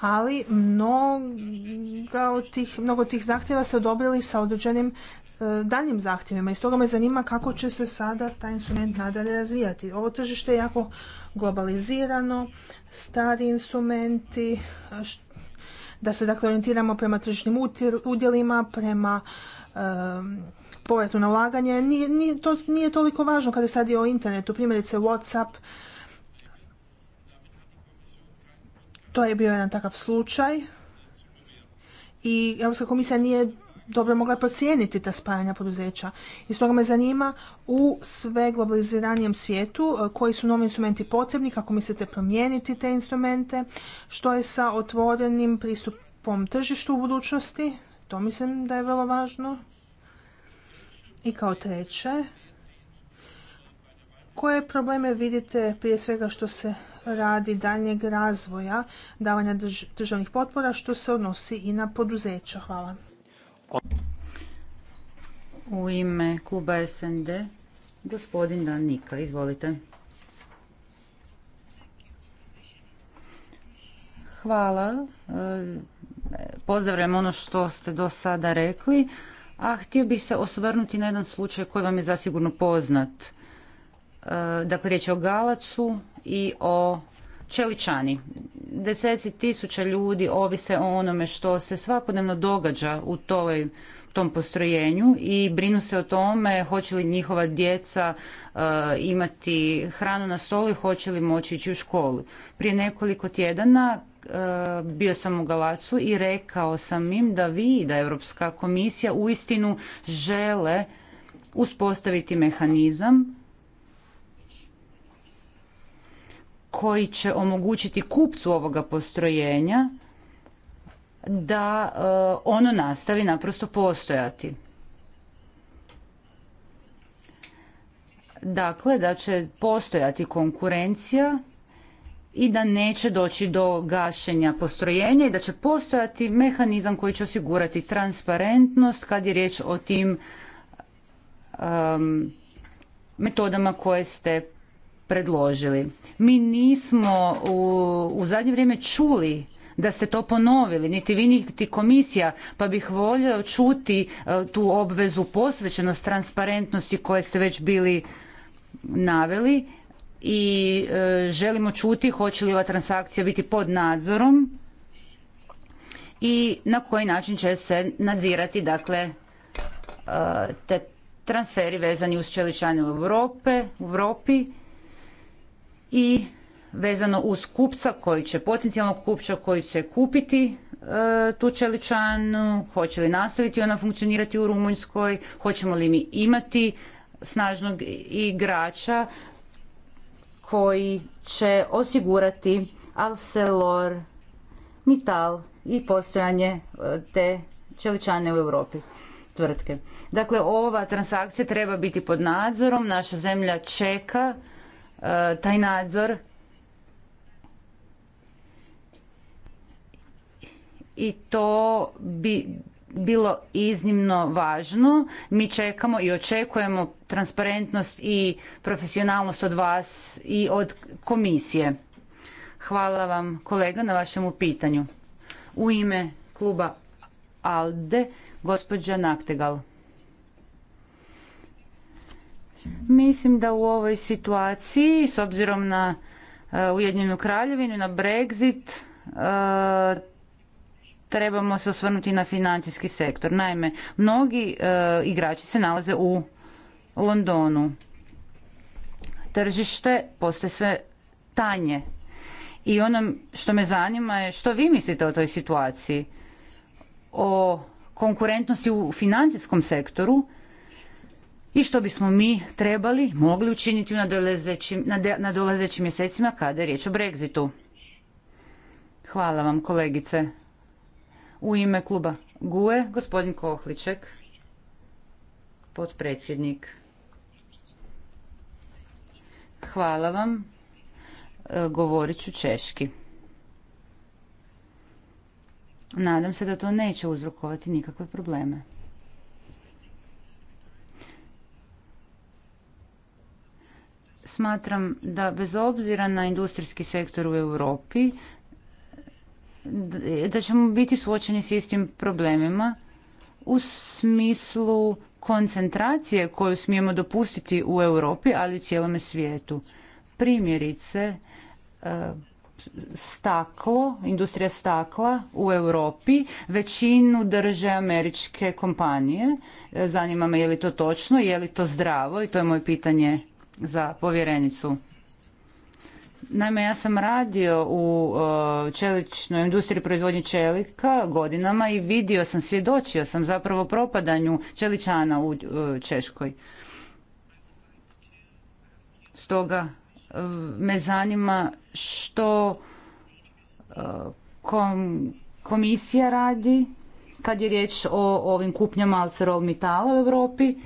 ali mnogo od tih, mnogo tih zahtjeva ste odobrili sa određenim E, daljim zahtjevima i stoga me zanima kako će se sada taj instrument nadalje razvijati. Ovo tržište je jako globalizirano, stari instrumenti, e, da se dakle orijentiramo prema tržišnim udjelima, prema e, povratu na ulaganje. to, nije toliko važno kada je radi o internetu, primjerice Whatsapp. To je bio jedan takav slučaj i Europska komisija nije dobro mogla procijeniti ta spajanja poduzeća. I stoga me zanima u sve globaliziranijem svijetu e, koji su novi instrumenti potrebni, kako mislite promijeniti te instrumente, što je sa otvorenim pristupom tržištu u budućnosti, to mislim da je vrlo važno. I kao treće, koje probleme vidite prije svega što se radi daljnjeg razvoja davanja državnih potpora što se odnosi i na poduzeća? Hvala. U ime kluba SND, gospodin Dan Nika, izvolite. Hvala. E, pozdravljam ono što ste do sada rekli, a htio bih se osvrnuti na jedan slučaj koji vam je zasigurno poznat. E, dakle, riječ je o Galacu i o čeličani. Deseci tisuća ljudi ovise o onome što se svakodnevno događa u toj tom postrojenju i brinu se o tome hoće li njihova djeca e, imati hranu na stolu i hoće li moći ići u školu. Prije nekoliko tjedana e, bio sam u Galacu i rekao sam im da vi i da Europska komisija uistinu žele uspostaviti mehanizam koji će omogućiti kupcu ovoga postrojenja da e, ono nastavi naprosto postojati. Dakle, da će postojati konkurencija i da neće doći do gašenja postrojenja i da će postojati mehanizam koji će osigurati transparentnost kad je riječ o tim metodama koje ste predložili. Mi nismo u, zadnje vrijeme čuli da ste to ponovili, niti vi niti komisija, pa bih volio čuti e, tu obvezu posvećenost transparentnosti koje ste već bili naveli i e, želimo čuti hoće li ova transakcija biti pod nadzorom i na koji način će se nadzirati dakle e, te transferi vezani uz čeličane u Europe, u Europi i vezano uz kupca koji će potencijalnog kupca koji će kupiti e, tu čeličanu, hoće li nastaviti ona funkcionirati u Rumunjskoj, hoćemo li mi imati snažnog igrača koji će osigurati Alcelor, Mital i postojanje e, te čeličane u Europi tvrtke. Dakle, ova transakcija treba biti pod nadzorom, naša zemlja čeka E, taj nadzor i to bi bilo iznimno važno. Mi čekamo i očekujemo transparentnost i profesionalnost od vas i od komisije. Hvala vam kolega na vašemu pitanju. U ime kluba ALDE gospođa Naktegal. Mislim da u ovoj situaciji, s obzirom na e, Ujedinjenu kraljevinu, na Brexit, e, trebamo se osvrnuti na financijski sektor. Naime, mnogi e, igrači se nalaze u Londonu. Tržište postaje sve tanje. I ono što me zanima je što vi mislite o toj situaciji? O konkurentnosti u financijskom sektoru i što bismo mi trebali, mogli učiniti u nadolazećim mjesecima kada je riječ o Brexitu. Hvala vam kolegice. U ime kluba GUE, gospodin Kohliček, potpredsjednik. Hvala vam. E, govorit ću češki. Nadam se da to neće uzrokovati nikakve probleme. Smatram da bez obzira na industrijski sektor u Europi, da ćemo biti suočeni s istim problemima u smislu koncentracije koju smijemo dopustiti u Europi, ali i u cijelome svijetu. Primjerice, e, staklo, industrija stakla u Europi, većinu drže američke kompanije. E, zanima me je li to točno, je li to zdravo i to je moje pitanje za povjerenicu. Naime, ja sam radio u e, čeličnoj industriji proizvodnje čelika godinama i vidio sam, svjedočio sam zapravo propadanju čeličana u e, Češkoj. Stoga me zanima što e, komisija radi kad je riječ o ovim kupnjama metala u Europi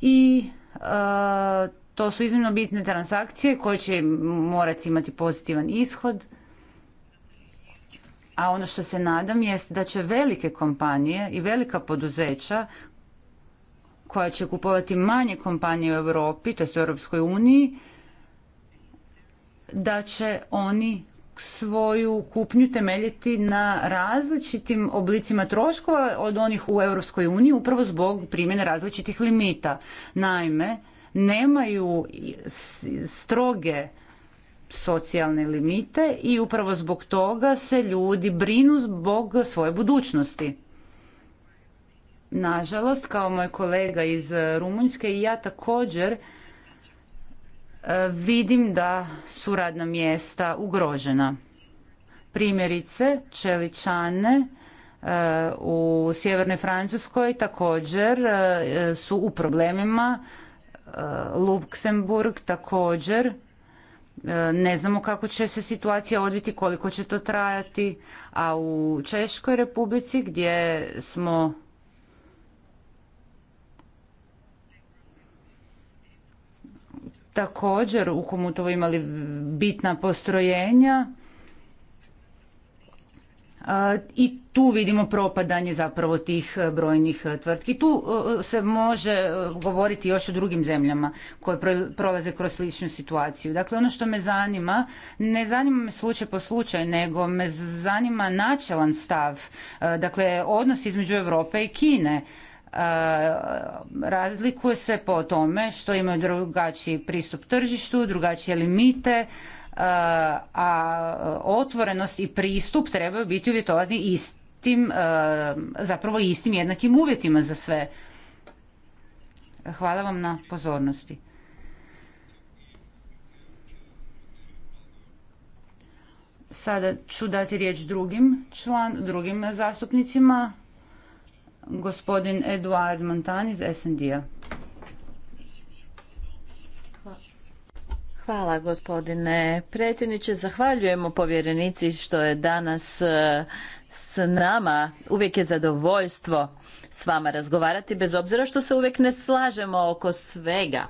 i E, to su iznimno bitne transakcije koje će morati imati pozitivan ishod. A ono što se nadam jest da će velike kompanije i velika poduzeća koja će kupovati manje kompanije u Europi, to u Europskoj uniji, da će oni svoju kupnju temeljiti na različitim oblicima troškova od onih u Europskoj uniji upravo zbog primjene različitih limita. Naime, nemaju stroge socijalne limite i upravo zbog toga se ljudi brinu zbog svoje budućnosti. Nažalost, kao moj kolega iz Rumunjske i ja također E, vidim da su radna mjesta ugrožena. Primjerice, čeličane e, u sjevernoj Francuskoj također e, su u problemima. Luksemburg također. Ne znamo kako će se situacija odviti, koliko će to trajati. A u Češkoj republici gdje smo također u Komutovu imali bitna postrojenja i tu vidimo propadanje zapravo tih e, brojnih e, tvrtki. Tu e, se može govoriti još o drugim zemljama koje prolaze kroz sličnu situaciju. Dakle, ono što me zanima, ne zanima me slučaj po slučaj, nego me zanima načelan stav, dakle, odnos između Europe i Kine E, razlikuje se po tome što imaju drugačiji pristup tržištu, drugačije limite, e, a otvorenost i pristup trebaju biti uvjetovani istim, e, zapravo istim jednakim uvjetima za sve. Hvala vam na pozornosti. Sada ću dati riječ drugim član, drugim zastupnicima. Gospodin Eduard Montan iz SND-a. Hvala gospodine predsjedniče. Zahvaljujemo povjerenici što je danas e, s nama. Uvijek je zadovoljstvo s vama razgovarati bez obzira što se uvijek ne slažemo oko svega.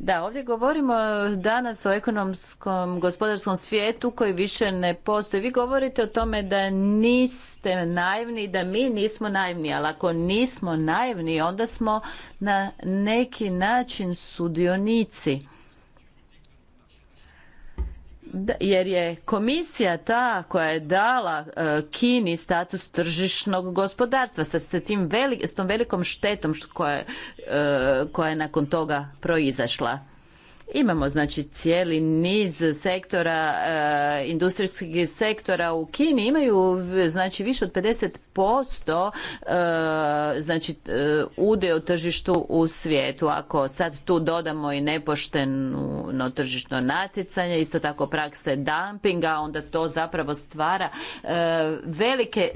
Da, ovdje govorimo danas o ekonomskom gospodarskom svijetu koji više ne postoji. Vi govorite o tome da niste naivni, da mi nismo naivni, ali ako nismo naivni onda smo na neki način sudionici jer je komisija ta koja je dala e, Kini status tržišnog gospodarstva sa, s tom velikom štetom koja, e, koja je nakon toga proizašla. Imamo znači cijeli niz sektora, e, industrijskih sektora u Kini imaju znači više od 50% e, znači e, u tržištu u svijetu. Ako sad tu dodamo i nepošteno tržišno natjecanje, isto tako prakse dumpinga, onda to zapravo stvara e, velike,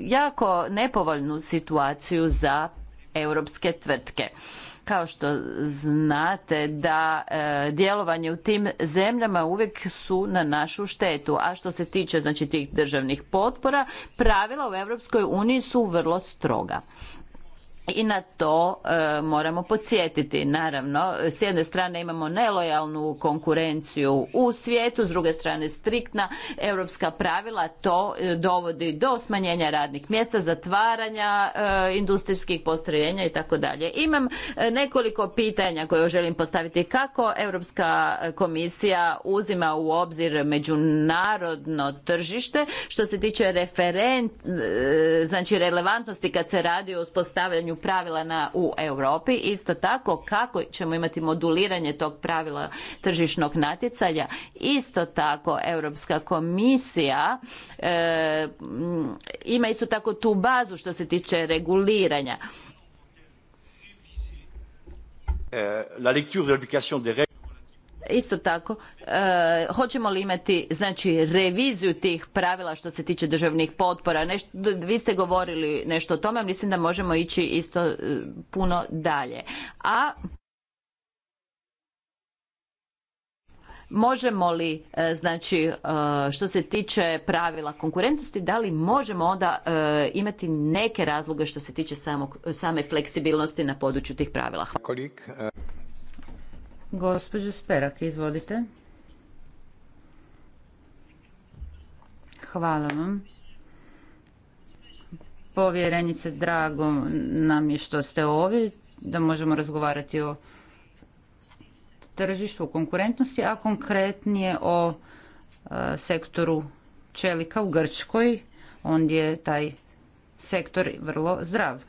jako nepovoljnu situaciju za europske tvrtke. Kao što znate da e, djelovanje u tim zemljama uvijek su na našu štetu. A što se tiče znači tih državnih potpora, pravila u Europskoj uniji su vrlo stroga i na to e, moramo podsjetiti. Naravno, s jedne strane imamo nelojalnu konkurenciju u svijetu, s druge strane striktna europska pravila, to e, dovodi do smanjenja radnih mjesta, zatvaranja e, industrijskih postrojenja i tako dalje. Imam nekoliko pitanja koje želim postaviti. Kako Europska komisija uzima u obzir međunarodno tržište što se tiče referent, znači relevantnosti kad se radi o uspostavljanju pravila na, u Europi. Isto tako kako ćemo imati moduliranje tog pravila tržišnog natjecanja. Isto tako Europska komisija e, mm, ima isto tako tu bazu što se tiče reguliranja. E, la lecture de Isto tako, e, hoćemo li imati znači reviziju tih pravila što se tiče državnih potpora? vi ste govorili nešto o tome, mislim da možemo ići isto e, puno dalje. A možemo li e, znači što se tiče pravila konkurentnosti da li možemo onda imati neke razloge što se tiče same fleksibilnosti na području tih pravila? Hvala. Gospođo Sperak, izvodite. Hvala vam. Povjerenice, drago nam je što ste ovdje, da možemo razgovarati o tržištu, konkurentnosti, a konkretnije o e, sektoru čelika u Grčkoj. Ondje je taj sektor vrlo zdrav.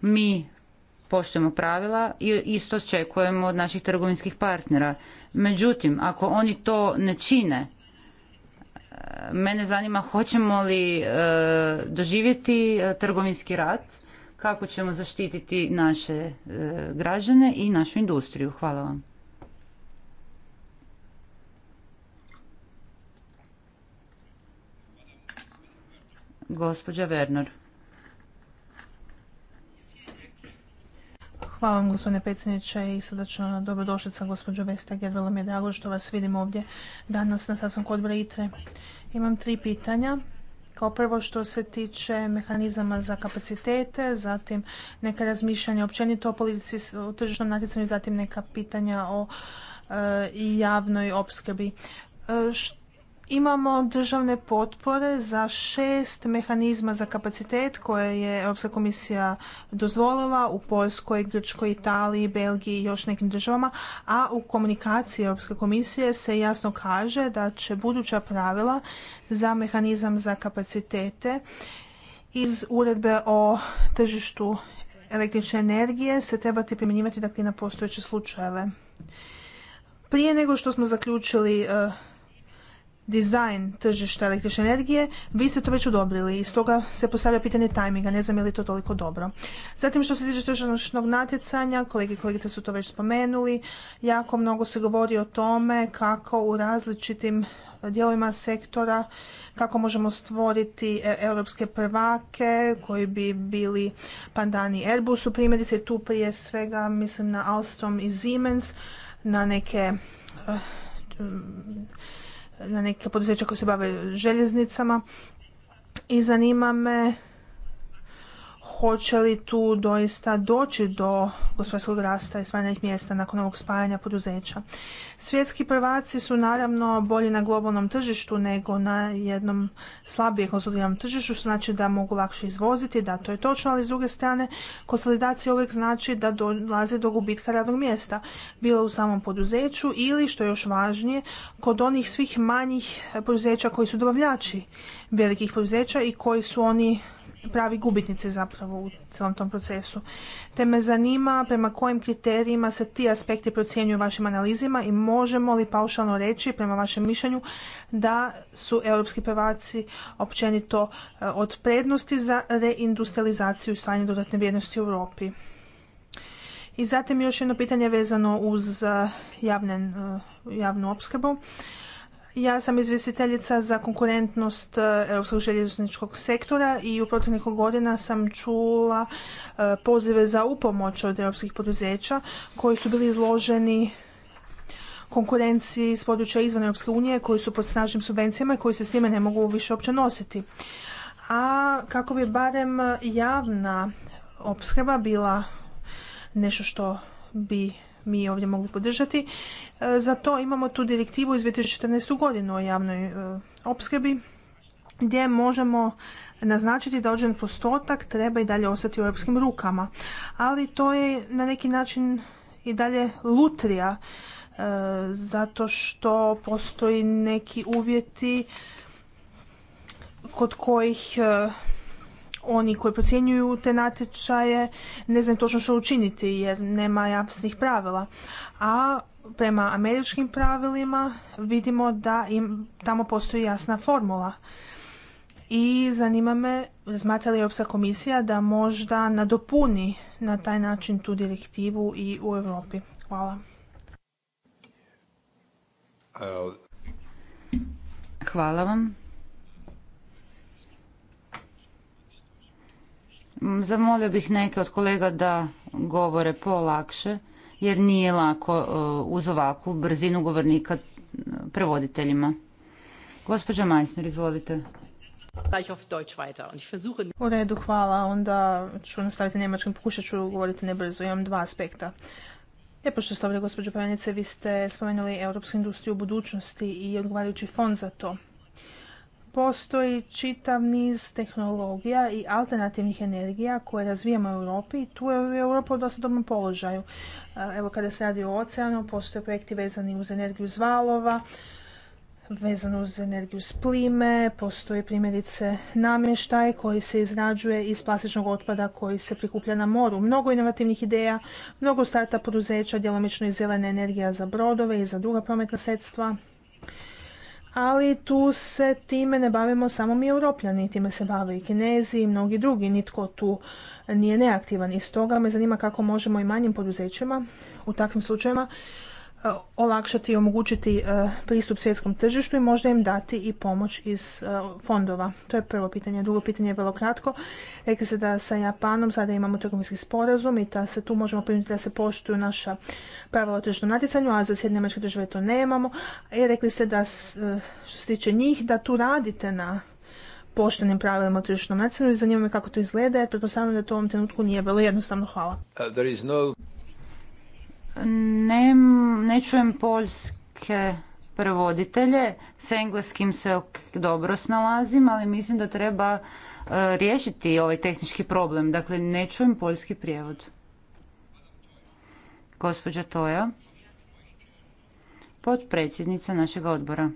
Mi poštujemo pravila i isto očekujemo od naših trgovinskih partnera. Međutim, ako oni to ne čine, e, mene zanima hoćemo li e, doživjeti e, trgovinski rat, kako ćemo zaštititi naše građane i našu industriju. Hvala vam. Gospođa Werner. Hvala vam gospodine predsjedniče i srdačno dobrodošlica gospođo jer Vrlo mi je drago što vas vidim ovdje danas na sasvom kod ITRE. Imam tri pitanja. Kao prvo što se tiče mehanizama za kapacitete, zatim neka razmišljanja općenito o politici, o tržišnom natjecanju, zatim neka pitanja o e, i javnoj opskrbi. Što e, Imamo državne potpore za šest mehanizma za kapacitet koje je Europska komisija dozvolila u Poljskoj, Grčkoj, Italiji, Belgiji i još nekim državama, a u komunikaciji Europske komisije se jasno kaže da će buduća pravila za mehanizam za kapacitete iz uredbe o tržištu električne energije se trebati primjenjivati dakle, na postojeće slučajeve. Prije nego što smo zaključili eh, dizajn tržišta električne energije, vi ste to već odobrili i stoga se postavlja pitanje tajminga, ne znam je li to toliko dobro. Zatim što se tiče tržišnog natjecanja, kolege i kolegice su to već spomenuli, jako mnogo se govori o tome kako u različitim dijelovima sektora, kako možemo stvoriti e, europske prvake koji bi bili pandani Airbusu, primjerice tu prije svega mislim na Alstom i Siemens, na neke eh, na neke poduzeća koje se bave željeznicama i zanima me hoće li tu doista doći do gospodarskog rasta i smanjenih mjesta nakon ovog spajanja poduzeća. Svjetski prvaci su naravno bolji na globalnom tržištu nego na jednom slabije konsolidiranom tržištu, što znači da mogu lakše izvoziti, da to je točno, ali s druge strane konsolidacija uvijek znači da dolazi do gubitka radnog mjesta, bilo u samom poduzeću ili, što je još važnije, kod onih svih manjih poduzeća koji su dobavljači velikih poduzeća i koji su oni pravi gubitnici zapravo u celom tom procesu. Te me zanima prema kojim kriterijima se ti aspekti procjenjuju vašim analizima i možemo li paušalno reći prema vašem mišljenju da su europski prvaci općenito eh, od prednosti za reindustrializaciju i stanje dodatne vrijednosti u Europi. I zatim još jedno pitanje vezano uz eh, eh, javnu opskrbu. Ja sam izvjestiteljica za konkurentnost e, europskog željezničkog sektora i u proteklih godina sam čula e, pozive za upomoć od europskih poduzeća koji su bili izloženi konkurenciji s područja izvan Europske unije koji su pod snažnim subvencijama i koji se s time ne mogu više uopće nositi. A kako bi barem javna opskrba bila nešto što bi mi ovdje mogli podržati. E, zato imamo tu direktivu iz 2014. godinu o javnoj e, opskrbi gdje možemo naznačiti da određen postotak treba i dalje ostati u europskim rukama. Ali to je na neki način i dalje lutrija e, zato što postoji neki uvjeti kod kojih oni koji procjenjuju te natječaje ne znaju točno što učiniti jer nema jasnih pravila. A prema američkim pravilima vidimo da im tamo postoji jasna formula. I zanima me, razmatra li Europska komisija da možda nadopuni na taj način tu direktivu i u Europi? Hvala. Hvala vam. Zamolio bih neke od kolega da govore polakše, jer nije lako e, uz ovakvu brzinu govornika e, prevoditeljima. Gospođa Majsner, izvolite. U redu, hvala. Onda ću nastaviti njemačkim, pokušat ću govoriti nebrzo. Imam dva aspekta. Lijepo što ste ovdje, gospođo Pajanice, vi ste spomenuli Europsku industriju budućnosti i odgovarajući fond za to postoji čitav niz tehnologija i alternativnih energija koje razvijamo u Europi i tu je Europa u dosta dobrom položaju. Evo kada se radi o oceanu, postoje projekti vezani uz energiju zvalova, vezano uz energiju s plime, postoji primjerice namještaj koji se izrađuje iz plastičnog otpada koji se prikuplja na moru. Mnogo inovativnih ideja, mnogo starta poduzeća, djelomično i zelena energija za brodove i za druga prometna sredstva ali tu se time ne bavimo samo mi europljani, time se bave i kinezi i mnogi drugi, nitko tu nije neaktivan. I stoga me zanima kako možemo i manjim poduzećima u takvim slučajevima E, olakšati i omogućiti e, pristup svjetskom tržištu i možda im dati i pomoć iz e, fondova? To je prvo pitanje. Drugo pitanje je vrlo kratko. Rekli ste da sa Japanom sada imamo trgovinski sporazum i da se tu možemo primiti da se poštuju naša pravila o tržišnom natjecanju, a za Sjedinje američke države to nemamo. I rekli ste da što se tiče njih, da tu radite na poštenim pravilima o tržišnom natjecanju i zanima me kako to izgleda jer pretpostavljam da to u ovom trenutku nije vrlo jednostavno. Hvala. Uh, ne, ne čujem poljske prevoditelje, s engleskim se dobro snalazim, ali mislim da treba e, riješiti ovaj tehnički problem. Dakle, ne čujem poljski prijevod. Gospođa Toja, potpredsjednica našeg odbora.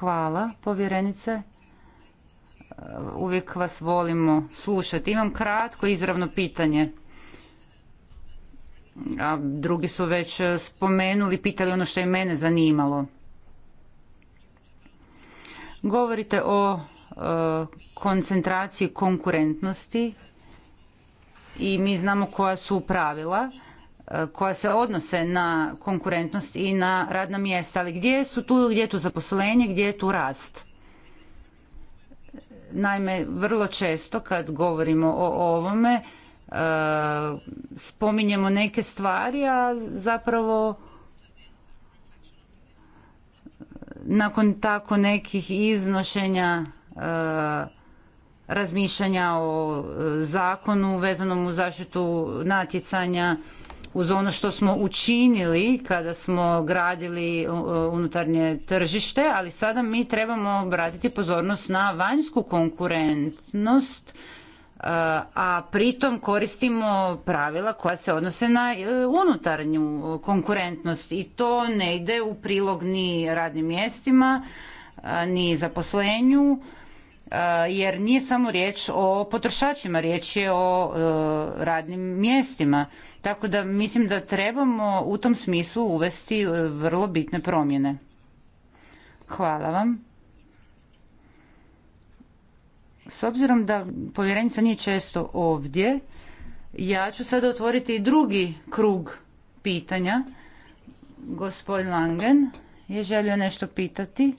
Hvala, povjerenice. Eh, uvijek vas volimo slušati. Imam kratko izravno pitanje. A drugi su već eh, spomenuli, pitali ono što je mene zanimalo. Govorite o eh, koncentraciji konkurentnosti i mi znamo koja su pravila koja se odnose na konkurentnost i na radna mjesta, ali gdje su tu, gdje je tu zaposlenje, gdje je tu rast? Naime, vrlo često kad govorimo o ovome, e, spominjemo neke stvari, a zapravo nakon tako nekih iznošenja e, razmišljanja o e, zakonu vezanom u zaštitu natjecanja uz ono što smo učinili kada smo gradili unutarnje tržište, ali sada mi trebamo obratiti pozornost na vanjsku konkurentnost, e, a pritom koristimo pravila koja se odnose na e, unutarnju konkurentnost i to ne ide u prilog ni radnim mjestima, e, ni zaposlenju, jer nije samo riječ o potrošačima, riječ je o e, radnim mjestima. Tako da mislim da trebamo u tom smislu uvesti e, vrlo bitne promjene. Hvala vam. S obzirom da povjerenica nije često ovdje, ja ću sad otvoriti i drugi krug pitanja. Gospodin Langen je želio nešto pitati.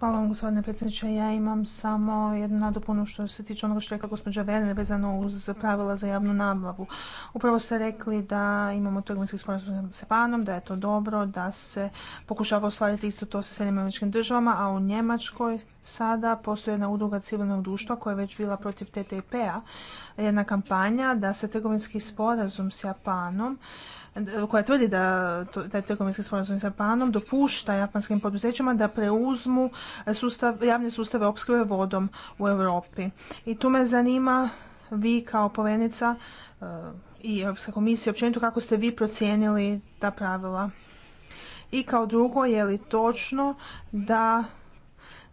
Hvala vam gospodine predsjedniče. Ja imam samo jednu nadopunu što se tiče onoga što je rekla gospođa Werner vezano uz pravila za javnu nabavu. Upravo ste rekli da imamo trgovinski sporazum sa Japanom, da je to dobro, da se pokušava ostvariti isto to sa Sjedinjenim američkim državama, a u Njemačkoj sada postoji jedna udruga civilnog društva koja je već bila protiv TTIP-a, jedna kampanja da se trgovinski sporazum s Japanom koja tvrdi da taj trgovinski sporazum sa Japanom dopušta japanskim poduzećima da preuzmu sustav, javne sustave opskrbe vodom u Europi. I tu me zanima vi kao povenica e, i Europska komisija općenito kako ste vi procijenili ta pravila. I kao drugo, je li točno da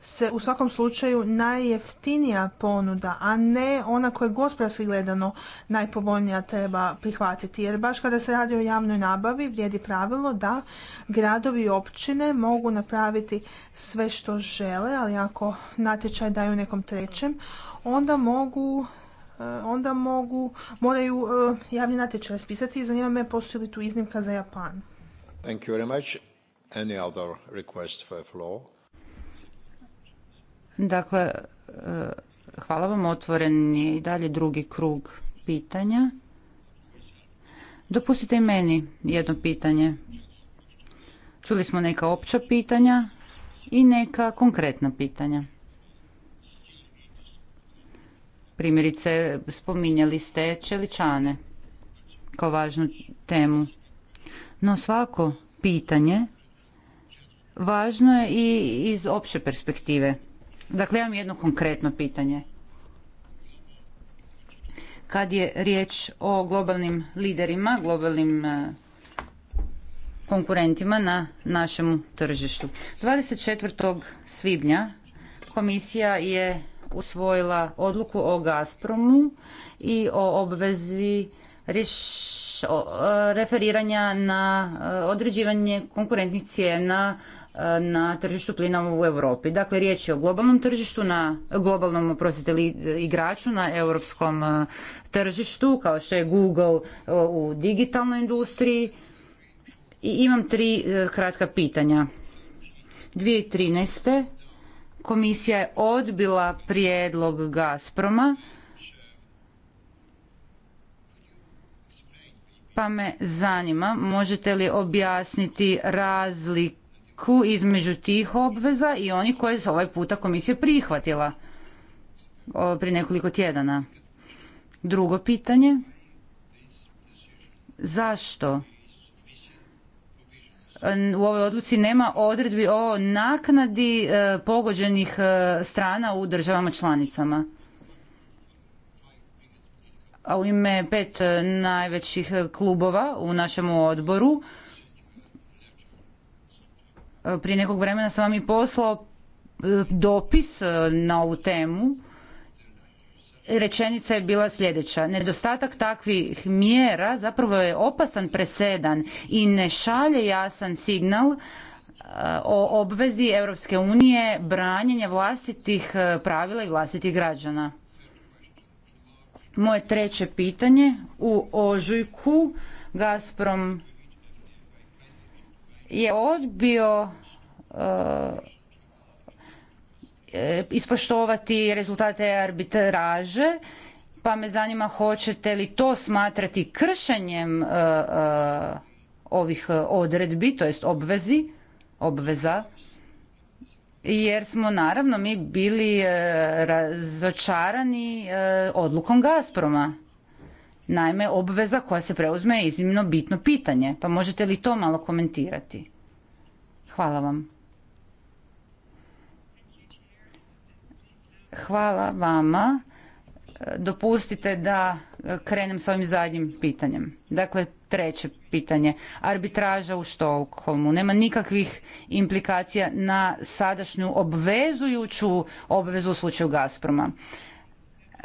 se u svakom slučaju najjeftinija ponuda, a ne ona koja je gospodarski gledano najpovoljnija treba prihvatiti. Jer baš kada se radi o javnoj nabavi vrijedi pravilo da gradovi i općine mogu napraviti sve što žele, ali ako natječaj daju nekom trećem, onda mogu e, onda mogu, moraju e, javni natječaj spisati i zanima me postoji li tu iznimka za Japan. Thank Dakle, e, hvala vam, otvoren je i dalje drugi krug pitanja. Dopustite i meni jedno pitanje. Čuli smo neka opća pitanja i neka konkretna pitanja. Primjerice, spominjali ste čeličane kao važnu temu. No svako pitanje važno je i iz opće perspektive. Dakle, imam jedno konkretno pitanje. Kad je riječ o globalnim liderima, globalnim e, konkurentima na našem tržištu. 24. svibnja komisija je usvojila odluku o Gazpromu i o obvezi e, referiranja na e, određivanje konkurentnih cijena na tržištu plina u Europi. Dakle, riječ je o globalnom tržištu, na globalnom, oprostite, igraču na europskom e, tržištu, kao što je Google e, u digitalnoj industriji. I imam tri e, kratka pitanja. 2013. komisija je odbila prijedlog Gazproma pa me zanima možete li objasniti razlik razliku između tih obveza i onih koje se ovaj puta komisija prihvatila prije nekoliko tjedana. Drugo pitanje, zašto u ovoj odluci nema odredbi o naknadi e, pogođenih e, strana u državama članicama? A u ime pet e, najvećih klubova u našem odboru prije nekog vremena sam vam i poslao e, dopis e, na ovu temu. Rečenica je bila sljedeća. Nedostatak takvih mjera zapravo je opasan presedan i ne šalje jasan signal e, o obvezi Europske unije branjenja vlastitih pravila i vlastitih građana. Moje treće pitanje. U ožujku Gazprom je odbio e, e, ispoštovati rezultate arbitraže pa me zanima hoćete li to smatrati kršenjem e, ovih odredbi, to jest obvezi, obveza, jer smo naravno mi bili razočarani odlukom Gazproma naime obveza koja se preuzme je iznimno bitno pitanje, pa možete li to malo komentirati? Hvala vam. Hvala vama. Dopustite da krenem s ovim zadnjim pitanjem. Dakle, treće pitanje. Arbitraža u Štokholmu. Nema nikakvih implikacija na sadašnju obvezujuću obvezu u slučaju Gazproma.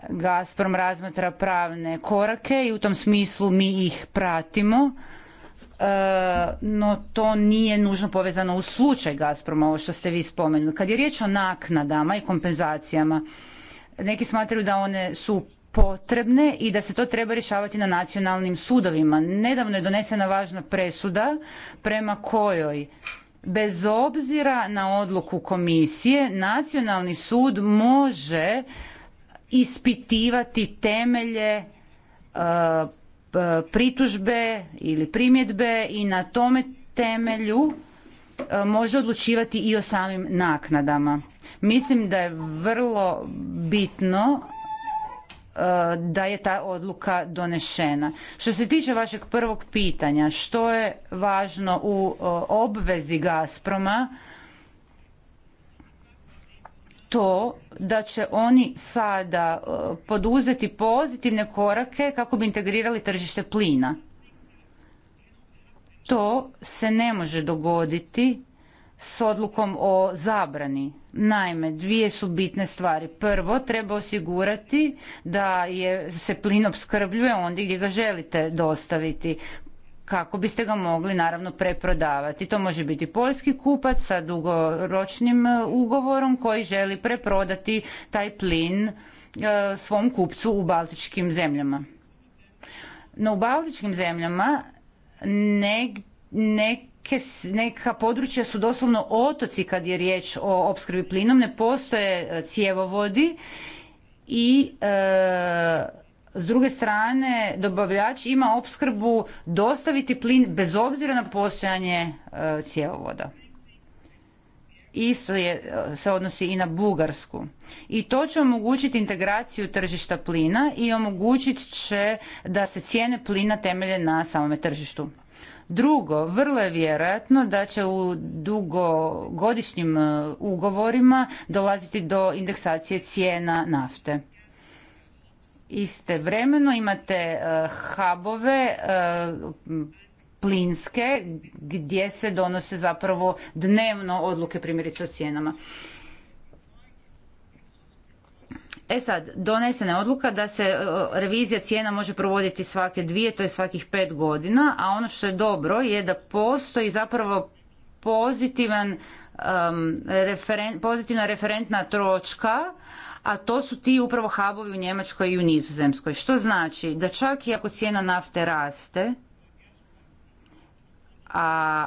Gazprom razmatra pravne korake i u tom smislu mi ih pratimo. E, no to nije nužno povezano u slučaj Gazproma, ovo što ste vi spomenuli. Kad je riječ o naknadama i kompenzacijama, neki smatraju da one su potrebne i da se to treba rješavati na nacionalnim sudovima. Nedavno je donesena važna presuda prema kojoj bez obzira na odluku komisije nacionalni sud može ispitivati temelje e, pritužbe ili primjedbe i na tome temelju e, može odlučivati i o samim naknadama. Mislim da je vrlo bitno e, da je ta odluka donešena. Što se tiče vašeg prvog pitanja, što je važno u obvezi Gazproma to da će oni sada e, poduzeti pozitivne korake kako bi integrirali tržište plina. To se ne može dogoditi s odlukom o zabrani. Naime, dvije su bitne stvari. Prvo, treba osigurati da je, se plin opskrbljuje ondje gdje ga želite dostaviti kako biste ga mogli naravno preprodavati. To može biti poljski kupac sa dugoročnim e, ugovorom koji želi preprodati taj plin e, svom kupcu u baltičkim zemljama. No u baltičkim zemljama neka područja su doslovno otoci kad je riječ o opskrbi plinom, ne postoje e, cjevovodi i s druge strane dobavljač ima opskrbu dostaviti plin bez obzira na postojanje cjevovoda. E, Isto je, e, se odnosi i na Bugarsku. I to će omogućiti integraciju tržišta plina i omogućit će da se cijene plina temelje na samome tržištu. Drugo, vrlo je vjerojatno da će u dugogodišnjim e, ugovorima dolaziti do indeksacije cijena nafte vremeno imate e, hubove e, plinske gdje se donose zapravo dnevno odluke primjerice o cijenama. E sad, donesena je odluka da se e, revizija cijena može provoditi svake dvije, to je svakih pet godina, a ono što je dobro je da postoji zapravo pozitivna referentna tročka a to su ti upravo hubovi u Njemačkoj i u Nizozemskoj. Što znači da čak i ako cijena nafte raste, a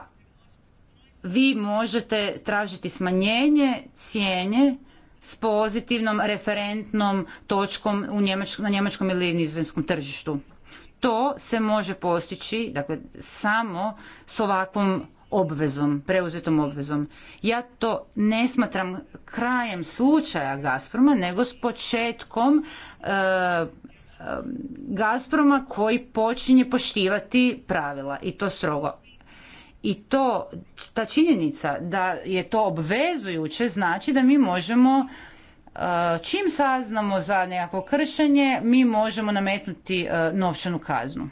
vi možete tražiti smanjenje cijene s pozitivnom referentnom točkom na njemačkom ili nizozemskom tržištu to se može postići dakle samo s ovakvom obvezom, preuzetom obvezom. Ja to ne smatram krajem slučaja Gazproma, nego s početkom e, e Gazproma koji počinje poštivati pravila i to strogo. I to ta činjenica da je to obvezujuće znači da mi možemo E, čim saznamo za nekakvo kršenje mi možemo nametnuti e, novčanu kaznu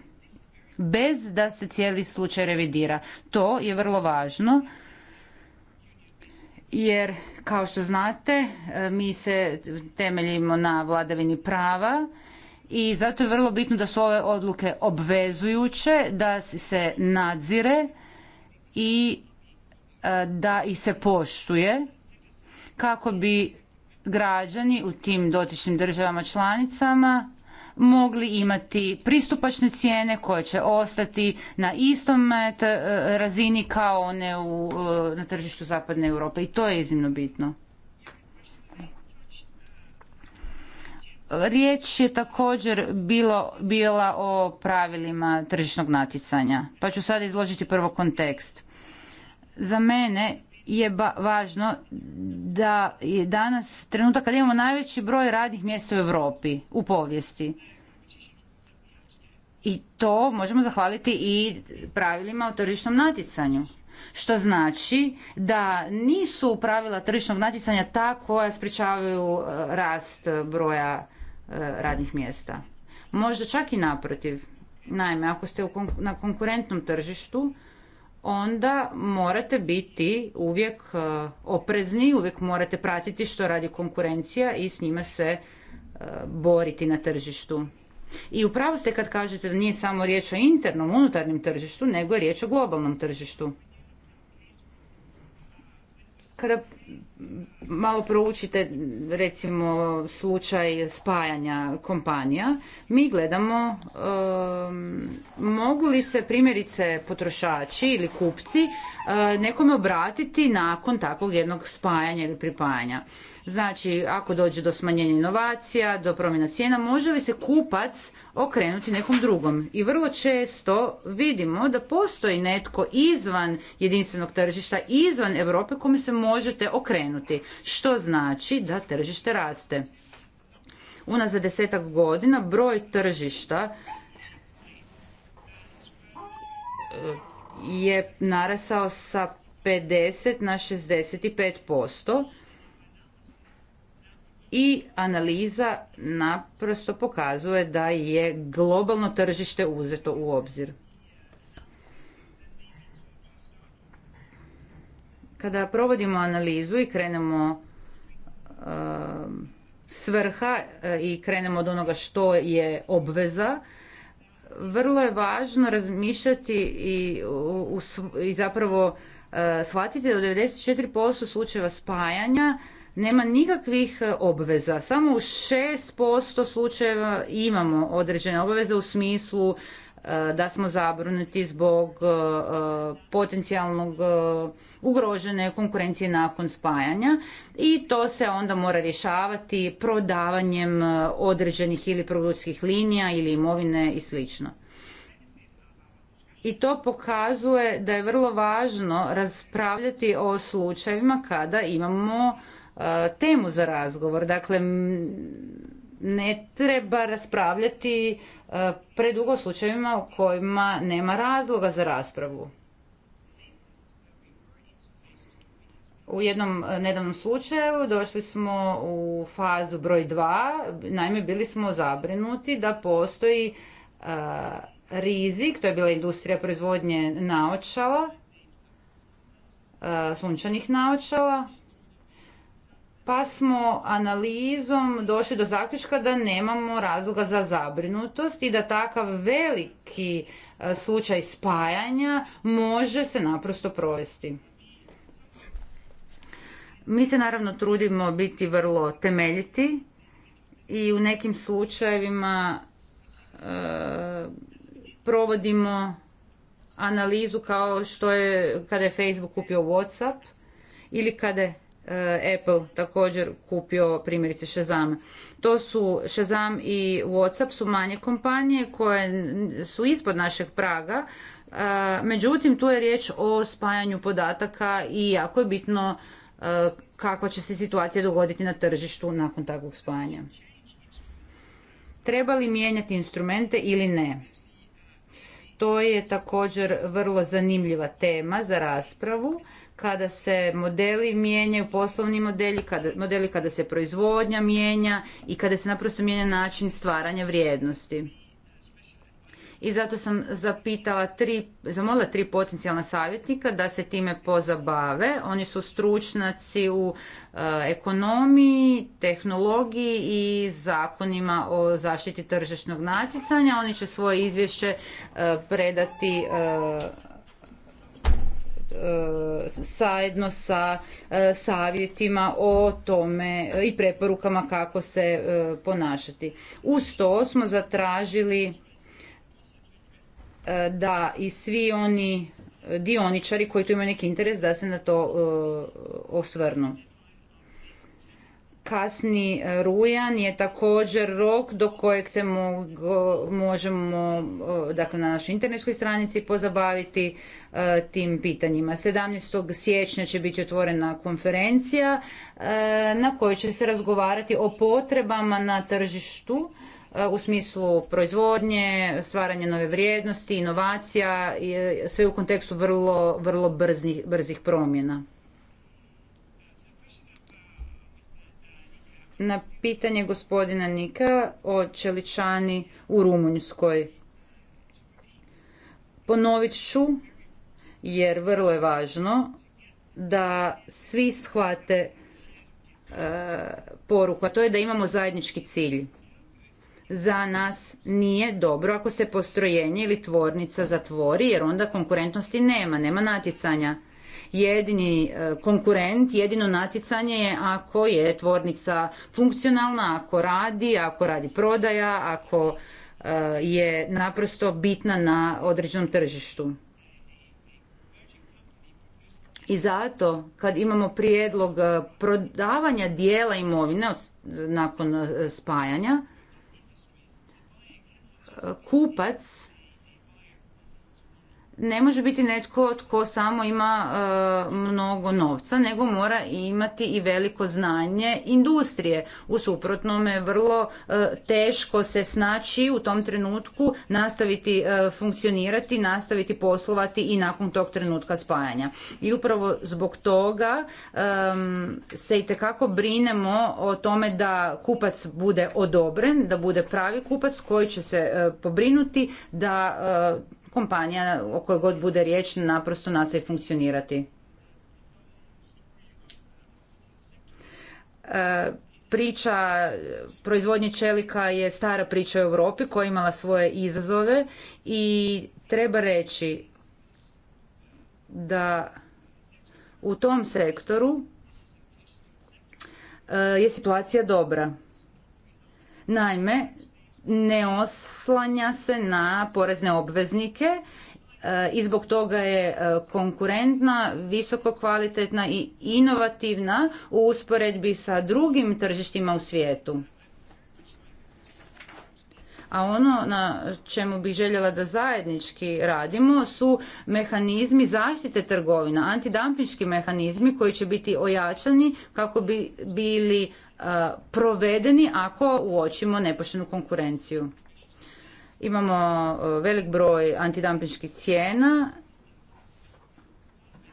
bez da se cijeli slučaj revidira. To je vrlo važno jer kao što znate e, mi se temeljimo na vladavini prava i zato je vrlo bitno da su ove odluke obvezujuće, da se nadzire i da ih se poštuje kako bi građani u tim dotičnim državama članicama mogli imati pristupačne cijene koje će ostati na istom e, e, razini kao one u, e, na tržištu zapadne Europe i to je iznimno bitno. Riječ je također bilo, bila o pravilima tržišnog natjecanja, pa ću sada izložiti prvo kontekst. Za mene je važno da je danas trenutak kad imamo najveći broj radnih mjesta u Europi u povijesti. I to možemo zahvaliti i pravilima o tržišnom natjecanju. Što znači da nisu pravila tržišnog natjecanja ta koja sprječavaju e, rast broja e, radnih mjesta. Možda čak i naprotiv. Naime, ako ste na konkurentnom tržištu, onda morate biti uvijek e, oprezni, uvijek morate pratiti što radi konkurencija i s njima se e, boriti na tržištu. I upravo ste kad kažete da nije samo riječ o internom, unutarnjem tržištu, nego je riječ o globalnom tržištu. Kada malo proučite recimo slučaj spajanja kompanija, mi gledamo mogu li se primjerice potrošači ili kupci eh, nekome obratiti nakon takvog jednog spajanja ili pripajanja. Znači, ako dođe do smanjenja inovacija, do promjena cijena, može li se kupac okrenuti nekom drugom? I vrlo često vidimo da postoji netko izvan jedinstvenog tržišta, izvan Europe kome se možete okrenuti, što znači da tržište raste. Unazad desetak godina broj tržišta e, je narasao sa 50 na 65%, i analiza naprosto pokazuje da je globalno tržište uzeto u obzir. Kada provodimo analizu i krenemo eh, svrha eh, i krenemo od onoga što je obveza, vrlo je važno razmišljati i, zapravo eh, shvatiti da u 94% slučajeva spajanja nema nikakvih e, obveza. Samo u 6% slučajeva imamo određene obveze u smislu e, da smo zabrinuti zbog e, potencijalnog ugrožene konkurencije nakon spajanja i to se onda mora rješavati prodavanjem određenih ili produktskih linija ili imovine i sl. I to pokazuje da je vrlo važno raspravljati o slučajevima kada imamo E, temu za razgovor. Dakle, ne treba raspravljati e, predugo o slučajevima u kojima nema razloga za raspravu. U jednom e, nedavnom slučaju došli smo u fazu broj 2, naime bili smo zabrinuti da postoji rizik, to je bila industrija proizvodnje naočala, sunčanih naočala, pa smo analizom došli do zaključka da nemamo razloga za zabrinutost i da takav veliki e, slučaj spajanja može se naprosto provesti. Mi se naravno trudimo biti vrlo temeljiti i u nekim slučajevima e, provodimo analizu kao što je kada je Facebook kupio Whatsapp ili kada je E, Apple također kupio primjerice Shazam. To su Shazam i Whatsapp su manje kompanije koje su ispod našeg praga. E, međutim, tu je riječ o spajanju podataka i jako je bitno e, kakva će se situacija dogoditi na tržištu nakon takvog spajanja. Treba li mijenjati instrumente ili ne? To je također vrlo zanimljiva tema za raspravu kada se modeli mijenjaju, poslovni modeli, kada, modeli kada se proizvodnja mijenja i kada se naprosto mijenja način stvaranja vrijednosti. I zato sam zapitala tri, zamolila tri potencijalna savjetnika da se time pozabave. Oni su stručnjaci u e, ekonomiji, tehnologiji i zakonima o zaštiti tržišnog natjecanja. Oni će svoje izvješće e, predati e, E, sajedno sa e, savjetima o tome e, i preporukama kako se ponašati. Uz to smo zatražili da i svi oni dioničari koji tu imaju neki interes da se na to osvrnu kasni e, rujan je također rok do kojeg se možemo e, dakle, na našoj internetskoj stranici pozabaviti e, tim pitanjima. 17. siječnja će biti otvorena konferencija na kojoj će se razgovarati o potrebama na tržištu u smislu proizvodnje, stvaranja nove vrijednosti, inovacija, sve u kontekstu vrlo, vrlo brznih, brzih promjena. na pitanje gospodina Nika o Čeličani u Rumunjskoj. Ponovit ću, jer vrlo je važno da svi shvate e, poruku, a to je da imamo zajednički cilj. Za nas nije dobro ako se postrojenje ili tvornica zatvori, jer onda konkurentnosti nema, nema natjecanja jedini e, konkurent, jedino natjecanje je ako je tvornica funkcionalna, ako radi, ako radi prodaja, ako e, je naprosto bitna na određenom tržištu. I zato kad imamo prijedlog e, prodavanja dijela imovine nakon spajanja, kupac ne može biti netko tko samo ima e, mnogo novca, nego mora imati i veliko znanje industrije. U suprotnome vrlo e, teško se snaći u tom trenutku, nastaviti e, funkcionirati, nastaviti poslovati i nakon tog trenutka spajanja. I upravo zbog toga se i tekako brinemo o tome da kupac bude odobren, da bude pravi kupac koji će se pobrinuti da kompanija o kojoj god bude riječ naprosto nastavi funkcionirati. E, priča proizvodnje čelika je stara priča u Europi koja je imala svoje izazove i treba reći da u tom sektoru e, je situacija dobra. Naime, ne oslanja se na porezne obveznike e, i zbog toga je e, konkurentna, visoko kvalitetna i inovativna u usporedbi sa drugim tržištima u svijetu. A ono na čemu bi željela da zajednički radimo su mehanizmi zaštite trgovina, antidampinški mehanizmi koji će biti ojačani kako bi bili E, provedeni ako uočimo nepoštenu konkurenciju. Imamo e, velik broj antidampinških cijena,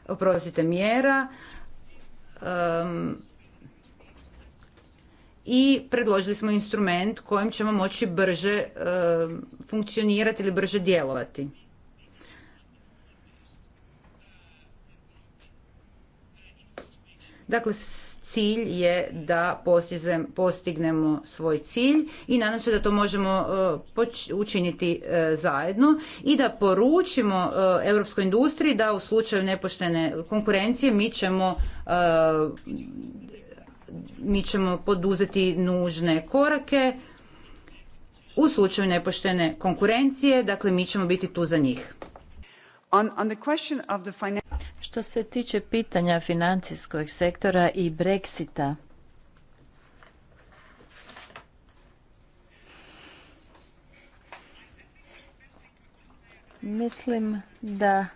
oprostite mjera i predložili smo instrument kojim ćemo moći brže e, funkcionirati ili brže djelovati. Dakle, cilj je da postignemo svoj cilj i nadam se da to možemo e, učiniti e, zajedno i da poručimo europskoj industriji da u slučaju nepoštene konkurencije mi ćemo e, mi ćemo poduzeti nužne korake u slučaju nepoštene konkurencije, dakle mi ćemo biti tu za njih. Što se tiče pitanja financijskog sektora i Brexita, mislim da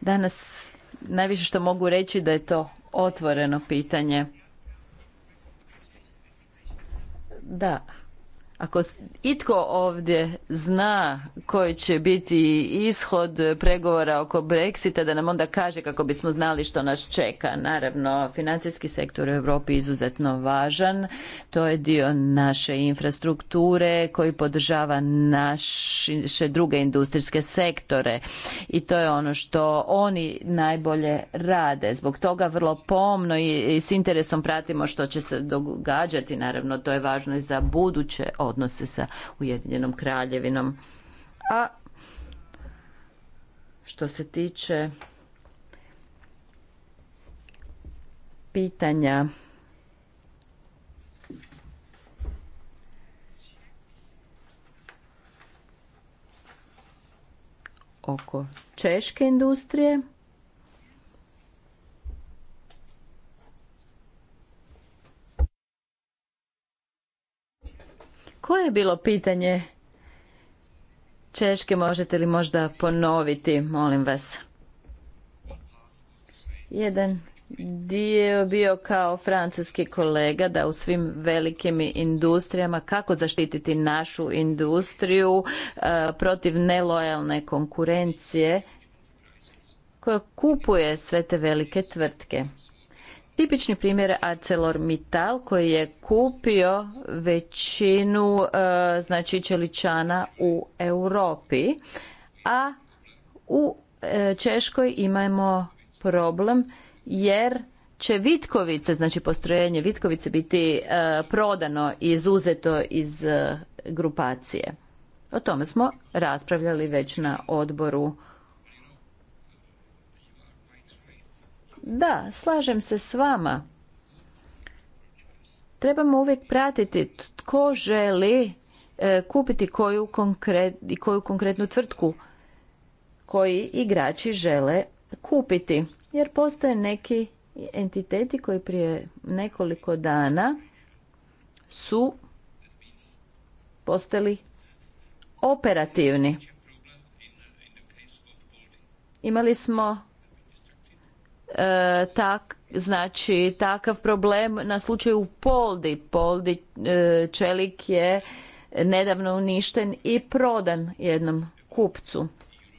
danas najviše što mogu reći da je to otvoreno pitanje. Da, ako itko ovdje zna koji će biti ishod pregovora oko Brexita, da nam onda kaže kako bismo znali što nas čeka. Naravno, financijski sektor u Europi je izuzetno važan. To je dio naše infrastrukture koji podržava naše druge industrijske sektore. I to je ono što oni najbolje rade. Zbog toga vrlo pomno i s interesom pratimo što će se događati. Naravno, to je važno i za buduće odnose sa Ujedinjenom kraljevinom. A što se tiče pitanja oko češke industrije Koje je bilo pitanje Češke? Možete li možda ponoviti, molim vas? Jedan dio bio kao francuski kolega da u svim velikim industrijama kako zaštititi našu industriju e, protiv nelojalne konkurencije koja kupuje sve te velike tvrtke. Tipični primjer ArcelorMittal koji je kupio većinu e, znači čeličana u Europi, a u e, Češkoj imamo problem jer će Vitkovice, znači postrojenje Vitkovice biti e, prodano i izuzeto iz grupacije. O tome smo raspravljali već na odboru Da, slažem se s vama. Trebamo uvijek pratiti tko želi e, kupiti koju, konkret, koju konkretnu tvrtku koji igrači žele kupiti. Jer postoje neki entiteti koji prije nekoliko dana su postali operativni. Imali smo e, tak, znači takav problem na slučaju Poldi. Poldi e, čelik je nedavno uništen i prodan jednom kupcu.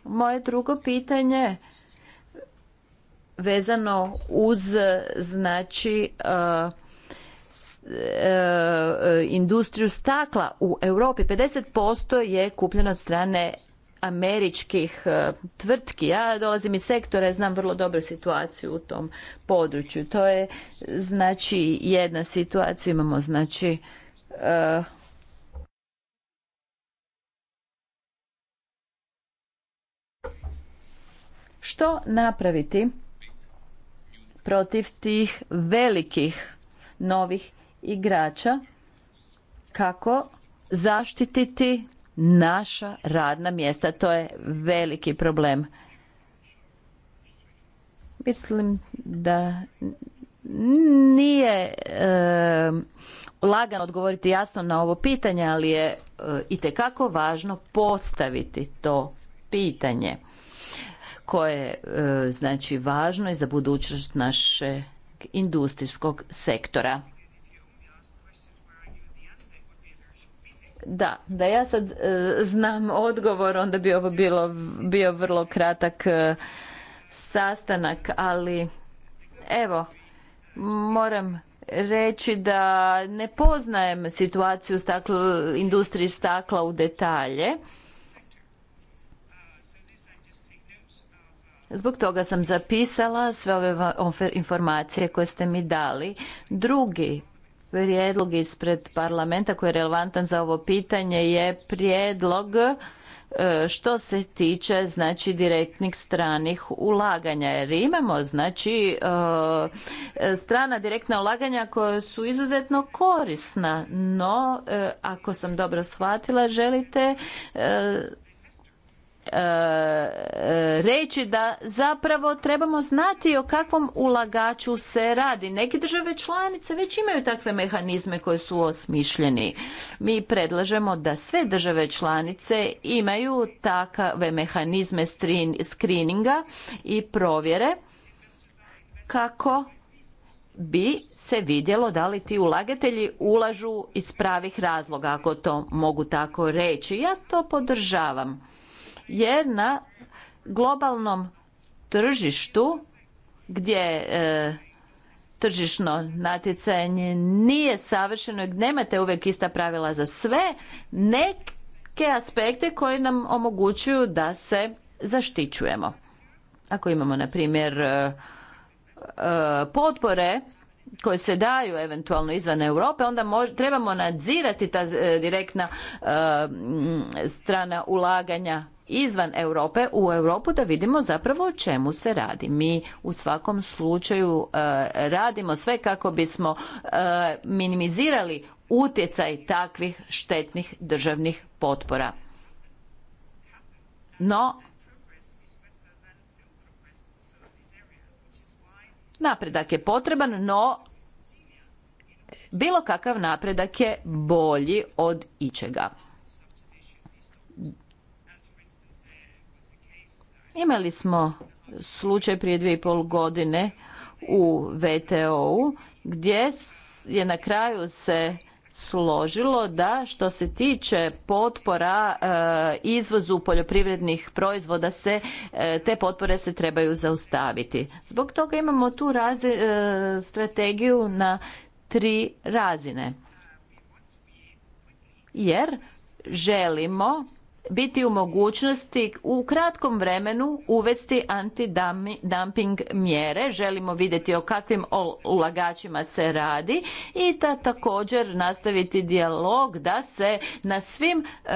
Moje drugo pitanje vezano uz znači e, e, industriju stakla u Europi 50% je kupljeno od strane američkih e, tvrtki. Ja dolazim iz sektora i znam vrlo dobro situaciju u tom području. To je znači jedna situacija. Imamo znači e, što napraviti protiv tih velikih novih igrača kako zaštititi naša radna mjesta. To je veliki problem. Mislim da nije e, lagano odgovoriti jasno na ovo pitanje, ali je e, itekako važno postaviti to pitanje koje je eh, znači važno i za budućnost našeg industrijskog sektora. Da, da ja sad e, znam odgovor, onda bi ovo bilo, bio vrlo kratak e, sastanak, ali evo, moram reći da ne poznajem situaciju stakla, industriji stakla u detalje. Zbog toga sam zapisala sve ove informacije koje ste mi dali. Drugi prijedlog ispred parlamenta koji je relevantan za ovo pitanje je prijedlog e, što se tiče znači direktnih stranih ulaganja jer imamo znači e, strana direktna ulaganja koja su izuzetno korisna no e, ako sam dobro shvatila želite E, reći da zapravo trebamo znati o kakvom ulagaču se radi. Neki države članice već imaju takve mehanizme koje su osmišljeni. Mi predlažemo da sve države članice imaju takve mehanizme screeninga i provjere kako bi se vidjelo da li ti ulagatelji ulažu iz pravih razloga, ako to mogu tako reći. Ja to podržavam jer na globalnom tržištu gdje e, tržišno natjecanje nije savršeno i nemate uvijek ista pravila za sve, neke aspekte koji nam omogućuju da se zaštićujemo. Ako imamo, na primjer, e, e, potpore koje se daju eventualno izvan Europe, onda trebamo nadzirati ta direktna strana ulaganja izvan Europe u Europu da vidimo zapravo o čemu se radi. Mi u svakom slučaju e, radimo sve kako bismo e, minimizirali utjecaj takvih štetnih državnih potpora. No, napredak je potreban, no bilo kakav napredak je bolji od ičega. Imali smo slučaj prije dvije i pol godine u VTO-u gdje je na kraju se složilo da što se tiče potpora e, izvozu poljoprivrednih proizvoda se e, te potpore se trebaju zaustaviti. Zbog toga imamo tu e, strategiju na tri razine. Jer želimo biti u mogućnosti u kratkom vremenu uvesti antidumping mjere. Želimo vidjeti o kakvim ulagačima se radi i da također nastaviti dijalog da se na svim e,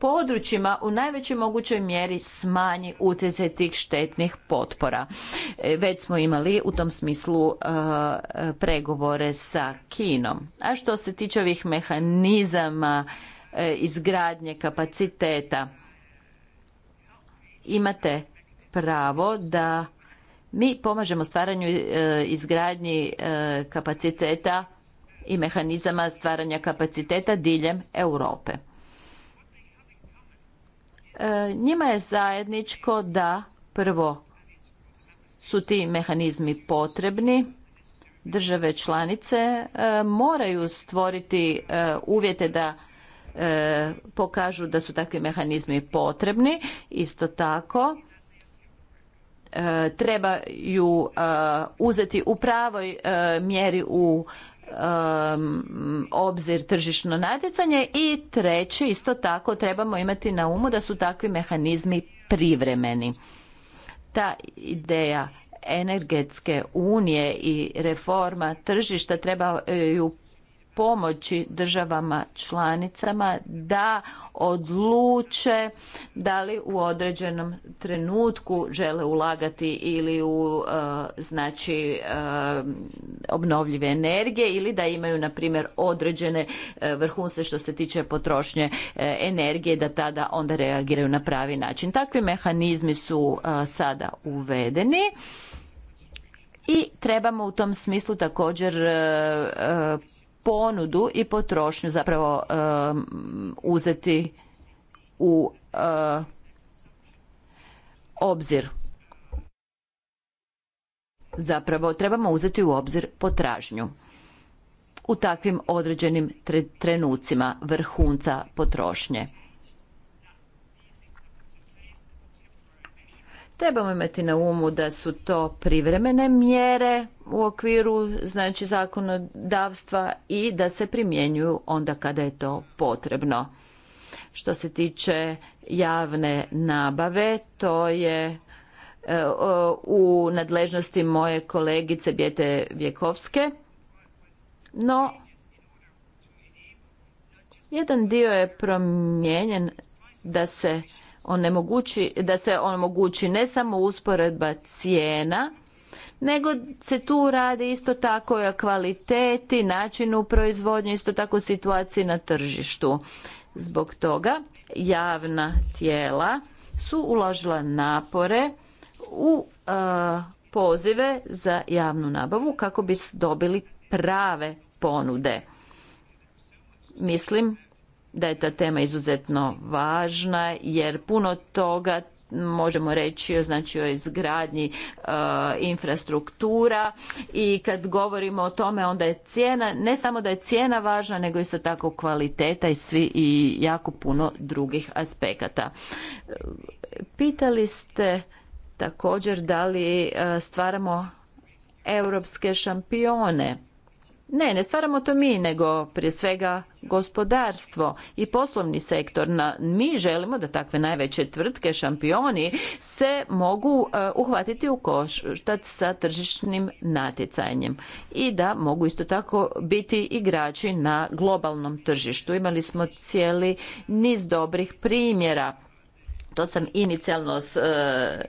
područjima u najvećoj mogućoj mjeri smanji utjecaj tih štetnih potpora. E, već smo imali u tom smislu e, pregovore sa Kinom. A što se tiče ovih mehanizama E, izgradnje kapaciteta. Imate pravo da mi pomažemo stvaranju e, izgradnji e, kapaciteta i mehanizama stvaranja kapaciteta diljem Europe. Njima je zajedničko da prvo su ti mehanizmi potrebni, države članice moraju stvoriti uvjete da E, pokažu da su takvi mehanizmi potrebni. Isto tako, e, trebaju e, uzeti u pravoj mjeri u obzir tržišno natjecanje i treće isto tako trebamo imati na umu da su takvi mehanizmi privremeni. Ta ideja energetske unije i reforma tržišta trebaju pomoći državama članicama da odluče da li u određenom trenutku žele ulagati ili u e, znači e, obnovljive energije ili da imaju na primjer određene e, vrhunce što se tiče potrošnje energije da tada onda reagiraju na pravi način. Takvi mehanizmi su sada uvedeni i trebamo u tom smislu također ponudu i potrošnju zapravo uzeti u eh, obzir. Zapravo trebamo uzeti u obzir potražnju u takvim određenim trenucima vrhunca potrošnje. Trebamo imati na umu da su to privremene mjere u okviru znači zakonodavstva i da se primjenjuju onda kada je to potrebno. Što se tiče javne nabave, to je e, u nadležnosti moje kolegice Bjete Vjekovske. No, jedan dio je promijenjen da se onemogući, da se onemogući ne samo usporedba cijena, nego se tu radi isto tako i o kvaliteti, načinu proizvodnje, isto tako situaciji na tržištu. Zbog toga javna tijela su uložila napore u e, pozive za javnu nabavu kako bi dobili prave ponude. Mislim da je ta tema izuzetno važna jer puno toga možemo reći znači o izgradnji e, infrastruktura i kad govorimo o tome onda je cijena ne samo da je cijena važna nego isto tako kvaliteta i svi i jako puno drugih aspekata pitali ste također da li e, stvaramo europske šampione ne, ne stvaramo to mi, nego prije svega gospodarstvo i poslovni sektor. Na, mi želimo da takve najveće tvrtke, šampioni, se mogu eh, uhvatiti u koštac sa tržišnim natjecanjem i da mogu isto tako biti igrači na globalnom tržištu. Imali smo cijeli niz dobrih primjera. To sam inicijalno eh,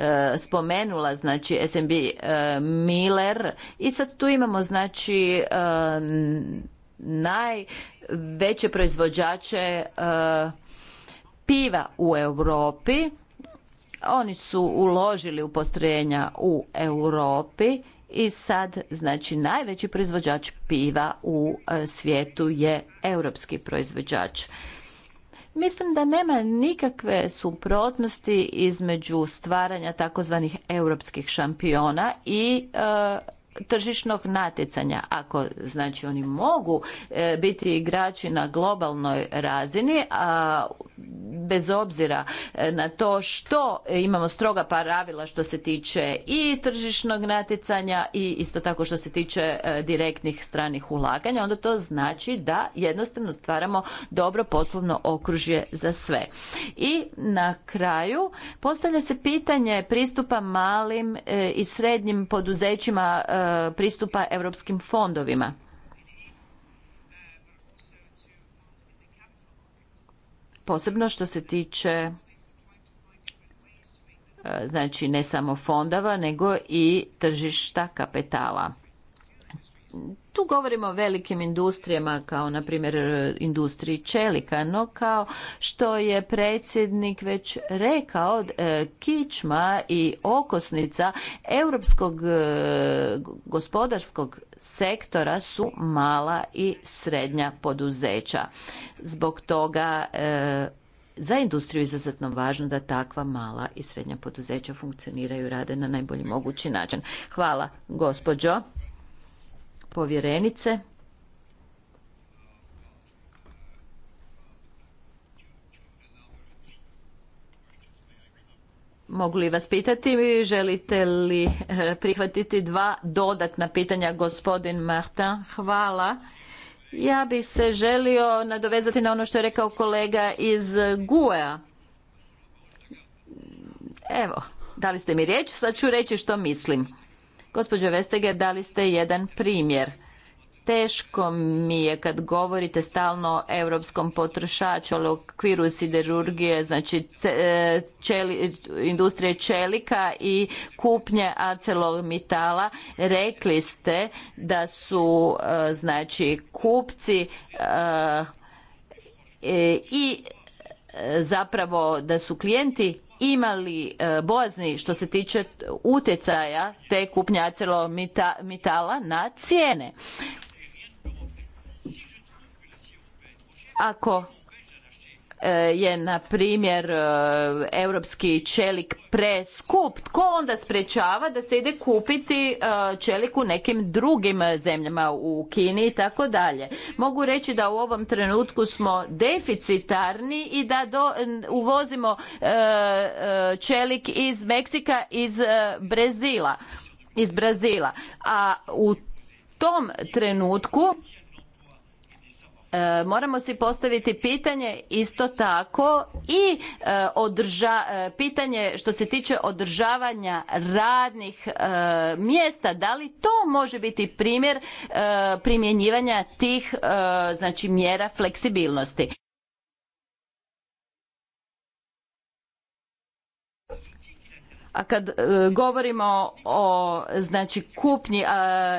E, spomenula, znači SMB e, Miller i sad tu imamo znači e, najveće proizvođače piva u Europi. Oni su uložili u postrojenja u Europi i sad znači najveći proizvođač piva u svijetu je europski proizvođač. Mislim da nema nikakve suprotnosti između stvaranja takozvanih europskih šampiona i e, tržišnog natjecanja. Ako znači oni mogu e, biti igrači na globalnoj razini, a bez obzira e, na to što imamo stroga pravila što se tiče i tržišnog natjecanja i isto tako što se tiče e, direktnih stranih ulaganja, onda to znači da jednostavno stvaramo dobro poslovno okružje za sve. I na kraju postavlja se pitanje pristupa malim i srednjim poduzećima Eh, pristupa europskim fondovima. Posebno što se tiče eh, znači ne samo fondova nego i tržišta kapitala tu govorimo o velikim industrijama kao na primjer industriji čelika, no kao što je predsjednik već rekao e, kičma i okosnica europskog e, gospodarskog sektora su mala i srednja poduzeća. Zbog toga e, za industriju je izuzetno važno da takva mala i srednja poduzeća funkcioniraju i rade na najbolji mogući način. Hvala gospođo povjerenice. Mogu li vas pitati, želite li eh, prihvatiti dva dodatna pitanja, gospodin Martin? Hvala. Ja bih se želio nadovezati na ono što je rekao kolega iz gue Evo, dali ste mi riječ, sad ću reći što mislim. Gospođo Vesteger, dali ste jedan primjer. Teško mi je kad govorite stalno o europskom potrošaču, ali u okviru siderurgije, znači e, industrije čelika i kupnje acelomitala, rekli ste da su e, znači kupci e, i zapravo da su klijenti imali e, bojazni što se tiče utjecaja te kupnje ArcelorMittala na cijene. Ako E, je na primjer e, europski čelik preskup, tko onda sprečava da se ide kupiti e, čelik u nekim drugim zemljama u Kini i tako dalje. Mogu reći da u ovom trenutku smo deficitarni i da uvozimo čelik iz Meksika iz Brazila iz Brazila. A u tom trenutku E, moramo si postaviti pitanje isto tako i e, e, pitanje što se tiče održavanja radnih mjesta da li to može biti primjer primjenjivanja tih znači mjera fleksibilnosti A kad e, govorimo o znači kupnji e,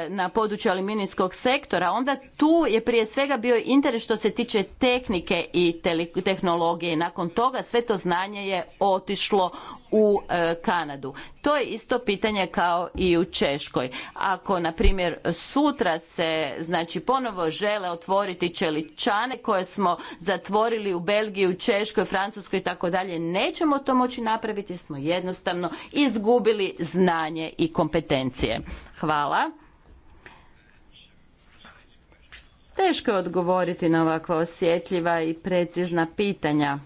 na području aluminijskog sektora, onda tu je prije svega bio interes što se tiče tehnike i tehnologije. Nakon toga sve to znanje je otišlo u e, Kanadu. To je isto pitanje kao i u Češkoj. Ako, na primjer, sutra se znači, ponovo žele otvoriti čeličane koje smo zatvorili u Belgiji, u Češkoj, Francuskoj i tako dalje, nećemo to moći napraviti jer smo jednostavno izgubili znanje i kompetencije. Hvala. Teško je odgovoriti na ovakva osjetljiva i precizna pitanja.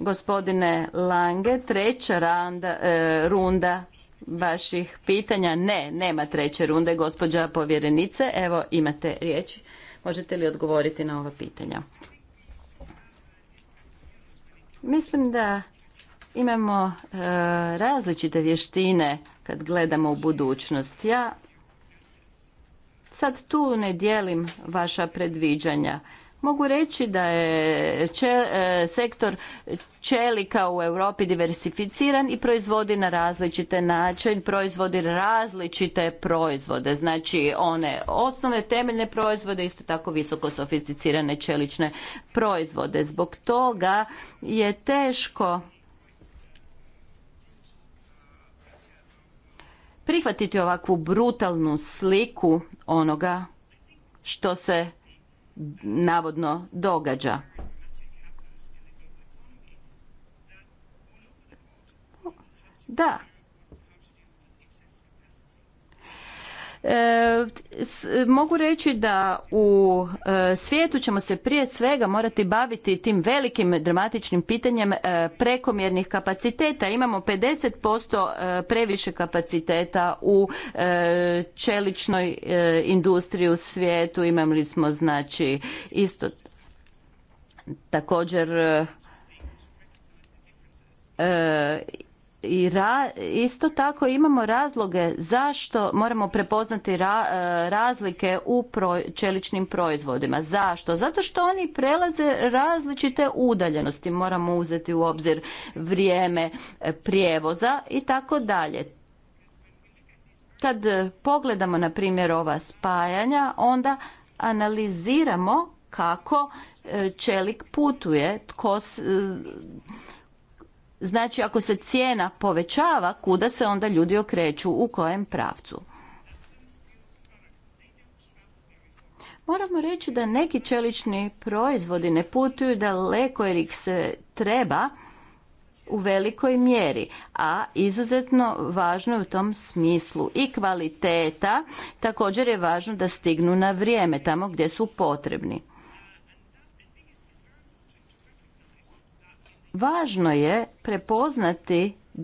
Gospodine Lange, treća randa, e, runda vaših pitanja. Ne, nema treće runde, gospođa povjerenice. Evo, imate riječ. Možete li odgovoriti na ova pitanja? Mislim da imamo e, različite vještine kad gledamo u budućnost. Ja sad tu ne dijelim vaša predviđanja. Mogu reći da je e, sektor čelika u Europi diversificiran i proizvodi na različite način, proizvodi različite proizvode, znači one osnovne temeljne proizvode, isto tako visoko sofisticirane čelične proizvode. Zbog toga je teško prihvatiti ovakvu brutalnu sliku onoga što se navodno događa. Da, E, mogu reći da u e, svijetu ćemo se prije svega morati baviti tim velikim dramatičnim pitanjem e, prekomjernih kapaciteta. Imamo 50% previše kapaciteta u čeličnoj industriji u svijetu. Imali smo znači isto također i ra, isto tako imamo razloge zašto moramo prepoznati e, razlike u čeličnim proizvodima. Zašto? Zato što oni prelaze različite udaljenosti. Moramo uzeti u obzir vrijeme e, prijevoza i tako dalje. Kad pogledamo na primjer ova spajanja, onda analiziramo kako e, čelik putuje, tko Znači ako se cijena povećava, kuda se onda ljudi okreću, u kojem pravcu? Moramo reći da neki čelični proizvodi ne putuju daleko jer ih se treba u velikoj mjeri, a izuzetno važno je u tom smislu i kvaliteta, također je važno da stignu na vrijeme tamo gdje su potrebni. Važno je prepoznati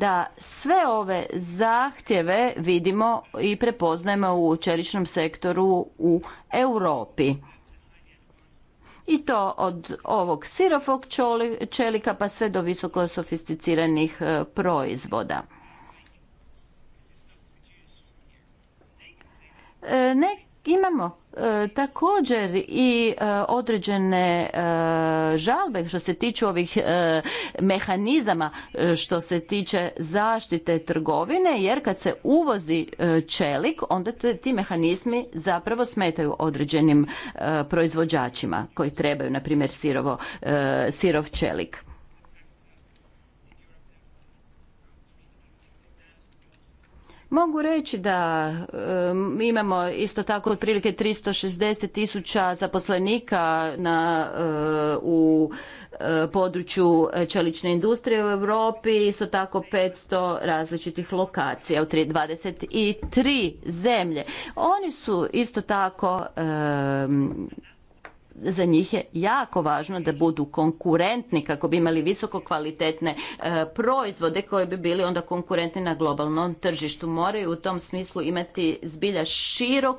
da sve ove zahtjeve vidimo i prepoznajemo u čeličnom sektoru u Europi. I to od ovog sirofog čelika pa sve do visoko sofisticiranih e, proizvoda. E, ne Imamo e, također i e, određene e, žalbe što se tiču ovih mehanizama što se tiče zaštite trgovine jer kad se uvozi čelik onda te, ti mehanizmi zapravo smetaju određenim proizvođačima koji trebaju na primjer sirovo sirov čelik. Mogu reći da imamo isto tako otprilike 360 tisuća zaposlenika na, eh, u eh, području čelične industrije u Europi, isto tako 500 različitih lokacija u 23 zemlje. Oni su isto tako za njih je jako važno da budu konkurentni kako bi imali visoko kvalitetne e, proizvode koji bi bili onda konkurentni na globalnom tržištu. Moraju u tom smislu imati zbilja širok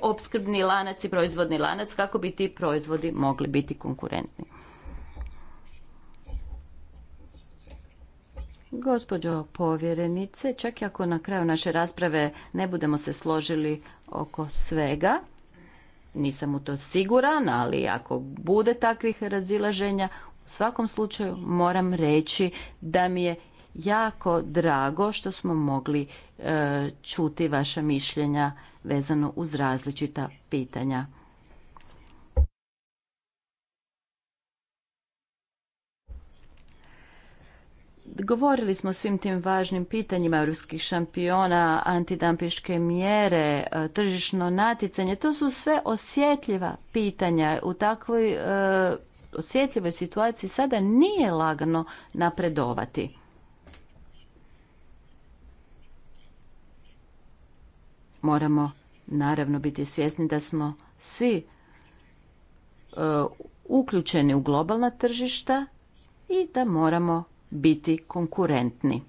opskrbni lanac i proizvodni lanac kako bi ti proizvodi mogli biti konkurentni. Gospođo povjerenice, čak i ako na kraju naše rasprave ne budemo se složili oko svega, nisam u to siguran, ali ako bude takvih razilaženja, u svakom slučaju moram reći da mi je jako drago što smo mogli e, čuti vaša mišljenja vezano uz različita pitanja. Govorili smo o svim tim važnim pitanjima europskih šampiona, antidampiške mjere, e, tržišno natjecanje. To su sve osjetljiva pitanja. U takvoj e, osjetljivoj situaciji sada nije lagano napredovati. Moramo naravno biti svjesni da smo svi e, uključeni u globalna tržišta i da moramo biti konkurentni.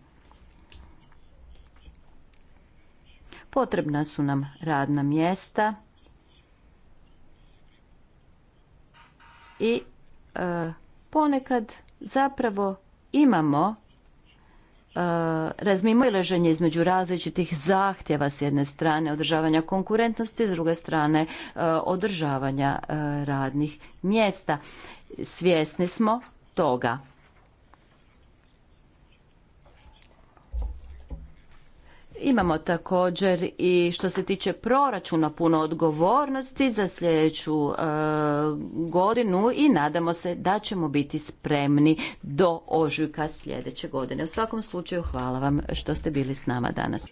Potrebna su nam radna mjesta i e, ponekad zapravo imamo e, razmimoilaženje između različitih zahtjeva s jedne strane održavanja konkurentnosti, s druge strane e, održavanja e, radnih mjesta. Svjesni smo toga. Imamo također i što se tiče proračuna puno odgovornosti za sljedeću e, godinu i nadamo se da ćemo biti spremni do ožujka sljedeće godine. U svakom slučaju hvala vam što ste bili s nama danas.